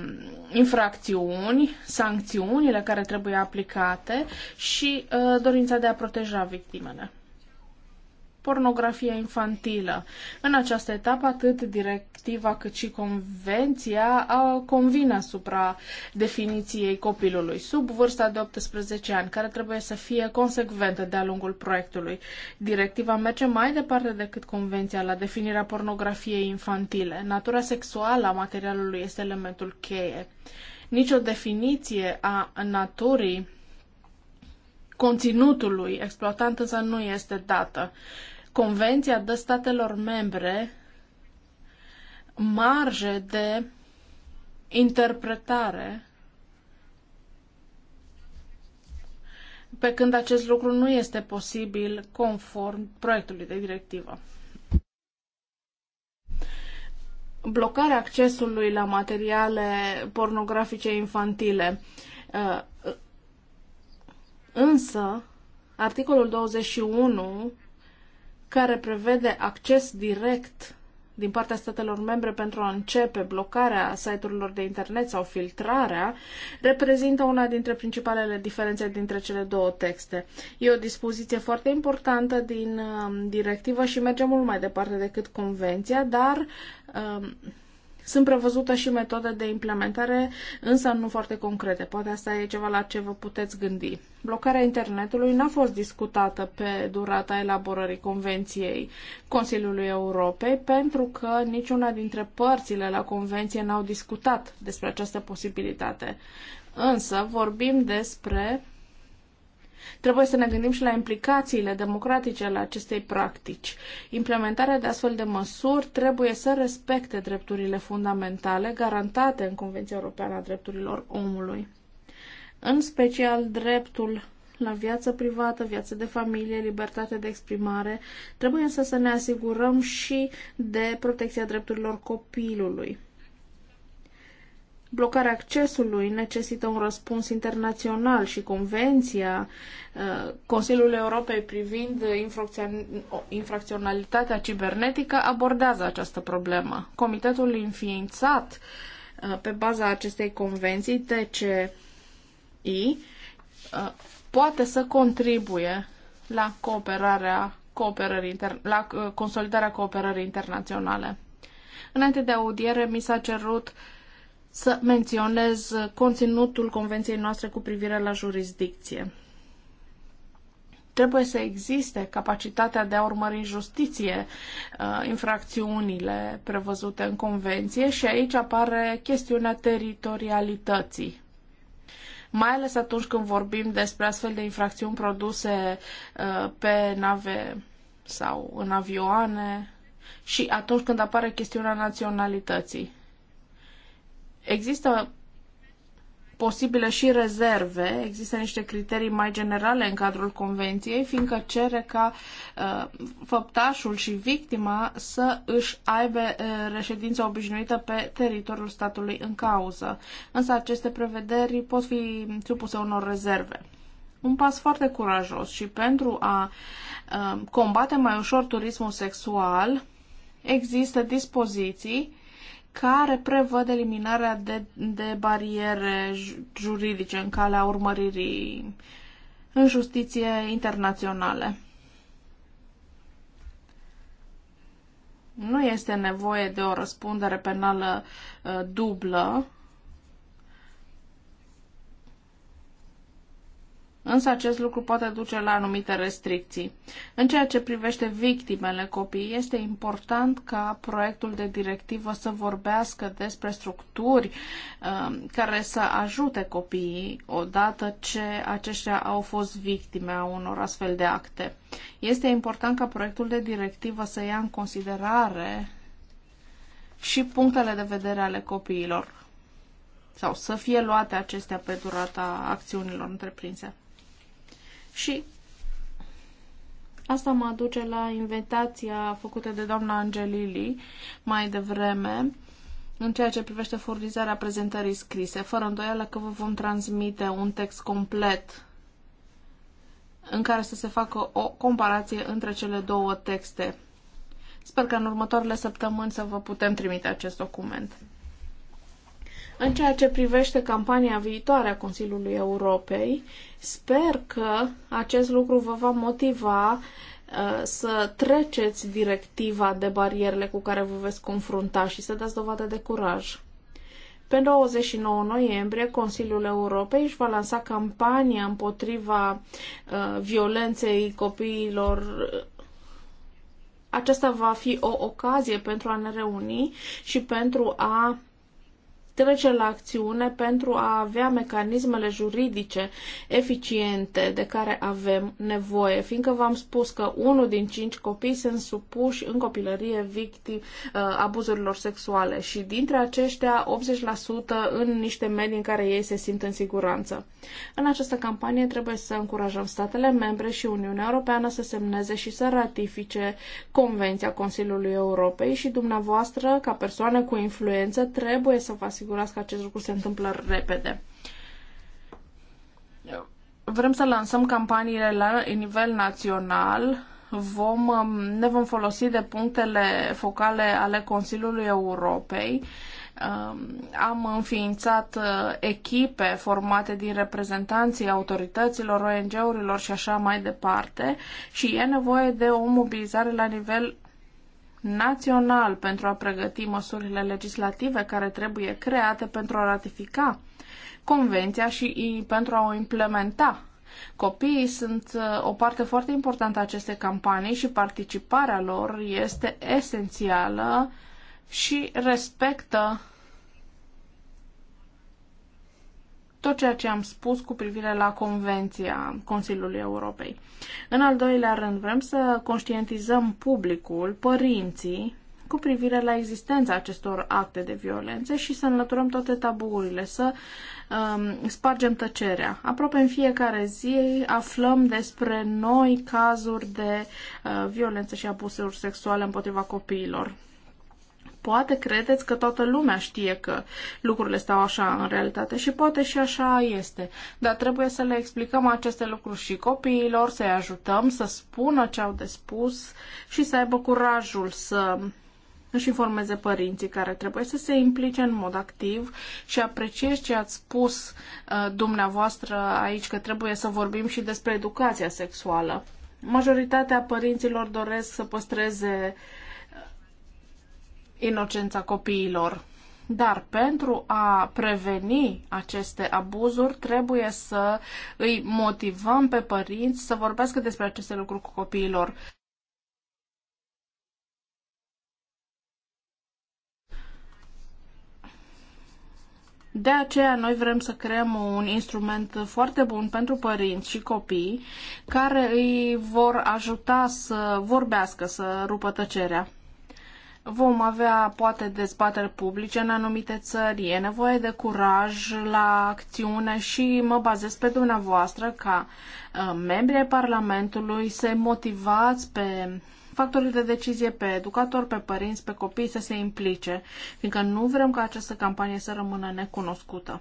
infracțiuni, sancțiunile care trebuie aplicate și uh, dorința de a proteja victimele pornografia infantilă. În această etapă, atât directiva cât și convenția convine asupra definiției copilului sub vârsta de 18 ani, care trebuie să fie consecventă de-a lungul proiectului. Directiva merge mai departe decât convenția la definirea pornografiei infantile. Natura sexuală a materialului este elementul cheie. Nici o definiție a naturii conținutului exploatant însă nu este dată. Convenția dă statelor membre marge de interpretare pe când acest lucru nu este posibil conform proiectului de directivă. Blocarea accesului la materiale pornografice infantile uh, Însă, articolul 21, care prevede acces direct din partea statelor membre pentru a începe blocarea site-urilor de internet sau filtrarea, reprezintă una dintre principalele diferențe dintre cele două texte. E o dispoziție foarte importantă din um, directivă și merge mult mai departe decât convenția, dar um, sunt prevăzute și metode de implementare, însă nu foarte concrete. Poate asta e ceva la ce vă puteți gândi. Blocarea internetului n-a fost discutată pe durata elaborării Convenției Consiliului Europei, pentru că niciuna dintre părțile la Convenție n-au discutat despre această posibilitate. Însă vorbim despre Trebuie să ne gândim și la implicațiile democratice ale acestei practici. Implementarea de astfel de măsuri trebuie să respecte drepturile fundamentale garantate în Convenția Europeană a Drepturilor Omului, în special dreptul la viață privată, viață de familie, libertate de exprimare. Trebuie însă să ne asigurăm și de protecția drepturilor copilului. Blocarea accesului necesită un răspuns internațional și Convenția uh, Consiliului Europei privind infracționalitatea cibernetică abordează această problemă. Comitetul înființat uh, pe baza acestei convenții, TCI, uh, poate să contribuie la cooperarea cooperării la consolidarea cooperării internaționale. Înainte de audiere, mi s-a cerut să menționez conținutul convenției noastre cu privire la jurisdicție. Trebuie să existe capacitatea de a urmări justiție uh, infracțiunile prevăzute în convenție și aici apare chestiunea teritorialității mai ales atunci când vorbim despre astfel de infracțiuni produse uh, pe nave sau în avioane și atunci când apare chestiunea naționalității. Există posibile și rezerve, există niște criterii mai generale în cadrul convenției, fiindcă cere ca uh, făptașul și victima să își aibă uh, reședința obișnuită pe teritoriul statului în cauză. Însă aceste prevederi pot fi supuse unor rezerve. Un pas foarte curajos și pentru a uh, combate mai ușor turismul sexual există dispoziții care prevăd eliminarea de, de bariere juridice în calea urmăririi în justiție internaționale. Nu este nevoie de o răspundere penală uh, dublă Însă acest lucru poate duce la anumite restricții. În ceea ce privește victimele copii, este important ca proiectul de directivă să vorbească despre structuri um, care să ajute copiii odată ce aceștia au fost victime a unor astfel de acte. Este important ca proiectul de directivă să ia în considerare și punctele de vedere ale copiilor sau să fie luate acestea pe durata acțiunilor întreprinse. Și asta mă aduce la invitația făcută de doamna Angelili mai devreme în ceea ce privește furnizarea prezentării scrise, fără îndoială că vă vom transmite un text complet în care să se facă o comparație între cele două texte. Sper că în următoarele săptămâni să vă putem trimite acest document. În ceea ce privește campania viitoare a Consiliului Europei, sper că acest lucru vă va motiva uh, să treceți directiva de barierele cu care vă veți confrunta și să dați dovadă de curaj. Pe 29 noiembrie, Consiliul Europei își va lansa campania împotriva uh, violenței copiilor aceasta va fi o ocazie pentru a ne reuni și pentru a trece la acțiune pentru a avea mecanismele juridice eficiente de care avem nevoie, fiindcă v-am spus că unul din cinci copii sunt supuși în copilărie victim uh, abuzurilor sexuale și dintre aceștia 80% în niște medii în care ei se simt în siguranță. În această campanie trebuie să încurajăm statele membre și Uniunea Europeană să semneze și să ratifice Convenția Consiliului Europei și dumneavoastră, ca persoane cu influență, trebuie să vă asigurați că acest lucru se întâmplă repede. Vrem să lansăm campaniile la nivel național. Vom, um, ne vom folosi de punctele focale ale Consiliului Europei. Um, am înființat uh, echipe formate din reprezentanții autorităților, ONG-urilor și așa mai departe și e nevoie de o mobilizare la nivel național pentru a pregăti măsurile legislative care trebuie create pentru a ratifica convenția și pentru a o implementa. Copiii sunt uh, o parte foarte importantă a acestei campanii și participarea lor este esențială și respectă tot ceea ce am spus cu privire la Convenția Consiliului Europei. În al doilea rând, vrem să conștientizăm publicul, părinții, cu privire la existența acestor acte de violență și să înlăturăm toate taburile, să um, spargem tăcerea. Aproape în fiecare zi aflăm despre noi cazuri de uh, violență și abuzuri sexuale împotriva copiilor. Poate credeți că toată lumea știe că lucrurile stau așa în realitate și poate și așa este. Dar trebuie să le explicăm aceste lucruri și copiilor, să-i ajutăm să spună ce au de spus și să aibă curajul să își informeze părinții care trebuie să se implice în mod activ și apreciez ce ați spus uh, dumneavoastră aici că trebuie să vorbim și despre educația sexuală. Majoritatea părinților doresc să păstreze uh, inocența copiilor. Dar pentru a preveni aceste abuzuri, trebuie să îi motivăm pe părinți să vorbească despre aceste lucruri cu copiilor. De aceea noi vrem să creăm un instrument foarte bun pentru părinți și copii care îi vor ajuta să vorbească, să rupă tăcerea. Vom avea poate dezbateri publice în anumite țări, e nevoie de curaj la acțiune și mă bazez pe dumneavoastră ca uh, membri ai Parlamentului să motivați pe factorii de decizie pe educatori, pe părinți, pe copii să se implice, fiindcă nu vrem ca această campanie să rămână necunoscută.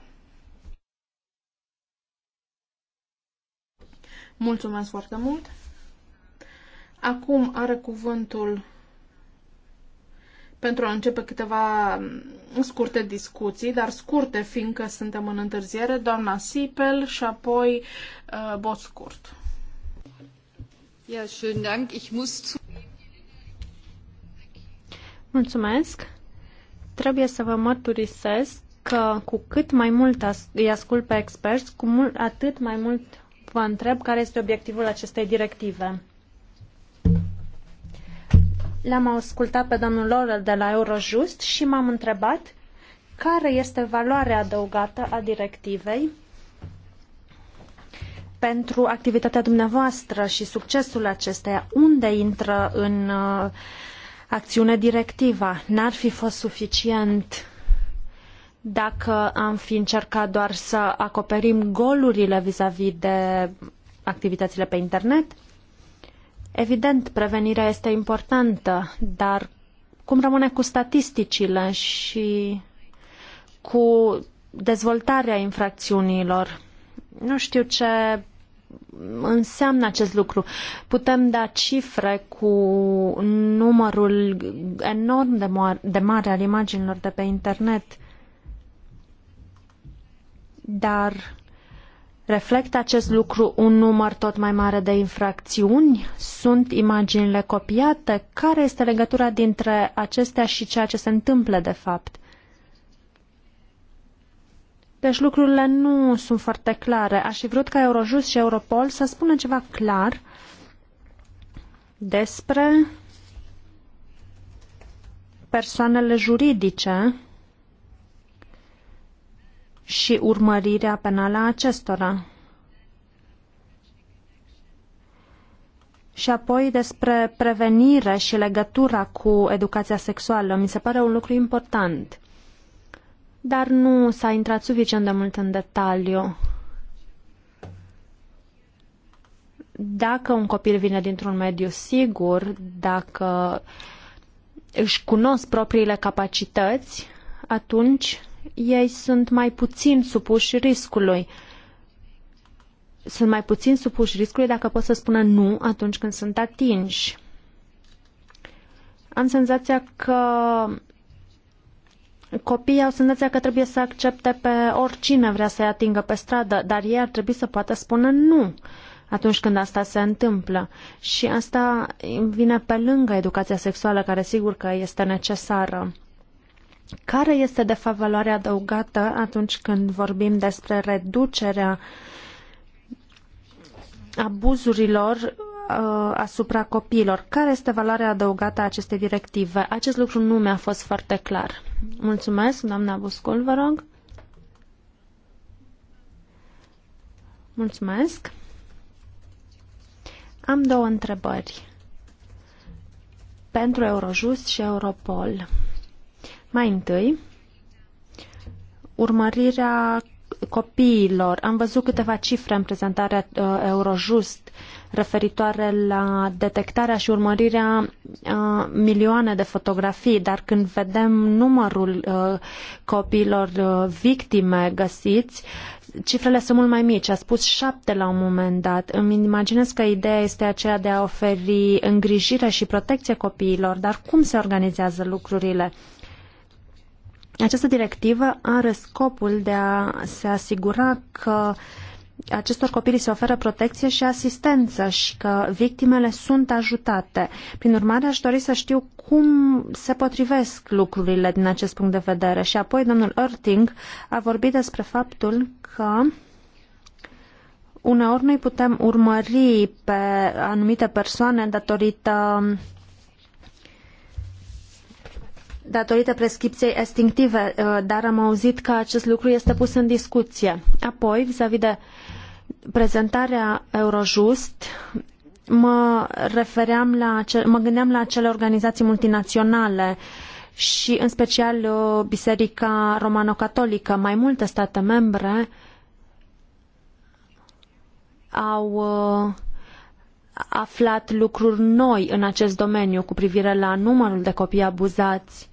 Mulțumesc foarte mult! Acum are cuvântul pentru a începe câteva mm, scurte discuții, dar scurte fiindcă suntem în întârziere, doamna Sipel și apoi uh, bot scurt. Ja, schön Dank. Ich muss Mulțumesc. Trebuie să vă mărturisesc că cu cât mai mult îi ascult pe experți, cu mult, atât mai mult vă întreb care este obiectivul acestei directive. L-am ascultat pe domnul Lorel de la Eurojust și m-am întrebat care este valoarea adăugată a directivei pentru activitatea dumneavoastră și succesul acesteia. Unde intră în uh, acțiune directiva? N-ar fi fost suficient dacă am fi încercat doar să acoperim golurile vis-a-vis -vis de activitățile pe internet? Evident, prevenirea este importantă, dar cum rămâne cu statisticile și cu dezvoltarea infracțiunilor? Nu știu ce înseamnă acest lucru. Putem da cifre cu numărul enorm de, de mare al imaginilor de pe internet, dar Reflectă acest lucru un număr tot mai mare de infracțiuni? Sunt imaginile copiate? Care este legătura dintre acestea și ceea ce se întâmplă de fapt? Deci lucrurile nu sunt foarte clare. Aș fi vrut ca Eurojust și Europol să spună ceva clar despre persoanele juridice și urmărirea penală a acestora. Și apoi despre prevenire și legătura cu educația sexuală. Mi se pare un lucru important. Dar nu s-a intrat suficient de mult în detaliu. Dacă un copil vine dintr-un mediu sigur, dacă își cunosc propriile capacități, atunci ei sunt mai puțin supuși riscului. Sunt mai puțin supuși riscului dacă pot să spună nu atunci când sunt atinși. Am senzația că copiii au senzația că trebuie să accepte pe oricine vrea să-i atingă pe stradă, dar ei ar trebui să poată spune nu atunci când asta se întâmplă. Și asta vine pe lângă educația sexuală, care sigur că este necesară. Care este de fapt valoarea adăugată atunci când vorbim despre reducerea abuzurilor uh, asupra copiilor. Care este valoarea adăugată a acestei directive? Acest lucru nu mi-a fost foarte clar. Mulțumesc, doamna Buscul, vă rog. Mulțumesc. Am două întrebări. Pentru Eurojust și Europol. Mai întâi, urmărirea copiilor. Am văzut câteva cifre în prezentarea uh, Eurojust referitoare la detectarea și urmărirea uh, milioane de fotografii, dar când vedem numărul uh, copiilor uh, victime găsiți, cifrele sunt mult mai mici. A spus șapte la un moment dat. Îmi imaginez că ideea este aceea de a oferi îngrijire și protecție copiilor, dar cum se organizează lucrurile? Această directivă are scopul de a se asigura că acestor copii se oferă protecție și asistență și că victimele sunt ajutate. Prin urmare, aș dori să știu cum se potrivesc lucrurile din acest punct de vedere. Și apoi, domnul Erting a vorbit despre faptul că uneori noi putem urmări pe anumite persoane datorită datorită prescripției extinctive, uh, dar am auzit că acest lucru este pus în discuție. Apoi, vis-a-vis de prezentarea Eurojust, mă refeream la, mă gândeam la acele organizații multinaționale și în special uh, Biserica Romano-Catolică. Mai multe state membre au uh, aflat lucruri noi în acest domeniu cu privire la numărul de copii abuzați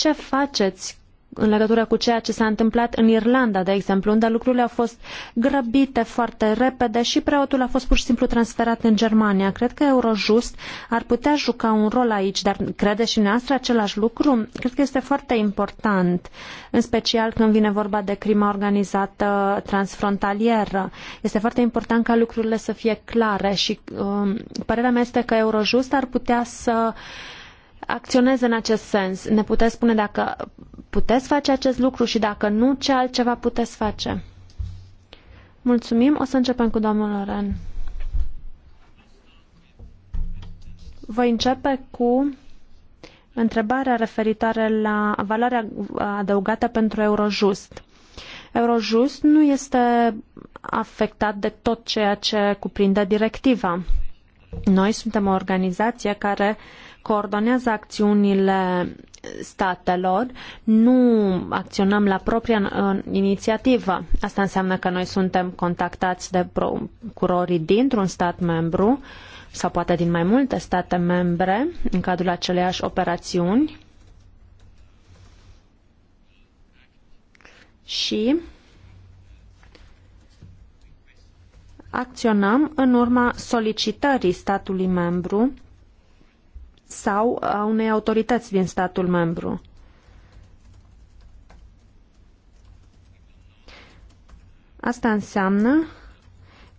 ce faceți în legătură cu ceea ce s-a întâmplat în Irlanda, de exemplu, unde lucrurile au fost grăbite foarte repede și preotul a fost pur și simplu transferat în Germania. Cred că Eurojust ar putea juca un rol aici, dar crede și noastră același lucru? Cred că este foarte important, în special când vine vorba de crima organizată transfrontalieră. Este foarte important ca lucrurile să fie clare și um, părerea mea este că Eurojust ar putea să uh, acționeze în acest sens. Ne puteți spune dacă puteți face acest lucru și dacă nu, ce altceva puteți face? Mulțumim. O să începem cu domnul Loren. Voi începe cu întrebarea referitoare la valoarea adăugată pentru Eurojust. Eurojust nu este afectat de tot ceea ce cuprinde directiva. Noi suntem o organizație care uh, coordonează acțiunile statelor, nu acționăm la propria uh, inițiativă. Asta înseamnă că noi suntem contactați de procurorii dintr-un stat membru sau poate din mai multe state membre în cadrul aceleiași operațiuni și acționăm în urma solicitării statului membru sau a unei autorități din statul membru. Asta înseamnă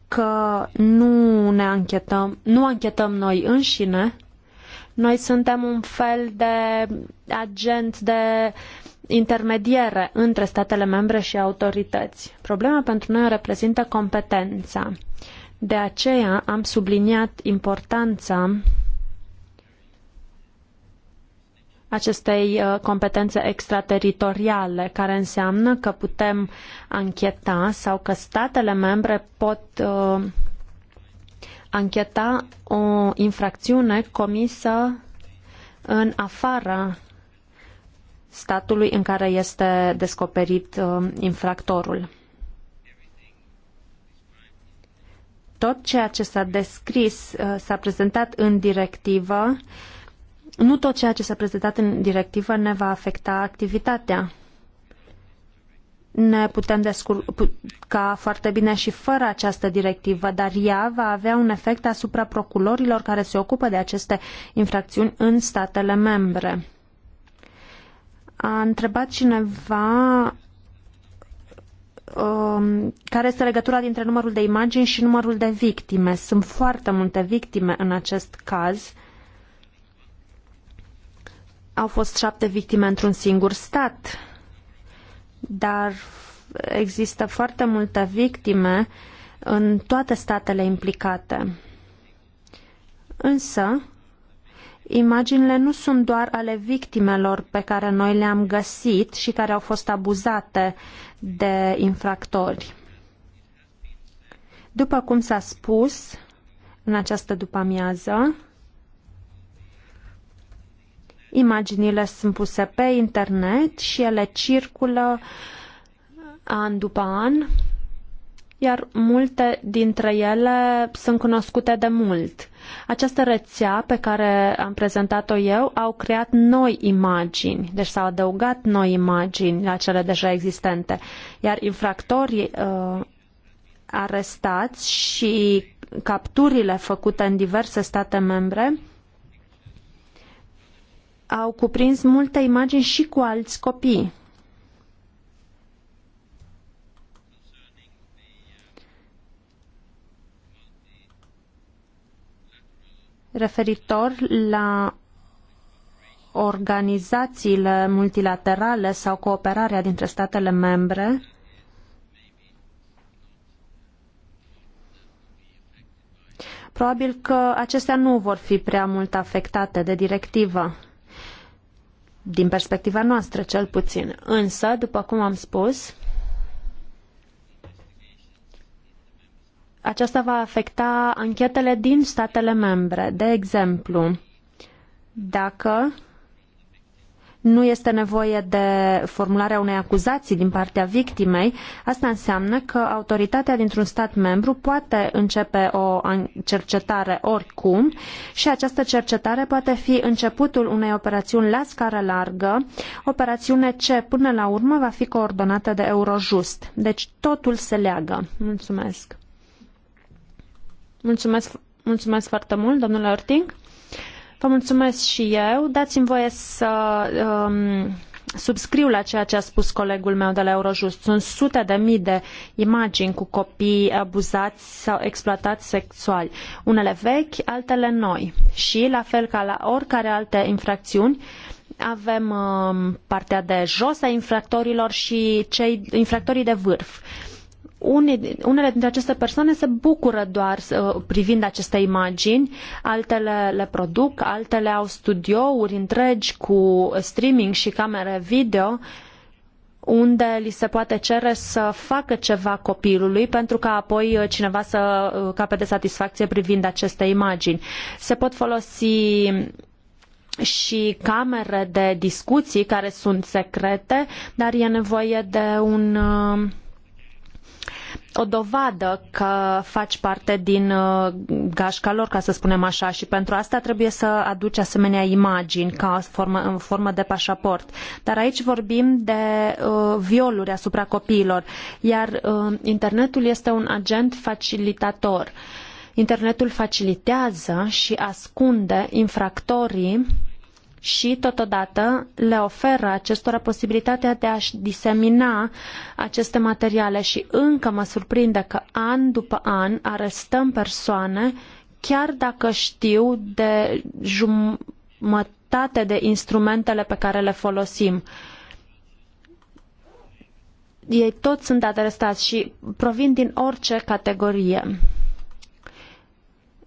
că nu ne anchetăm, nu anchetăm noi înșine. Noi suntem un fel de agent de intermediere între statele membre și autorități. Problema pentru noi reprezintă competența. De aceea am subliniat importanța acestei uh, competențe extrateritoriale, care înseamnă că putem ancheta sau că statele membre pot uh, ancheta o infracțiune comisă în afara statului în care este descoperit uh, infractorul. Tot ceea ce s-a descris, uh, s-a prezentat în directivă, uh, nu tot ceea ce s-a prezentat în directivă ne va afecta activitatea. Ne putem descurca foarte bine și fără această directivă, dar ea va avea un efect asupra procurorilor care se ocupă de aceste infracțiuni în statele membre. A întrebat cineva um, care este legătura dintre numărul de imagini și numărul de victime. Sunt foarte multe victime în acest caz au fost șapte victime într-un singur stat, dar există foarte multe victime în toate statele implicate. Însă, imaginile nu sunt doar ale victimelor pe care noi le-am găsit și care au fost abuzate de infractori. După cum s-a spus în această după-amiază, Imaginile sunt puse pe internet și ele circulă an după an, iar multe dintre ele sunt cunoscute de mult. Această rețea pe care am prezentat-o eu au creat noi imagini, deci s-au adăugat noi imagini la cele deja existente, iar infractorii uh, arestați și capturile făcute în diverse state membre au cuprins multe imagini și cu alți copii. Referitor la organizațiile multilaterale sau cooperarea dintre statele membre, probabil că acestea nu vor fi prea mult afectate de directivă din perspectiva noastră cel puțin. Însă, după cum am spus, aceasta va afecta anchetele din statele membre. De exemplu, dacă nu este nevoie de formularea unei acuzații din partea victimei, asta înseamnă că autoritatea dintr-un stat membru poate începe o cercetare oricum și această cercetare poate fi începutul unei operațiuni la scară largă, operațiune ce până la urmă va fi coordonată de Eurojust. Deci totul se leagă. Mulțumesc. Mulțumesc, mulțumesc foarte mult, domnule Orting. Vă mulțumesc și eu. Dați-mi voie să um, subscriu la ceea ce a spus colegul meu de la Eurojust. Sunt sute de mii de imagini cu copii abuzați sau exploatați sexual. Unele vechi, altele noi. Și, la fel ca la oricare alte infracțiuni, avem um, partea de jos a infractorilor și cei infractorii de vârf. Uh, unii, unele dintre aceste persoane se bucură doar uh, privind aceste imagini, altele le produc, altele au studiouri întregi cu streaming și camere video unde li se poate cere să facă ceva copilului pentru ca apoi uh, cineva să uh, capete satisfacție privind aceste imagini. Se pot folosi și camere de discuții care sunt secrete, dar e nevoie de un uh, o dovadă că faci parte din uh, gașca lor, ca să spunem așa, și pentru asta trebuie să aduci asemenea imagini ca formă, în formă de pașaport. Dar aici vorbim de uh, violuri asupra copiilor, iar uh, internetul este un agent facilitator. Internetul facilitează și ascunde infractorii și, totodată, le oferă acestora posibilitatea de a-și disemina aceste materiale și încă mă surprinde că an după an arestăm persoane chiar dacă știu de jumătate de instrumentele pe care le folosim ei toți sunt arestați și provin din orice categorie.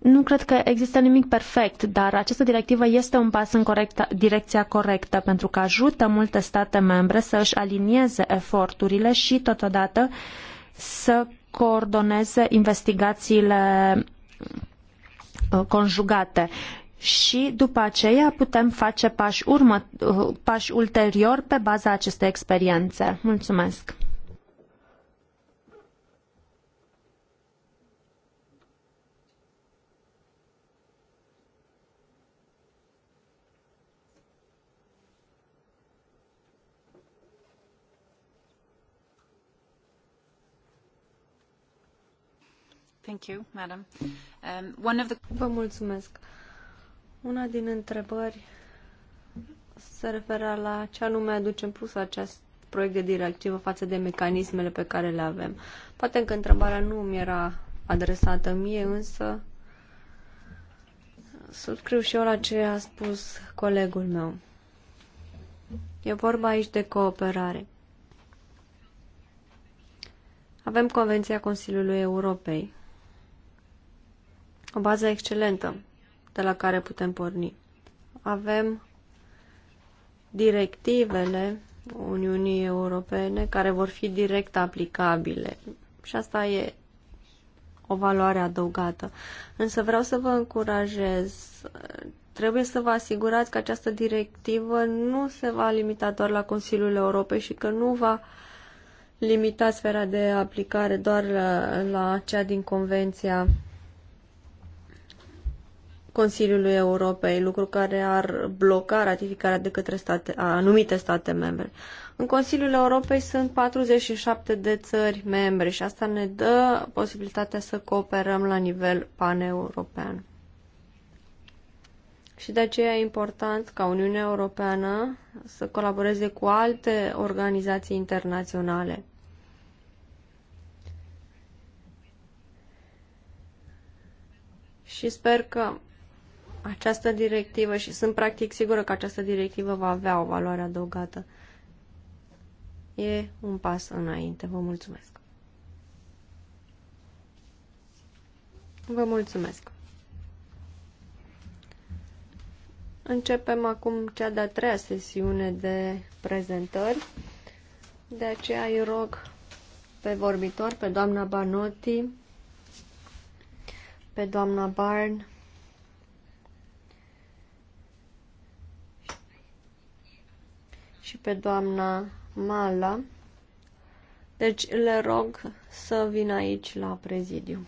Nu cred că există nimic perfect, dar această directivă este un pas în corecta, direcția corectă pentru că ajută multe state membre să își alinieze eforturile și totodată să coordoneze investigațiile uh, conjugate și după aceea putem face pași, urmă, uh, pași ulterior pe baza acestei experiențe. Mulțumesc! Um, mulțumesc. Una din întrebări se referă la ce anume aducem plus acest proiect de directivă față de mecanismele pe care le avem. Poate că întrebarea nu mi era adresată mie, însă subscriu și eu la ce a spus colegul meu. E vorba aici de cooperare. Avem Convenția Consiliului Europei o bază excelentă de la care putem porni. Avem directivele Uniunii Europene care vor fi direct aplicabile și asta e o valoare adăugată. Însă vreau să vă încurajez, trebuie să vă asigurați că această directivă nu se va limita doar la Consiliul Europei și că nu va limita sfera de aplicare doar la, la cea din Convenția Consiliului Europei, lucru care ar bloca ratificarea de către state, a anumite state membre. În Consiliul Europei sunt 47 de țări membre și asta ne dă posibilitatea să cooperăm la nivel paneuropean. Și de aceea e important ca Uniunea Europeană să colaboreze cu alte organizații internaționale. Și sper că această directivă și sunt practic sigură că această directivă va avea o valoare adăugată. E un pas înainte. Vă mulțumesc. Vă mulțumesc. Începem acum cea de-a treia sesiune de prezentări. De aceea îi rog pe vorbitor, pe doamna Banotti, pe doamna Barn, și pe doamna Mala. Deci le rog să vină aici la prezidiu.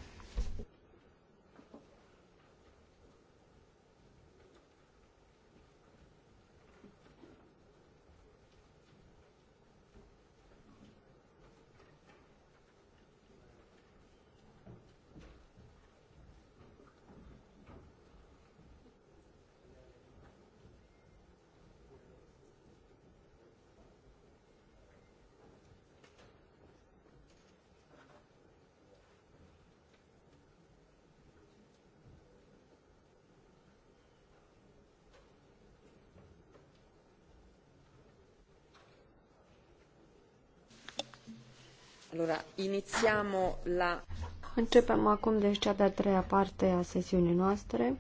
Începem acum deci cea de-a treia parte a sesiunii noastre.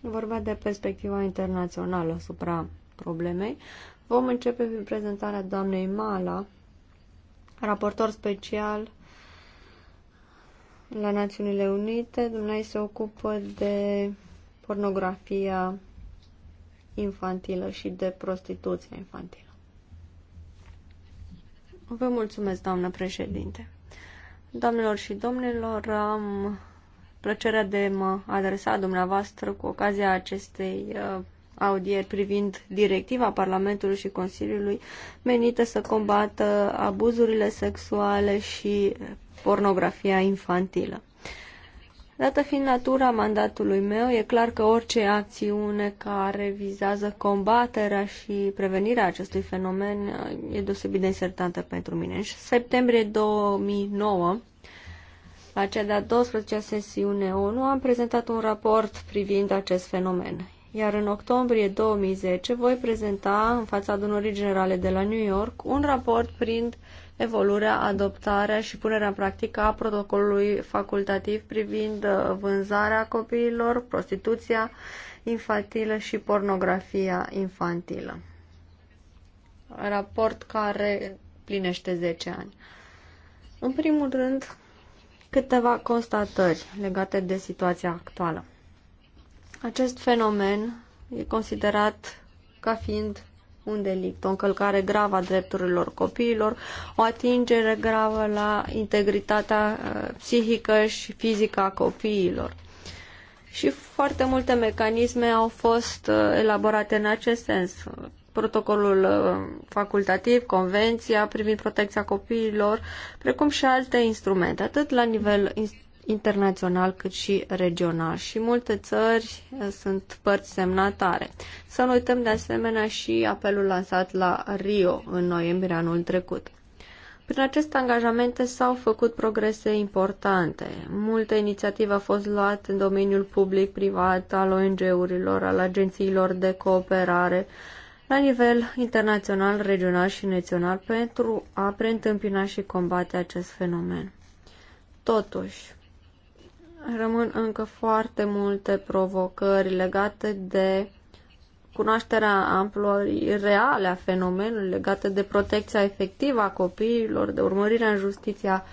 Vorba de perspectiva internațională asupra problemei. Vom începe prin prezentarea doamnei Mala, raportor special la Națiunile Unite. Dumnezeu se ocupă de pornografia infantilă și de prostituția infantilă. Vă mulțumesc, doamnă președinte. Doamnelor și domnilor, am plăcerea de mă adresa dumneavoastră cu ocazia acestei uh, audieri privind directiva Parlamentului și Consiliului menită să combată abuzurile sexuale și pornografia infantilă. Dată fiind natura mandatului meu, e clar că orice acțiune care vizează combaterea și prevenirea acestui fenomen uh, e deosebit de insertantă pentru mine. În septembrie 2009, la cea de-a 12-a sesiune ONU, am prezentat un raport privind acest fenomen. Iar în octombrie 2010 voi prezenta în fața adunării generale de la New York un raport privind evoluarea, adoptarea și punerea în practică a protocolului facultativ privind uh, vânzarea copiilor, prostituția infantilă și pornografia infantilă. Raport care plinește 10 ani. În primul rând, câteva constatări legate de situația actuală. Acest fenomen e considerat ca fiind un delict, o încălcare gravă a drepturilor copiilor, o atingere gravă la integritatea uh, psihică și fizică a copiilor. Și foarte multe mecanisme au fost uh, elaborate în acest sens. Protocolul uh, facultativ, convenția privind protecția copiilor, precum și alte instrumente, atât la nivel internațional cât și regional și multe țări eh, sunt părți semnatare. Să nu uităm de asemenea și apelul lansat la Rio în noiembrie anul trecut. Prin aceste angajamente s-au făcut progrese importante. Multe inițiative au fost luate în domeniul public-privat, al ONG-urilor, al agențiilor de cooperare, la nivel internațional, regional și național pentru a preîntâmpina și combate acest fenomen. Totuși, rămân încă foarte multe provocări legate de cunoașterea amplorii reale a fenomenului, legate de protecția efectivă a copiilor, de urmărirea în justiția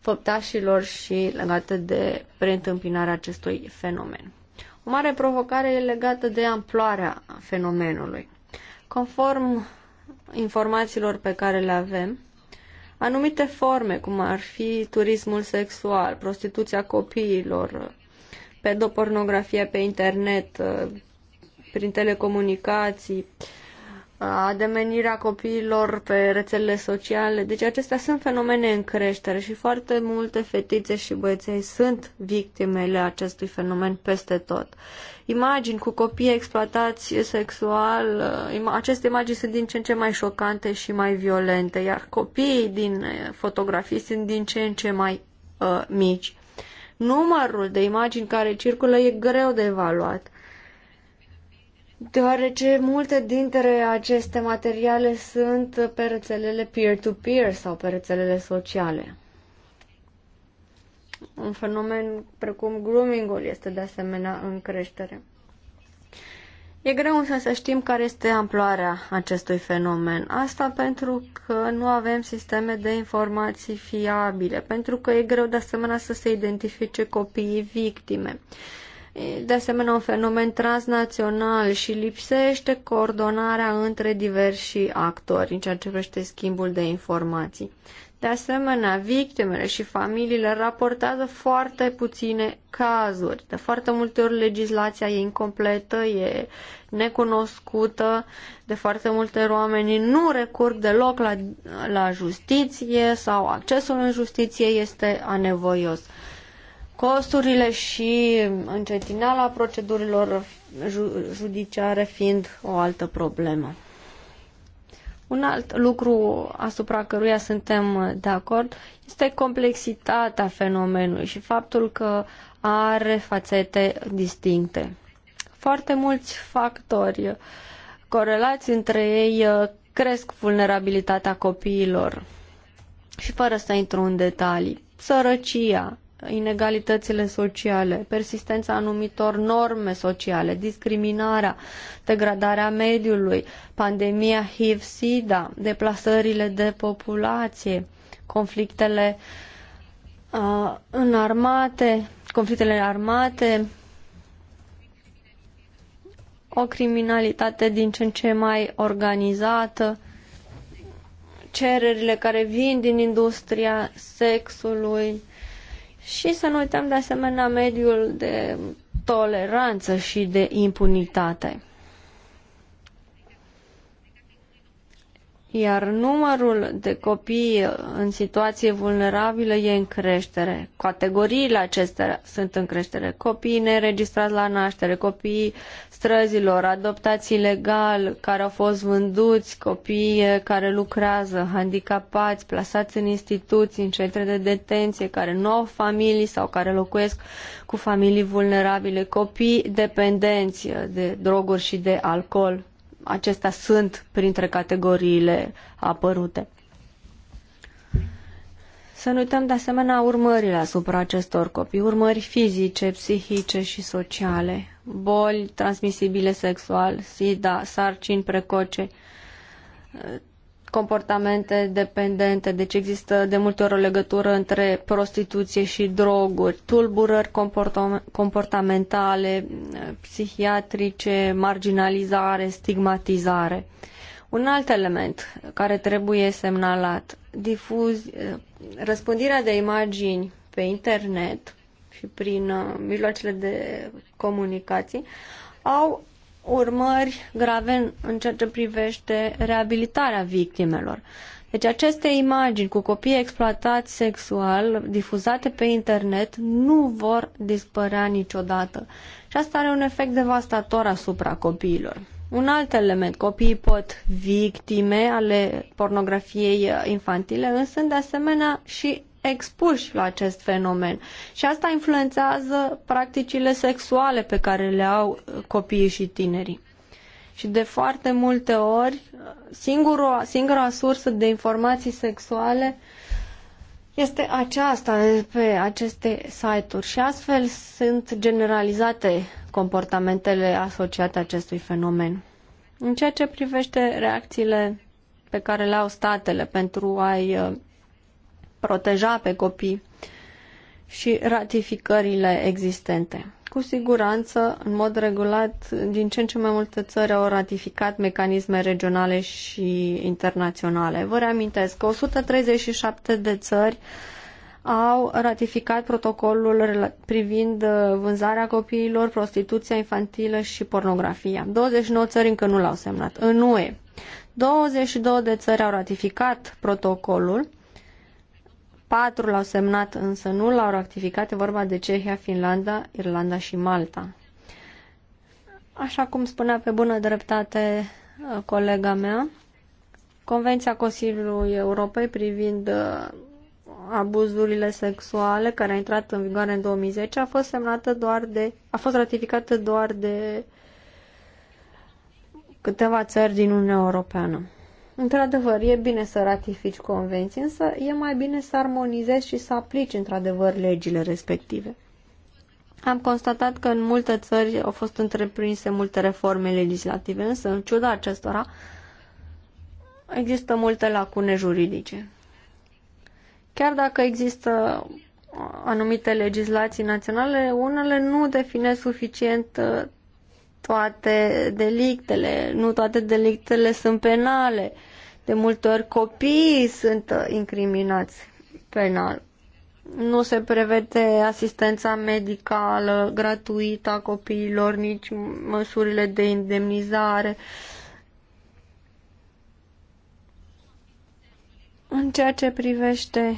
făptașilor și legate de preîntâmpinarea acestui fenomen. O mare provocare e legată de amploarea fenomenului. Conform informațiilor pe care le avem, anumite forme, cum ar fi turismul sexual, prostituția copiilor, pedopornografia pe internet, uh, prin telecomunicații, uh, ademenirea copiilor pe rețelele sociale. Deci acestea sunt fenomene în creștere și foarte multe fetițe și băieței sunt victimele acestui fenomen peste tot imagini cu copii exploatați sexual, uh, aceste imagini sunt din ce în ce mai șocante și mai violente, iar copiii din uh, fotografii sunt din ce în ce mai uh, mici. Numărul de imagini care circulă e greu de evaluat, deoarece multe dintre aceste materiale sunt pe rețelele peer-to-peer -peer sau pe rețelele sociale. Un fenomen precum groomingul este de asemenea în creștere. E greu însă să știm care este amploarea acestui fenomen. Asta pentru că nu avem sisteme de informații fiabile, pentru că e greu de asemenea să se identifice copiii victime. De asemenea, un fenomen transnațional și lipsește coordonarea între diversi actori în ceea ce privește schimbul de informații. De asemenea, victimele și familiile raportează foarte puține cazuri. De foarte multe ori legislația e incompletă, e necunoscută, de foarte multe ori oamenii nu recurg deloc la, la justiție sau accesul în justiție este anevoios. Costurile și încetinala procedurilor judiciare fiind o altă problemă. Un alt lucru asupra căruia suntem de acord este complexitatea fenomenului și faptul că are fațete distincte. Foarte mulți factori corelați între ei uh, cresc vulnerabilitatea copiilor. Și fără să intru în detalii, sărăcia, inegalitățile sociale, persistența anumitor norme sociale, discriminarea, degradarea mediului, pandemia HIV-SIDA, deplasările de populație, conflictele uh, armate, conflictele armate, o criminalitate din ce în ce mai organizată, cererile care vin din industria sexului, și să nu uităm de asemenea mediul de toleranță și de impunitate. iar numărul de copii în situație vulnerabilă e în creștere. Categoriile acestea sunt în creștere. Copiii neregistrați la naștere, copiii străzilor, adoptații ilegal, care au fost vânduți, copiii care lucrează, handicapați, plasați în instituții, în centre de detenție, care nu au familii sau care locuiesc cu familii vulnerabile, copii dependenți de droguri și de alcool acestea sunt printre categoriile apărute. Să nu uităm de asemenea urmările asupra acestor copii, urmări fizice, psihice și sociale, boli transmisibile sexual, SIDA, sarcini precoce, comportamente dependente, deci există de multe ori o legătură între prostituție și droguri, tulburări comportamentale, psihiatrice, marginalizare, stigmatizare. Un alt element care trebuie semnalat, difuz, răspândirea de imagini pe internet și prin uh, mijloacele de comunicații au urmări grave în ceea ce privește reabilitarea victimelor. Deci aceste imagini cu copii exploatați sexual difuzate pe internet nu vor dispărea niciodată. Și asta are un efect devastator asupra copiilor. Un alt element, copiii pot victime ale pornografiei infantile, însă de asemenea și expuși la acest fenomen. Și asta influențează practicile sexuale pe care le au copiii și tinerii. Și de foarte multe ori, singura, singura sursă de informații sexuale este aceasta pe aceste site-uri și astfel sunt generalizate comportamentele asociate acestui fenomen. În ceea ce privește reacțiile pe care le au statele pentru a-i uh, proteja pe copii și ratificările existente. Cu siguranță, în mod regulat, din ce în ce mai multe țări au ratificat mecanisme regionale și internaționale. Vă reamintesc că 137 de țări au ratificat protocolul privind uh, vânzarea copiilor, prostituția infantilă și pornografia. 29 țări încă nu l-au semnat. În UE, 22 de țări au ratificat protocolul, Patru l-au semnat, însă nu l-au ratificat. E vorba de Cehia, Finlanda, Irlanda și Malta. Așa cum spunea pe bună dreptate uh, colega mea, Convenția Consiliului Europei privind uh, abuzurile sexuale, care a intrat în vigoare în 2010, a fost semnată doar de, a fost ratificată doar de câteva țări din Uniunea Europeană. Într-adevăr, e bine să ratifici convenții, însă e mai bine să armonizezi și să aplici într-adevăr legile respective. Am constatat că în multe țări au fost întreprinse multe reforme legislative, însă, în ciuda acestora, există multe lacune juridice. Chiar dacă există uh, anumite legislații naționale, unele nu definesc suficient uh, toate delictele, nu toate delictele sunt penale. De multe ori copiii sunt uh, incriminați penal. Nu se prevede asistența medicală gratuită a copiilor, nici măsurile de indemnizare. În ceea ce privește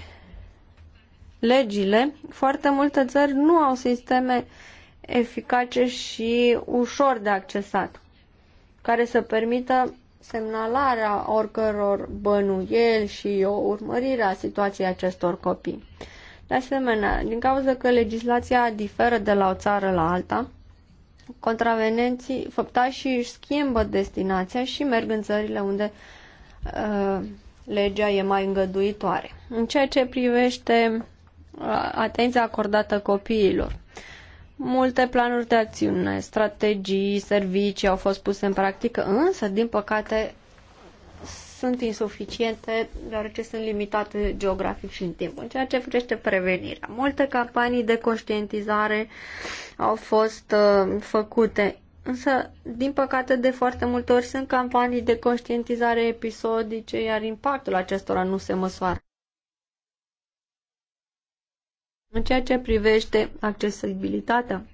legile, foarte multe țări nu au sisteme eficace și ușor de accesat, care să permită semnalarea oricăror bănuieli și o urmărire a situației acestor copii. De asemenea, din cauza că legislația diferă de la o țară la alta, contravenenții, făptașii își schimbă destinația și merg în țările unde uh, legea e mai îngăduitoare. În ceea ce privește uh, atenția acordată copiilor, uh, Multe planuri de acțiune, strategii, servicii au fost puse în practică, însă, din păcate, sunt insuficiente, deoarece sunt limitate geografic și în timp. În ceea ce privește prevenirea, multe campanii de conștientizare au fost uh, făcute, însă, din păcate, de foarte multe ori sunt campanii de conștientizare episodice, iar impactul acestora nu se măsoară. În ceea ce privește accesibilitatea,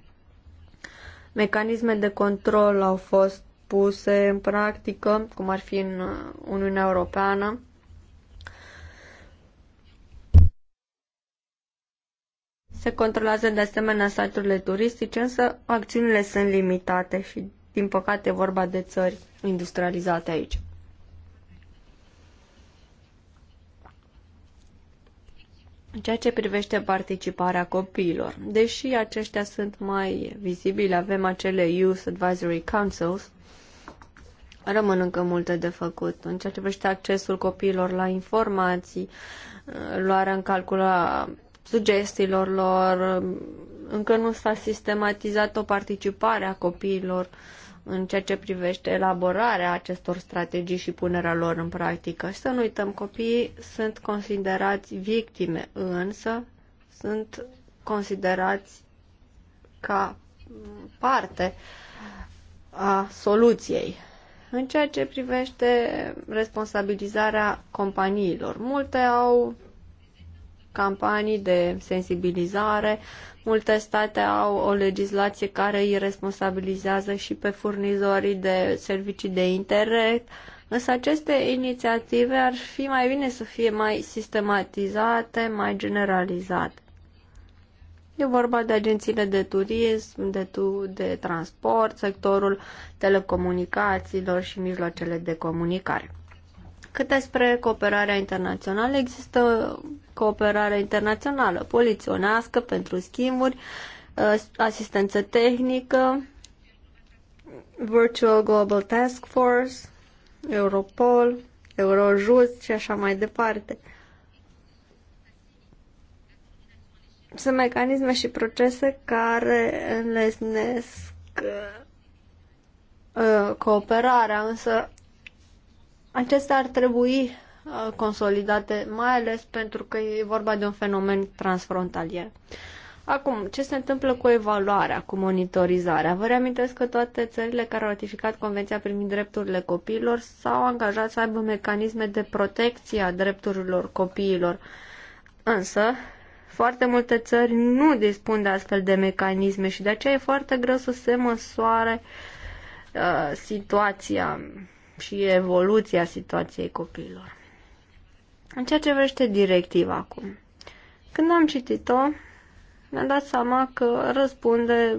mecanisme de control au fost puse în practică, cum ar fi în Uniunea Europeană. Se controlează de asemenea site-urile turistice, însă acțiunile sunt limitate și, din păcate, e vorba de țări industrializate aici. În ceea ce privește participarea copiilor, deși aceștia sunt mai vizibili, avem acele Youth Advisory Councils, rămân încă multe de făcut. În ceea ce privește accesul copiilor la informații, uh, luarea în calcul a sugestiilor lor, uh, încă nu s-a sistematizat o participare a copiilor uh, în ceea ce privește elaborarea acestor strategii și punerea lor în practică. Și să nu uităm, copiii sunt considerați victime, însă sunt considerați ca parte a soluției. În ceea ce privește responsabilizarea companiilor, multe au campanii de sensibilizare, Multe state au o legislație care îi responsabilizează și pe furnizorii de servicii de internet, însă aceste inițiative ar fi mai bine să fie mai sistematizate, mai generalizate. E vorba de agențiile de turism, de, tu, de transport, sectorul telecomunicațiilor și mijloacele de comunicare. Cât despre cooperarea internațională, există cooperare internațională, poliționească, pentru schimburi, uh, asistență tehnică, Virtual Global Task Force, Europol, Eurojust și așa mai departe. Sunt mecanisme și procese care înlesnesc uh, cooperarea, însă acestea ar trebui uh, consolidate, mai ales pentru că e vorba de un fenomen transfrontalier. Acum, ce se întâmplă cu evaluarea, cu monitorizarea? Vă reamintesc că toate țările care au ratificat Convenția privind drepturile copiilor s-au angajat să aibă mecanisme de protecție a drepturilor copiilor. Însă, foarte multe țări nu dispun de astfel de mecanisme și de aceea e foarte greu să se măsoare uh, situația și evoluția situației copiilor. În ceea ce vrește directiva acum. Când am citit-o, mi-am dat seama că răspunde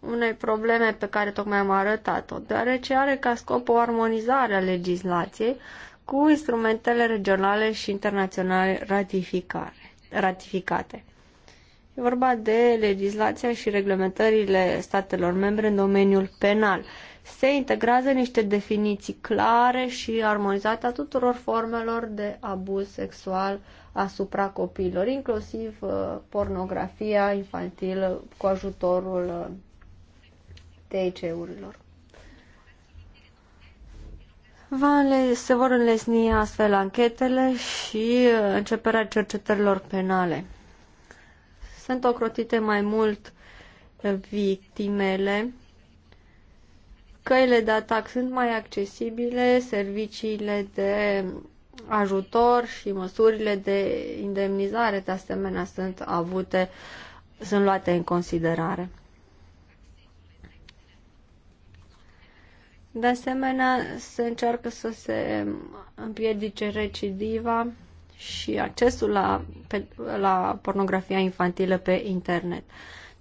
unei probleme pe care tocmai am arătat-o, deoarece are ca scop o armonizare a legislației cu instrumentele regionale și internaționale ratificare, ratificate. E vorba de legislația și reglementările statelor membre în domeniul penal se integrează niște definiții clare și armonizate a tuturor formelor de abuz sexual asupra copiilor, inclusiv uh, pornografia infantilă cu ajutorul uh, TIC-urilor. Se vor înlesni astfel anchetele și uh, începerea cercetărilor penale. Sunt ocrotite mai mult victimele Căile de atac sunt mai accesibile, serviciile de ajutor și măsurile de indemnizare de asemenea sunt avute, sunt luate în considerare. De asemenea, se încearcă să se împiedice recidiva și accesul la, pe, la pornografia infantilă pe internet. Uh,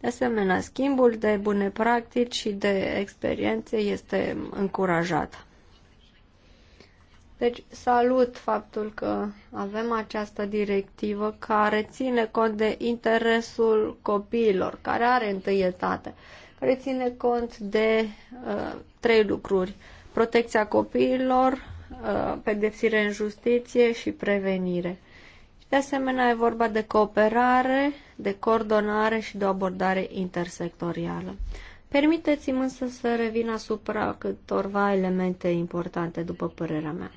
de asemenea, schimbul de bune practici și de experiențe este încurajat. Deci salut faptul că avem această directivă care ține cont de interesul copiilor, care are întâietate, care ține cont de uh, trei lucruri. Protecția copiilor, uh, pedepsire în justiție și prevenire. De asemenea, e vorba de cooperare, de coordonare și de o abordare intersectorială. Permiteți-mi însă să revin asupra câtorva elemente importante, după părerea mea.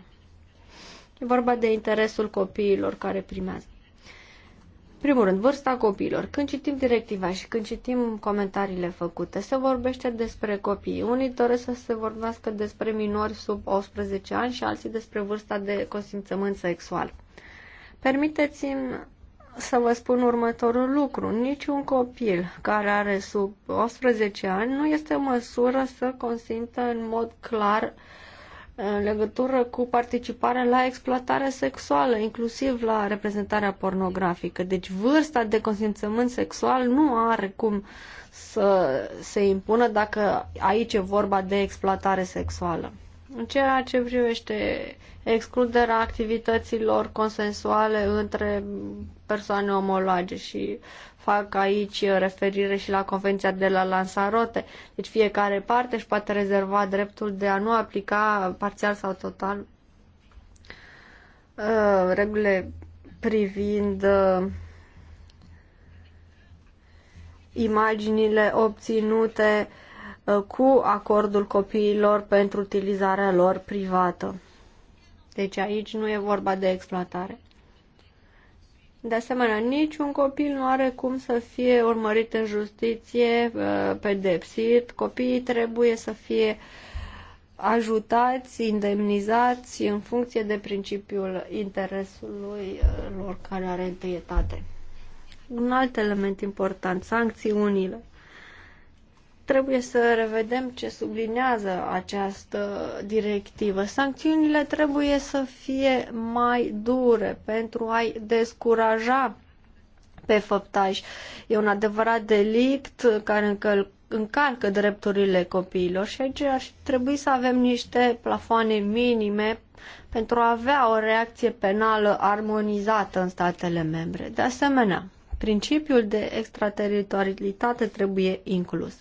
E vorba de interesul copiilor care primează. În primul rând, vârsta copiilor. Când citim directiva și când citim comentariile făcute, se vorbește despre copii. Unii doresc să se vorbească despre minori sub 18 ani și alții despre vârsta de consimțământ sexual. Permiteți-mi să vă spun următorul lucru. Niciun copil care are sub 18 ani nu este în măsură să consintă în mod clar în legătură cu participarea la exploatare sexuală, inclusiv la reprezentarea pornografică. Deci vârsta de consimțământ sexual nu are cum să se impună dacă aici e vorba de exploatare sexuală. În ceea ce privește excluderea activităților consensuale între persoane omologe și fac aici referire și la Convenția de la Lansarote. Deci fiecare parte își poate rezerva dreptul de a nu aplica parțial sau total uh, regulile privind uh, imaginile obținute uh, Uh, cu acordul copiilor pentru utilizarea lor privată. Deci aici nu e vorba de exploatare. De asemenea, niciun copil nu are cum să fie urmărit în justiție, uh, pedepsit. Copiii trebuie să fie ajutați, indemnizați în funcție de principiul interesului uh, lor care are întâietate. Un alt element important, sancțiunile. Trebuie să revedem ce sublinează această directivă. Sancțiunile trebuie să fie mai dure pentru a-i descuraja pe făptași. E un adevărat delict care încăl- încalcă drepturile copiilor și aici ar trebui să avem niște plafoane minime pentru a avea o reacție penală armonizată în statele membre. De asemenea, principiul de extraterritorialitate trebuie inclus.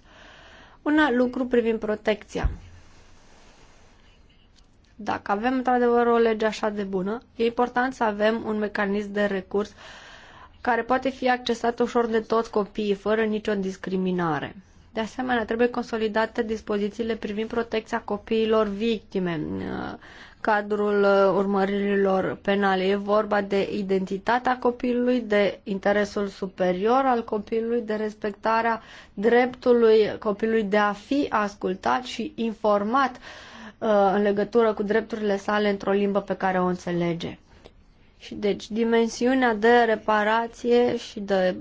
Un alt lucru privind protecția. Dacă avem într-adevăr o lege așa de bună, e important să avem un mecanism de recurs care poate fi accesat ușor de toți copiii, fără nicio discriminare. De asemenea, trebuie consolidate dispozițiile privind protecția copiilor victime, cadrul uh, urmăririlor penale. E vorba de identitatea copilului, de interesul superior al copilului, de respectarea dreptului copilului de a fi ascultat și informat uh, în legătură cu drepturile sale într-o limbă pe care o înțelege. Și deci dimensiunea de reparație și de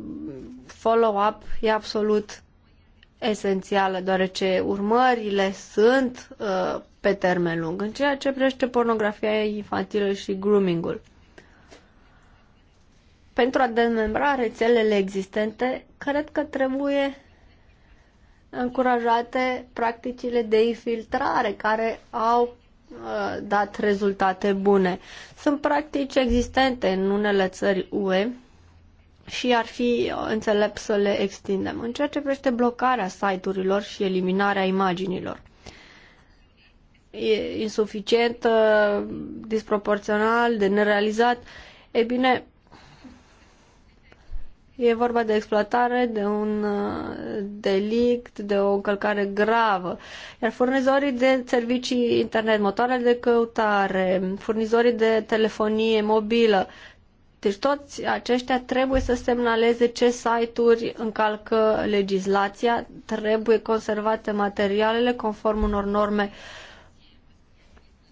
follow-up e absolut esențială, deoarece urmările sunt uh, pe termen lung, în ceea ce privește pornografia infantilă și groomingul. Pentru a dezmembra rețelele existente, cred că trebuie încurajate practicile de infiltrare care au uh, dat rezultate bune. Sunt practici existente în unele țări UE și ar fi uh, înțelept să le extindem. În ceea ce privește blocarea site-urilor și eliminarea imaginilor insuficient, ă, disproporțional, de nerealizat. E bine, e vorba de exploatare, de un ă, delict, de o încălcare gravă. Iar furnizorii de servicii internet, motoarele de căutare, furnizorii de telefonie mobilă, deci toți aceștia trebuie să semnaleze ce site-uri încalcă legislația, trebuie conservate materialele conform unor norme uh,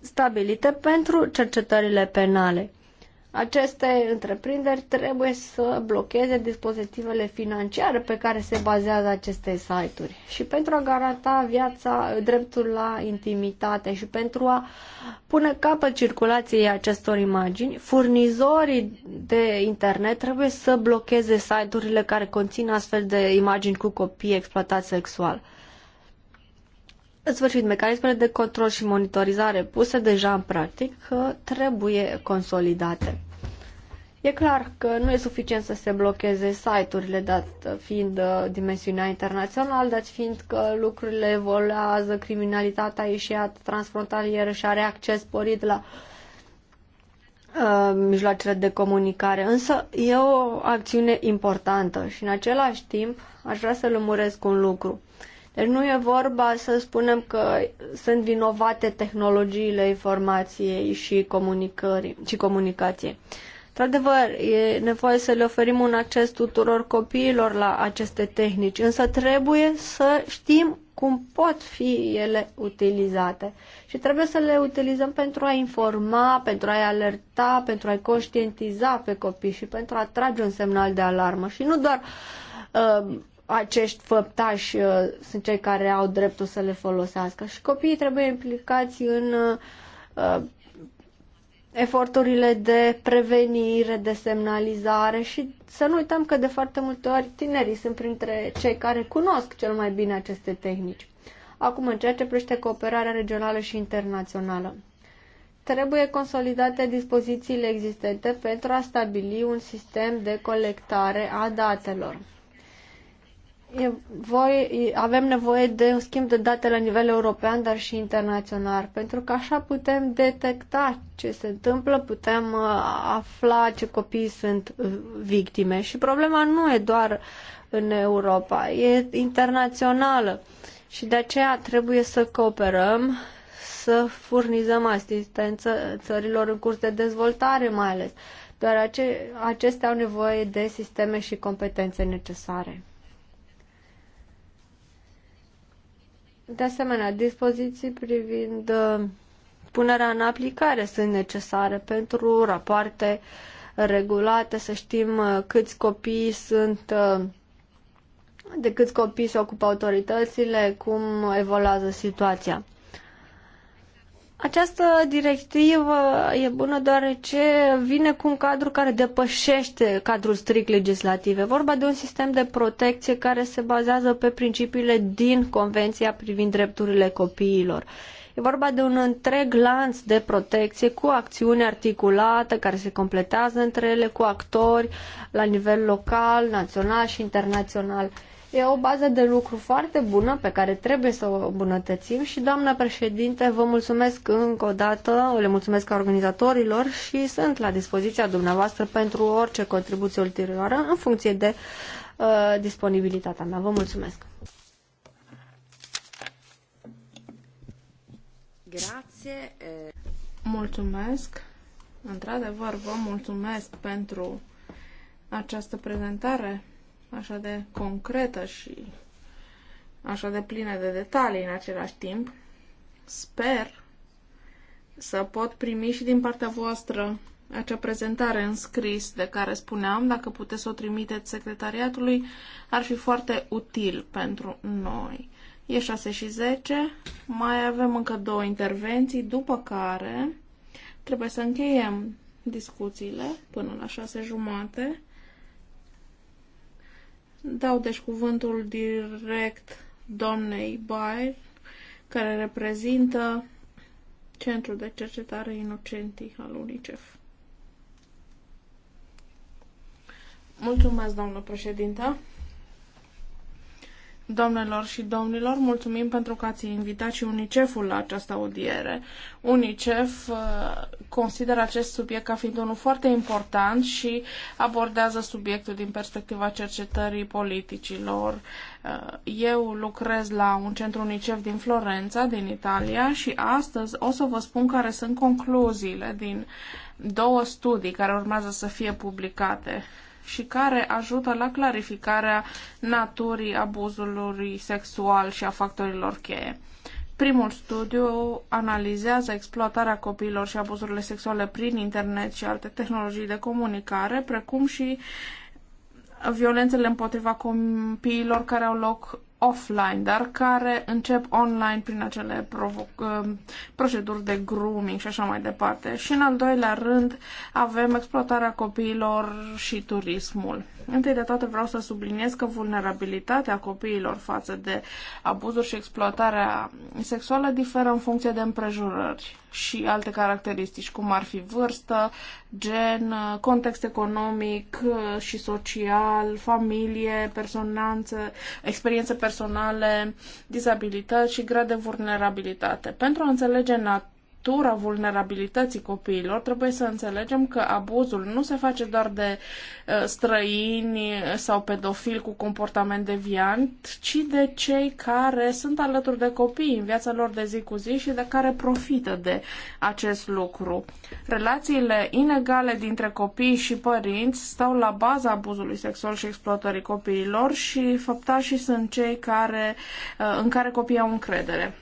stabilite pentru cercetările penale. Aceste întreprinderi trebuie să blocheze dispozitivele financiare pe care se bazează aceste site-uri. Și pentru a garanta viața, dreptul la intimitate și pentru a pune capăt circulației acestor imagini, furnizorii de internet trebuie să blocheze site-urile care conțin astfel de imagini cu copii exploatați sexual. În sfârșit, mecanismele de control și monitorizare puse deja în practic trebuie consolidate. E clar că nu e suficient să se blocheze site-urile, dat fiind uh, dimensiunea internațională, dat fiind că lucrurile evoluează, criminalitatea a ieșit transfrontalieră și are acces sporit la uh, mijloacele de comunicare. Însă e o acțiune importantă și în același timp aș vrea să lămuresc un lucru. Uh, deci nu e vorba să spunem că sunt vinovate tehnologiile informației și, comunicării, și comunicației. Într-adevăr, e nevoie să le oferim un acces tuturor copiilor la aceste tehnici, însă trebuie să știm cum pot fi ele utilizate. Și trebuie să le utilizăm pentru a informa, pentru a-i alerta, pentru a-i conștientiza pe copii și pentru a trage un semnal de alarmă. Și nu doar uh, acești făptași uh, sunt cei care au dreptul să le folosească și copiii trebuie implicați în uh, eforturile de prevenire, de semnalizare și să nu uităm că de foarte multe ori tinerii sunt printre cei care cunosc cel mai bine aceste tehnici. Acum, în ceea ce privește cooperarea regională și internațională, trebuie consolidate dispozițiile existente pentru a stabili un sistem de colectare a datelor. E voi, avem nevoie de un schimb de date la nivel european, dar și internațional, pentru că așa putem detecta ce se întâmplă, putem uh, afla ce copii sunt uh, victime. Și problema nu e doar în Europa, e internațională. Și de aceea trebuie să cooperăm, să furnizăm asistență țărilor în curs de dezvoltare mai ales, doar acestea au nevoie de sisteme și competențe necesare. De asemenea, dispoziții privind uh, punerea în aplicare sunt necesare pentru rapoarte regulate, să știm uh, câți copii sunt uh, de câți copii se ocupă autoritățile, cum evoluează situația. Această directivă e bună deoarece vine cu un cadru care depășește cadrul strict legislativ. E vorba de un sistem de protecție care se bazează pe principiile din Convenția privind drepturile copiilor. E vorba de un întreg lanț de protecție cu acțiuni articulată care se completează între ele cu actori la nivel local, național și internațional. E o bază de lucru foarte bună pe care trebuie să o îmbunătățim și, doamna președinte, vă mulțumesc încă o dată, le mulțumesc ca organizatorilor și sunt la dispoziția dumneavoastră pentru orice contribuție ulterioară în funcție de uh, disponibilitatea mea. Vă mulțumesc! Grazie. Mulțumesc! Într-adevăr, vă mulțumesc pentru această prezentare așa de concretă și așa de plină de detalii în același timp. Sper să pot primi și din partea voastră acea prezentare în scris de care spuneam, dacă puteți să o trimiteți secretariatului, ar fi foarte util pentru noi. E 6 și 10, mai avem încă două intervenții, după care trebuie să încheiem discuțiile până la 6 jumate Dau deci cuvântul direct doamnei Bayer, care reprezintă Centrul de Cercetare inocentii al UNICEF. Mulțumesc, doamnă președintă. Domnilor și domnilor, mulțumim pentru că ați invitat și UNICEF-ul la această audiere. UNICEF uh, consideră acest subiect ca fiind unul foarte important și abordează subiectul din perspectiva cercetării politicilor. Uh, eu lucrez la un centru UNICEF din Florența, din Italia, și astăzi o să vă spun care sunt concluziile din două studii care urmează să fie publicate și care ajută la clarificarea naturii abuzului sexual și a factorilor cheie. Primul studiu analizează exploatarea copiilor și abuzurile sexuale prin internet și alte tehnologii de comunicare, precum și violențele împotriva copiilor care au loc offline, dar care încep online prin acele uh, proceduri de grooming și așa mai departe. Și în al doilea rând avem exploatarea copiilor și turismul. Întâi de toate vreau să subliniez că vulnerabilitatea copiilor față de abuzuri și exploatarea sexuală diferă în funcție de împrejurări și alte caracteristici, cum ar fi vârstă, gen, context economic și social, familie, personanțe, experiențe personale, dizabilități și grad de vulnerabilitate. Pentru a înțelege natura natura vulnerabilității copiilor, trebuie să înțelegem că abuzul nu se face doar de uh, străini sau pedofili cu comportament deviant, ci de cei care sunt alături de copii în viața lor de zi cu zi și de care profită de acest lucru. Relațiile inegale dintre copii și părinți stau la baza abuzului sexual și exploatării copiilor și făptașii sunt cei care, uh, în care copiii au încredere.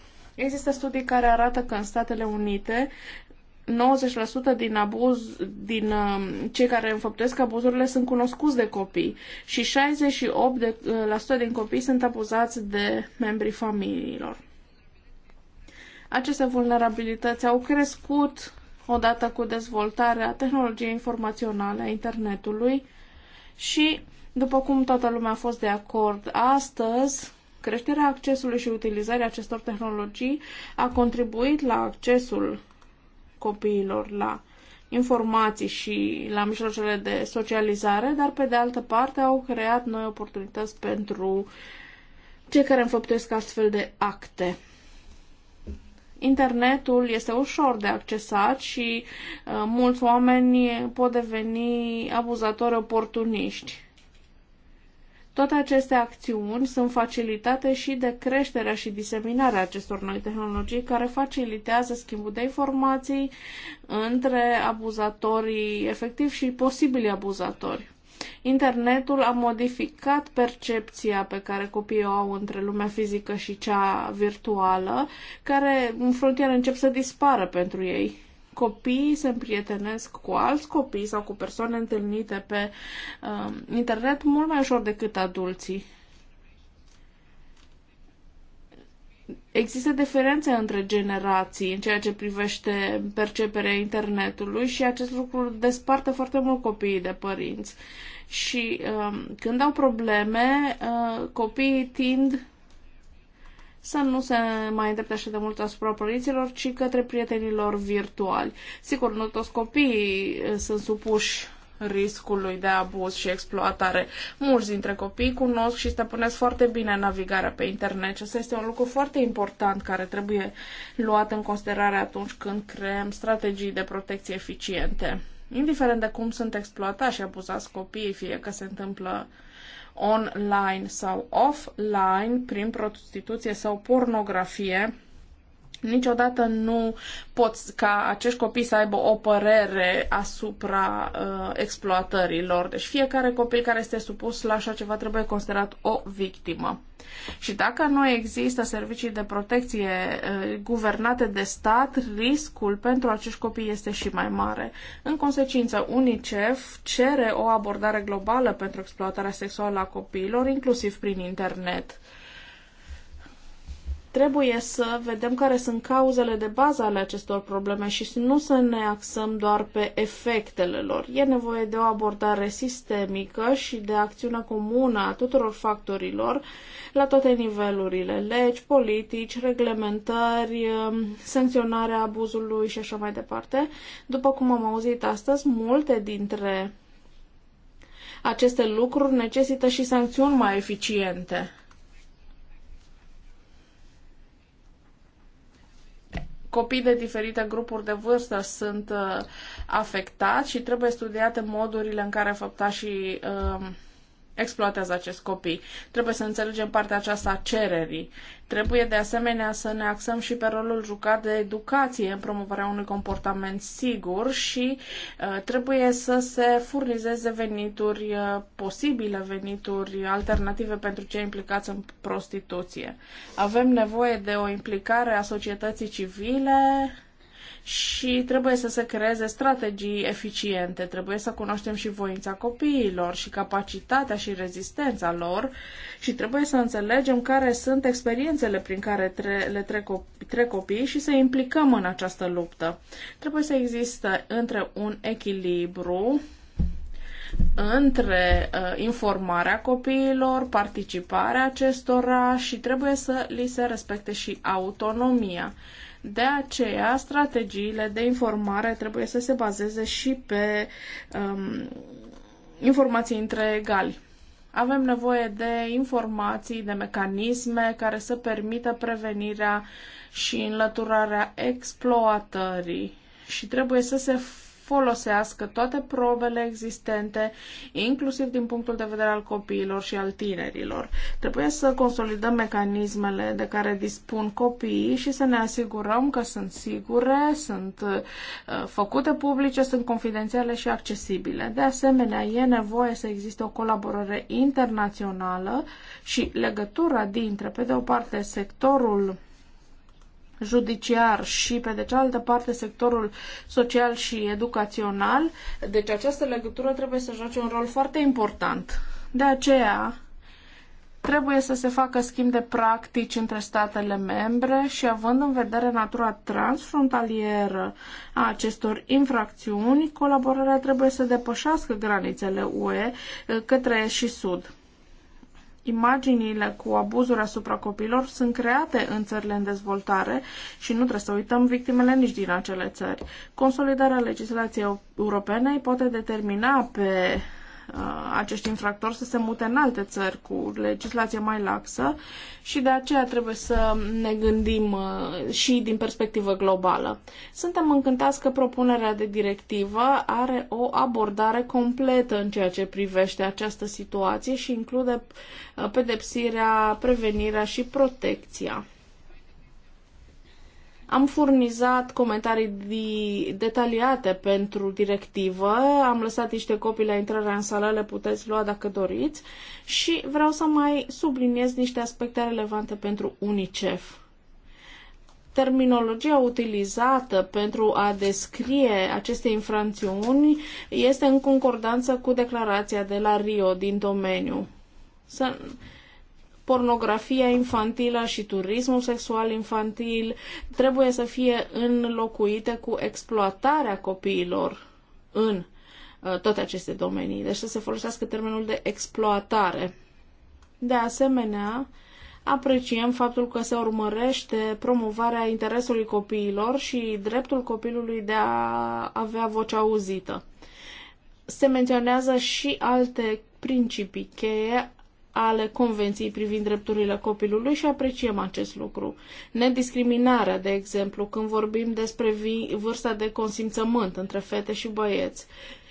Există studii care arată că în Statele Unite 90% din abuz, din um, cei care înfăptuiesc abuzurile sunt cunoscuți de copii și 68% uh, din copii sunt abuzați de membrii familiilor. Aceste vulnerabilități au crescut odată cu dezvoltarea tehnologiei informaționale a internetului și, după cum toată lumea a fost de acord astăzi, Creșterea accesului și utilizarea acestor tehnologii a contribuit la accesul copiilor la informații și la mijloacele de socializare, dar pe de altă parte au creat noi oportunități pentru cei care înfăptuiesc astfel de acte. Internetul este ușor de accesat și uh, mulți oameni pot deveni abuzatori oportuniști toate aceste acțiuni sunt facilitate și de creșterea și diseminarea acestor noi tehnologii care facilitează schimbul de informații între abuzatorii efectivi și posibili abuzatori. Internetul a modificat percepția pe care copiii o au între lumea fizică și cea virtuală, care în frontieră încep să dispară pentru ei copiii se împrietenesc cu alți copii sau cu persoane întâlnite pe uh, internet mult mai ușor decât adulții. Există diferențe între generații în ceea ce privește perceperea internetului și acest lucru desparte foarte mult copiii de părinți. Și uh, când au probleme, uh, copiii tind să nu se mai îndrepte așa de mult asupra părinților, ci către prietenilor virtuali. Sigur, nu toți copiii eh, sunt supuși riscului de abuz și exploatare. Mulți dintre copii cunosc și stăpânesc foarte bine navigarea pe internet și asta este un lucru foarte important care trebuie luat în considerare atunci când creăm strategii de protecție eficiente. Indiferent de cum sunt exploatați și abuzați copiii, fie că se întâmplă online sau offline prin prostituție sau pornografie Niciodată nu poți ca acești copii să aibă o părere asupra uh, exploatărilor. Deci fiecare copil care este supus la așa ceva trebuie considerat o victimă. Și dacă nu există servicii de protecție uh, guvernate de stat, riscul pentru acești copii este și mai mare. În consecință, UNICEF cere o abordare globală pentru exploatarea sexuală a copiilor, inclusiv prin internet Trebuie să vedem care sunt cauzele de bază ale acestor probleme și să nu să ne axăm doar pe efectele lor. E nevoie de o abordare sistemică și de acțiune comună a tuturor factorilor la toate nivelurile, legi, politici, reglementări, um, sancționarea abuzului și așa mai departe. După cum am auzit astăzi, multe dintre aceste lucruri necesită și sancțiuni mai eficiente copii de diferite grupuri de vârstă sunt uh, afectați și trebuie studiate modurile în care făptașii uh, exploatează acest copii. Trebuie să înțelegem partea aceasta a cererii. Trebuie de asemenea să ne axăm și pe rolul jucat de educație în promovarea unui comportament sigur și uh, trebuie să se furnizeze venituri uh, posibile, venituri alternative pentru cei implicați în prostituție. Avem nevoie de o implicare a societății civile, și trebuie să se creeze strategii eficiente, trebuie să cunoaștem și voința copiilor și capacitatea și rezistența lor și trebuie să înțelegem care sunt experiențele prin care tre- le trec, copii, trec copiii și să implicăm în această luptă. Trebuie să existe între un echilibru între uh, informarea copiilor, participarea acestora și trebuie să li se respecte și autonomia. Uh, de aceea, strategiile de informare trebuie să se bazeze și pe um, informații între egali. Avem nevoie de informații, de mecanisme care să permită prevenirea și înlăturarea exploatării și trebuie să se folosească toate probele existente, inclusiv din punctul de vedere al copiilor și al tinerilor. Trebuie să consolidăm mecanismele de care dispun copiii și să ne asigurăm că sunt sigure, sunt uh, făcute publice, sunt confidențiale și accesibile. De asemenea, e nevoie să existe o colaborare internațională și legătura dintre, pe de o parte, sectorul judiciar și, pe de cealaltă parte, sectorul social și educațional. Deci această legătură trebuie să joace un rol foarte important. De aceea, trebuie să se facă schimb de practici între statele membre și având în vedere natura transfrontalieră a acestor infracțiuni, colaborarea trebuie să depășească granițele UE către est și sud imaginile cu abuzuri asupra copilor sunt create în țările în dezvoltare și nu trebuie să uităm victimele nici din acele țări. Consolidarea legislației europene poate determina pe Uh, acești infractori să se mute în alte țări cu legislație mai laxă și de aceea trebuie să ne gândim uh, și din perspectivă globală. Suntem încântați că propunerea de directivă are o abordare completă în ceea ce privește această situație și include uh, pedepsirea, prevenirea și protecția am furnizat comentarii de- detaliate pentru directivă, am lăsat niște copii la intrarea în sală, le puteți lua dacă doriți și vreau să mai subliniez niște aspecte relevante pentru UNICEF terminologia utilizată pentru a descrie aceste infracțiuni este în concordanță cu declarația de la Rio din domeniu. Să pornografia infantilă și turismul sexual infantil trebuie să fie înlocuite cu exploatarea copiilor în uh, toate aceste domenii. Deci să se folosească termenul de exploatare. De asemenea, apreciem faptul că se urmărește promovarea interesului copiilor și dreptul copilului de a avea voce auzită. Se menționează și alte principii cheie ale Convenției privind drepturile copilului și apreciem acest lucru. Nediscriminarea, de exemplu, când vorbim despre vârsta de consimțământ între fete și băieți.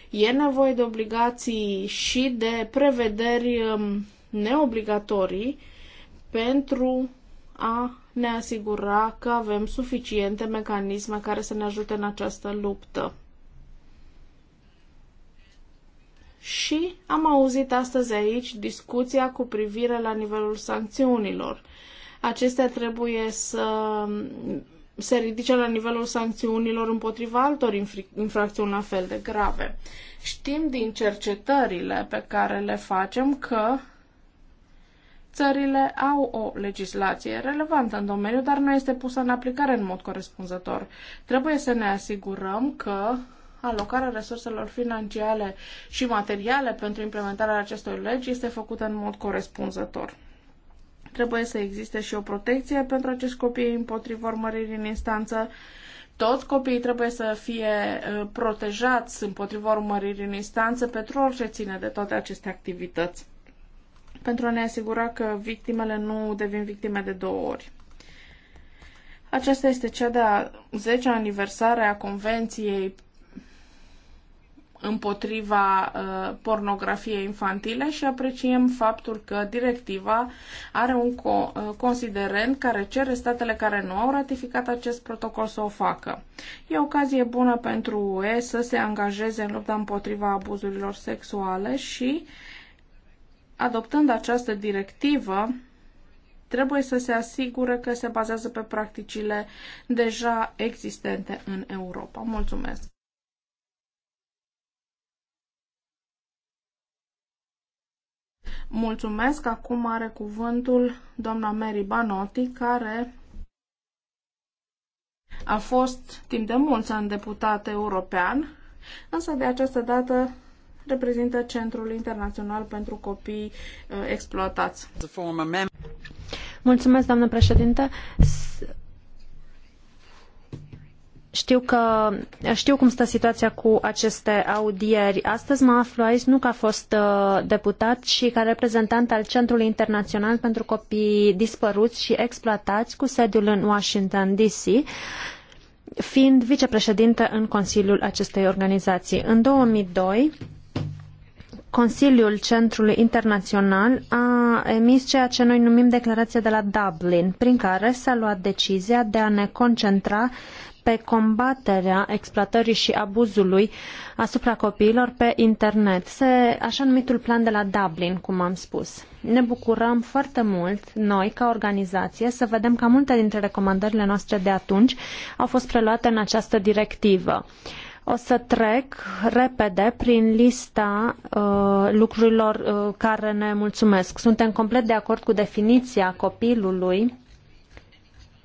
E nevoie de obligații și de prevederi um, neobligatorii pentru a ne asigura că avem suficiente mecanisme care să ne ajute în această luptă. și am auzit astăzi aici discuția cu privire la nivelul sancțiunilor. Acestea trebuie să se ridice la nivelul sancțiunilor împotriva altor infracțiuni la fel de grave. Știm din cercetările pe care le facem că țările au o legislație relevantă în domeniu, dar nu este pusă în aplicare în mod corespunzător. Trebuie să ne asigurăm că alocarea resurselor financiare și materiale pentru implementarea acestor legi este făcută în mod corespunzător. Trebuie să existe și o protecție pentru acești copii împotriva urmăririi în instanță. Toți copiii trebuie să fie protejați împotriva urmăririi în instanță pentru orice ține de toate aceste activități pentru a ne asigura că victimele nu devin victime de două ori. Aceasta este cea de-a 10 aniversare a Convenției împotriva uh, pornografiei infantile și apreciem faptul că directiva are un co- uh, considerent care cere statele care nu au ratificat acest protocol să o facă. E o ocazie bună pentru UE să se angajeze în lupta împotriva abuzurilor sexuale și adoptând această directivă trebuie să se asigure că se bazează pe practicile deja existente în Europa. Mulțumesc! Mulțumesc. Acum are cuvântul doamna Mary Banotti, care a fost timp de mulți ani deputat european, însă de această dată reprezintă Centrul Internațional pentru Copii uh, Exploatați. Mulțumesc, doamnă președinte. Știu că știu cum stă situația cu aceste audieri. Astăzi mă aflu aici nu ca fost uh, deputat, ci ca reprezentant al Centrului Internațional pentru Copii Dispăruți și Exploatați cu sediul în Washington DC fiind vicepreședinte în Consiliul acestei organizații. În 2002, Consiliul Centrului Internațional a emis ceea ce noi numim declarația de la Dublin, prin care s-a luat decizia de a ne concentra pe combaterea exploatării și abuzului asupra copiilor pe internet, se, așa numitul plan de la Dublin, cum am spus. Ne bucurăm foarte mult, noi, ca organizație, să vedem că multe dintre recomandările noastre de atunci au fost preluate în această directivă. O să trec repede prin lista uh, lucrurilor uh, care ne mulțumesc. Suntem complet de acord cu definiția copilului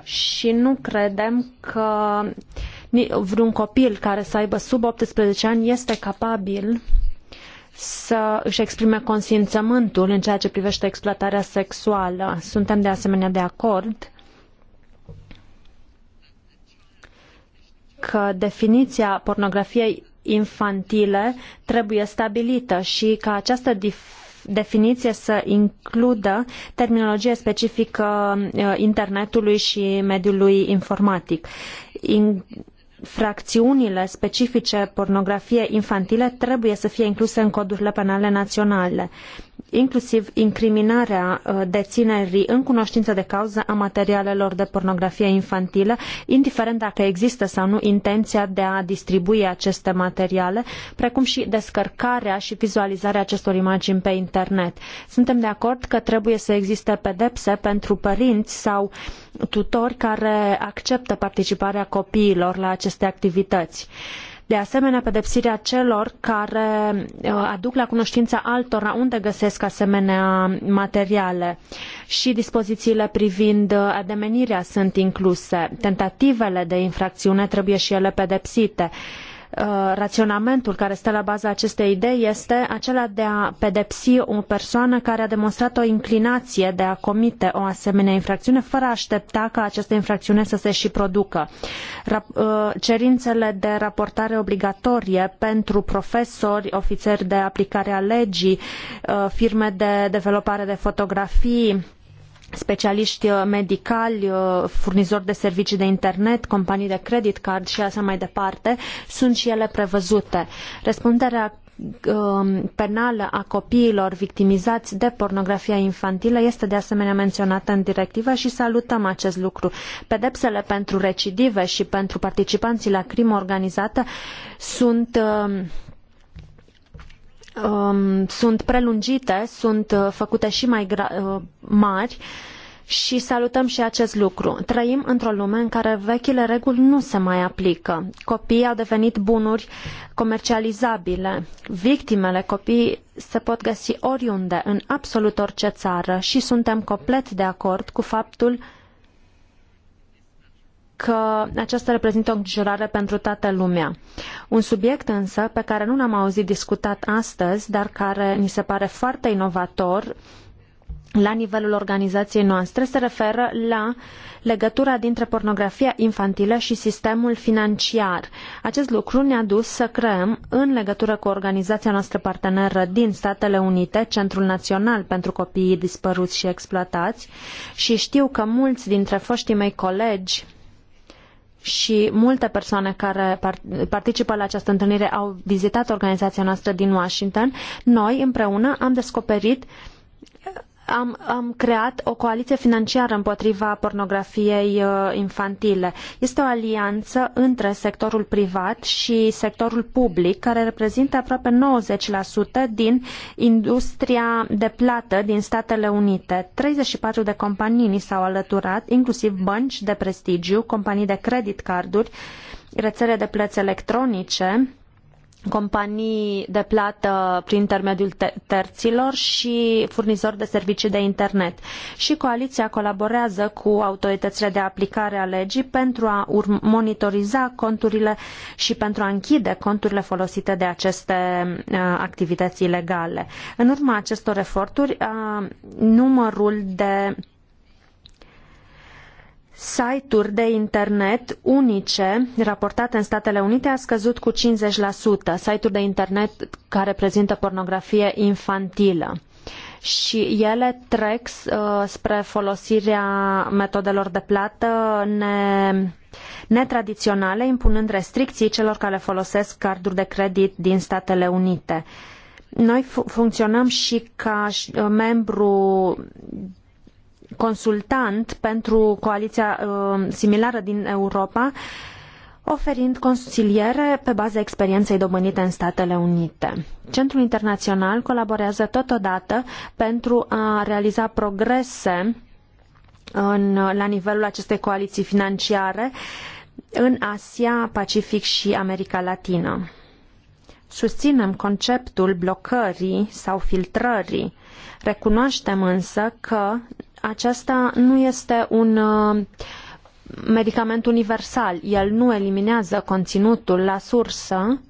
și nu credem că vreun copil care să aibă sub 18 ani este capabil să își exprime consimțământul în ceea ce privește exploatarea sexuală. Suntem de asemenea de acord că definiția pornografiei infantile trebuie stabilită și că această dif- definiție să includă terminologie specifică uh, internetului și mediului informatic fracțiunile specifice pornografie infantile trebuie să fie incluse în codurile penale naționale, inclusiv incriminarea uh, deținerii în cunoștință de cauză a materialelor de pornografie infantilă, indiferent dacă există sau nu intenția de a distribui aceste materiale, precum și descărcarea și vizualizarea acestor imagini pe internet. Suntem de acord că trebuie să existe pedepse pentru părinți sau tutori care acceptă participarea copiilor la aceste aceste activități. De asemenea, pedepsirea celor care uh, aduc la cunoștința altora unde găsesc asemenea materiale și dispozițiile privind ademenirea sunt incluse. Tentativele de infracțiune trebuie și ele pedepsite. Uh, raționamentul care stă la baza acestei idei este acela de a pedepsi o persoană care a demonstrat o inclinație de a comite o asemenea infracțiune fără a aștepta ca această infracțiune să se și producă. Uh, cerințele de raportare obligatorie pentru profesori, ofițeri de aplicare a legii, uh, firme de developare de fotografii, specialiști uh, medicali, uh, furnizori de servicii de internet, companii de credit card și așa mai departe, sunt și ele prevăzute. Răspunderea um, penală a copiilor victimizați de pornografia infantilă este de asemenea menționată în directivă și salutăm acest lucru. Pedepsele pentru recidive și pentru participanții la crimă organizată sunt uh, Um, sunt prelungite, sunt uh, făcute și mai uh, mari și salutăm și acest lucru. Trăim într-o lume în care vechile reguli nu se mai aplică. Copiii au devenit bunuri comercializabile. Victimele copiii se pot găsi oriunde, în absolut orice țară și suntem complet de acord cu faptul că că aceasta reprezintă o îngrijorare pentru toată lumea. Un subiect însă pe care nu l-am auzit discutat astăzi, dar care ni se pare foarte inovator la nivelul organizației noastre, se referă la legătura dintre pornografia infantilă și sistemul financiar. Acest lucru ne-a dus să creăm, în legătură cu organizația noastră parteneră din Statele Unite, Centrul Național pentru Copiii Dispăruți și Exploatați, și știu că mulți dintre foștii mei colegi și multe persoane care participă la această întâlnire au vizitat organizația noastră din Washington, noi împreună am descoperit am, am creat o coaliție financiară împotriva pornografiei uh, infantile. Este o alianță între sectorul privat și sectorul public, care reprezintă aproape 90% din industria de plată din Statele Unite. 34 de companii ni s-au alăturat, inclusiv bănci de prestigiu, companii de credit carduri, rețele de plăți electronice, companii de plată prin intermediul terților și furnizori de servicii de internet. Și coaliția colaborează cu autoritățile de aplicare a legii pentru a monitoriza conturile și pentru a închide conturile folosite de aceste uh, activități ilegale. În urma acestor eforturi, uh, numărul de site-uri de internet unice raportate în Statele Unite a scăzut cu 50%, site-uri de internet care prezintă pornografie infantilă și ele trec uh, spre folosirea metodelor de plată ne netradiționale, impunând restricții celor care folosesc carduri de credit din Statele Unite. Noi funcționăm și ca uh, membru consultant pentru coaliția uh, similară din Europa, oferind consiliere pe baza experienței dobândite în Statele Unite. Centrul Internațional colaborează totodată pentru a realiza progrese în, la nivelul acestei coaliții financiare în Asia, Pacific și America Latină. Susținem conceptul blocării sau filtrării. Recunoaștem însă că acesta nu este un uh, medicament universal. El nu eliminează conținutul la sursă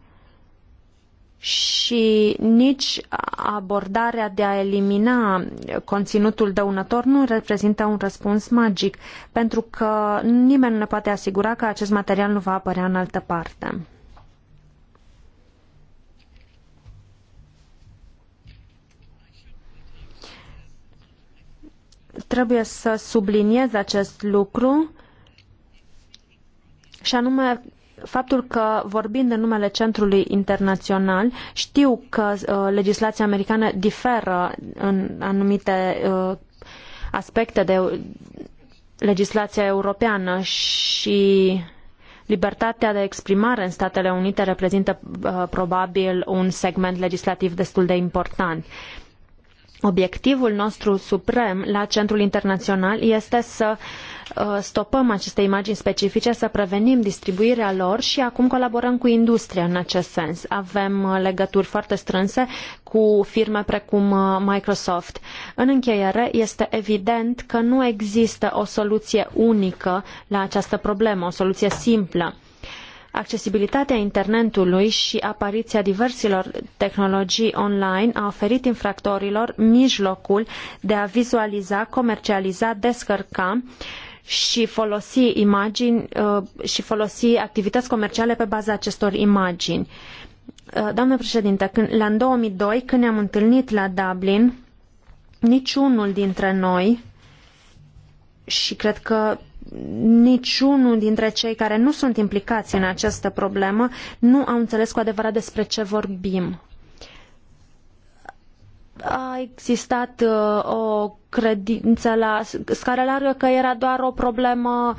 și nici abordarea de a elimina conținutul dăunător nu reprezintă un răspuns magic, pentru că nimeni nu ne poate asigura că acest material nu va apărea în altă parte. trebuie să subliniez acest lucru și anume faptul că, vorbind în numele Centrului Internațional, știu că uh, legislația americană diferă în anumite uh, aspecte de legislația europeană și libertatea de exprimare în Statele Unite reprezintă uh, probabil un segment legislativ destul de important. Uh, Obiectivul nostru suprem la Centrul Internațional este să uh, stopăm aceste imagini specifice, să prevenim distribuirea lor și acum colaborăm cu industria în acest sens. Avem uh, legături foarte strânse cu firme precum uh, Microsoft. În încheiere, este evident că nu există o soluție unică la această problemă, o soluție simplă Accesibilitatea internetului și apariția diversilor tehnologii online a oferit infractorilor mijlocul de a vizualiza, comercializa, descărca și folosi imagini uh, și folosi activități comerciale pe baza acestor imagini. Uh, doamnă președinte, când, la 2002, când ne-am întâlnit la Dublin, niciunul dintre noi și cred că niciunul dintre cei care nu sunt implicați în această problemă nu au înțeles cu adevărat despre ce vorbim. A existat uh, o credință la scară largă că era doar o problemă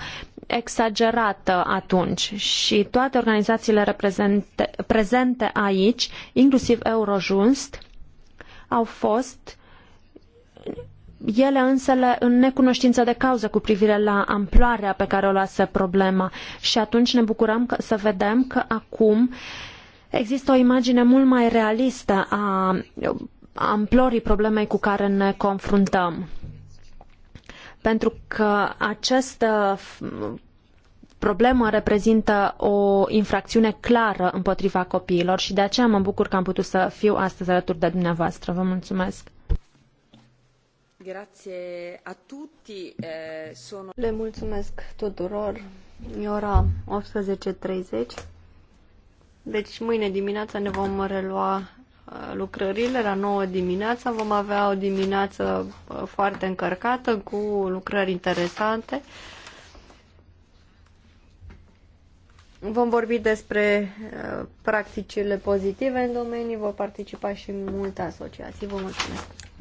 exagerată atunci și toate organizațiile prezente aici, inclusiv Eurojust, au fost ele însele în necunoștință de cauză cu privire la amploarea pe care o lasă problema. Și atunci ne bucurăm că, să vedem că acum există o imagine mult mai realistă a amplorii problemei cu care ne confruntăm. Pentru că această problemă reprezintă o infracțiune clară împotriva copiilor și de aceea mă bucur că am putut să fiu astăzi alături de dumneavoastră. Vă mulțumesc! Eh, Le mulțumesc tuturor. E ora 18.30. Deci mâine dimineața ne vom relua eh, lucrările la 9 dimineața. Vom avea o dimineață eh, foarte încărcată cu lucrări interesante. Vom vorbi despre practicile pozitive în domeniu, vor participa și multe asociații. Vă mulțumesc!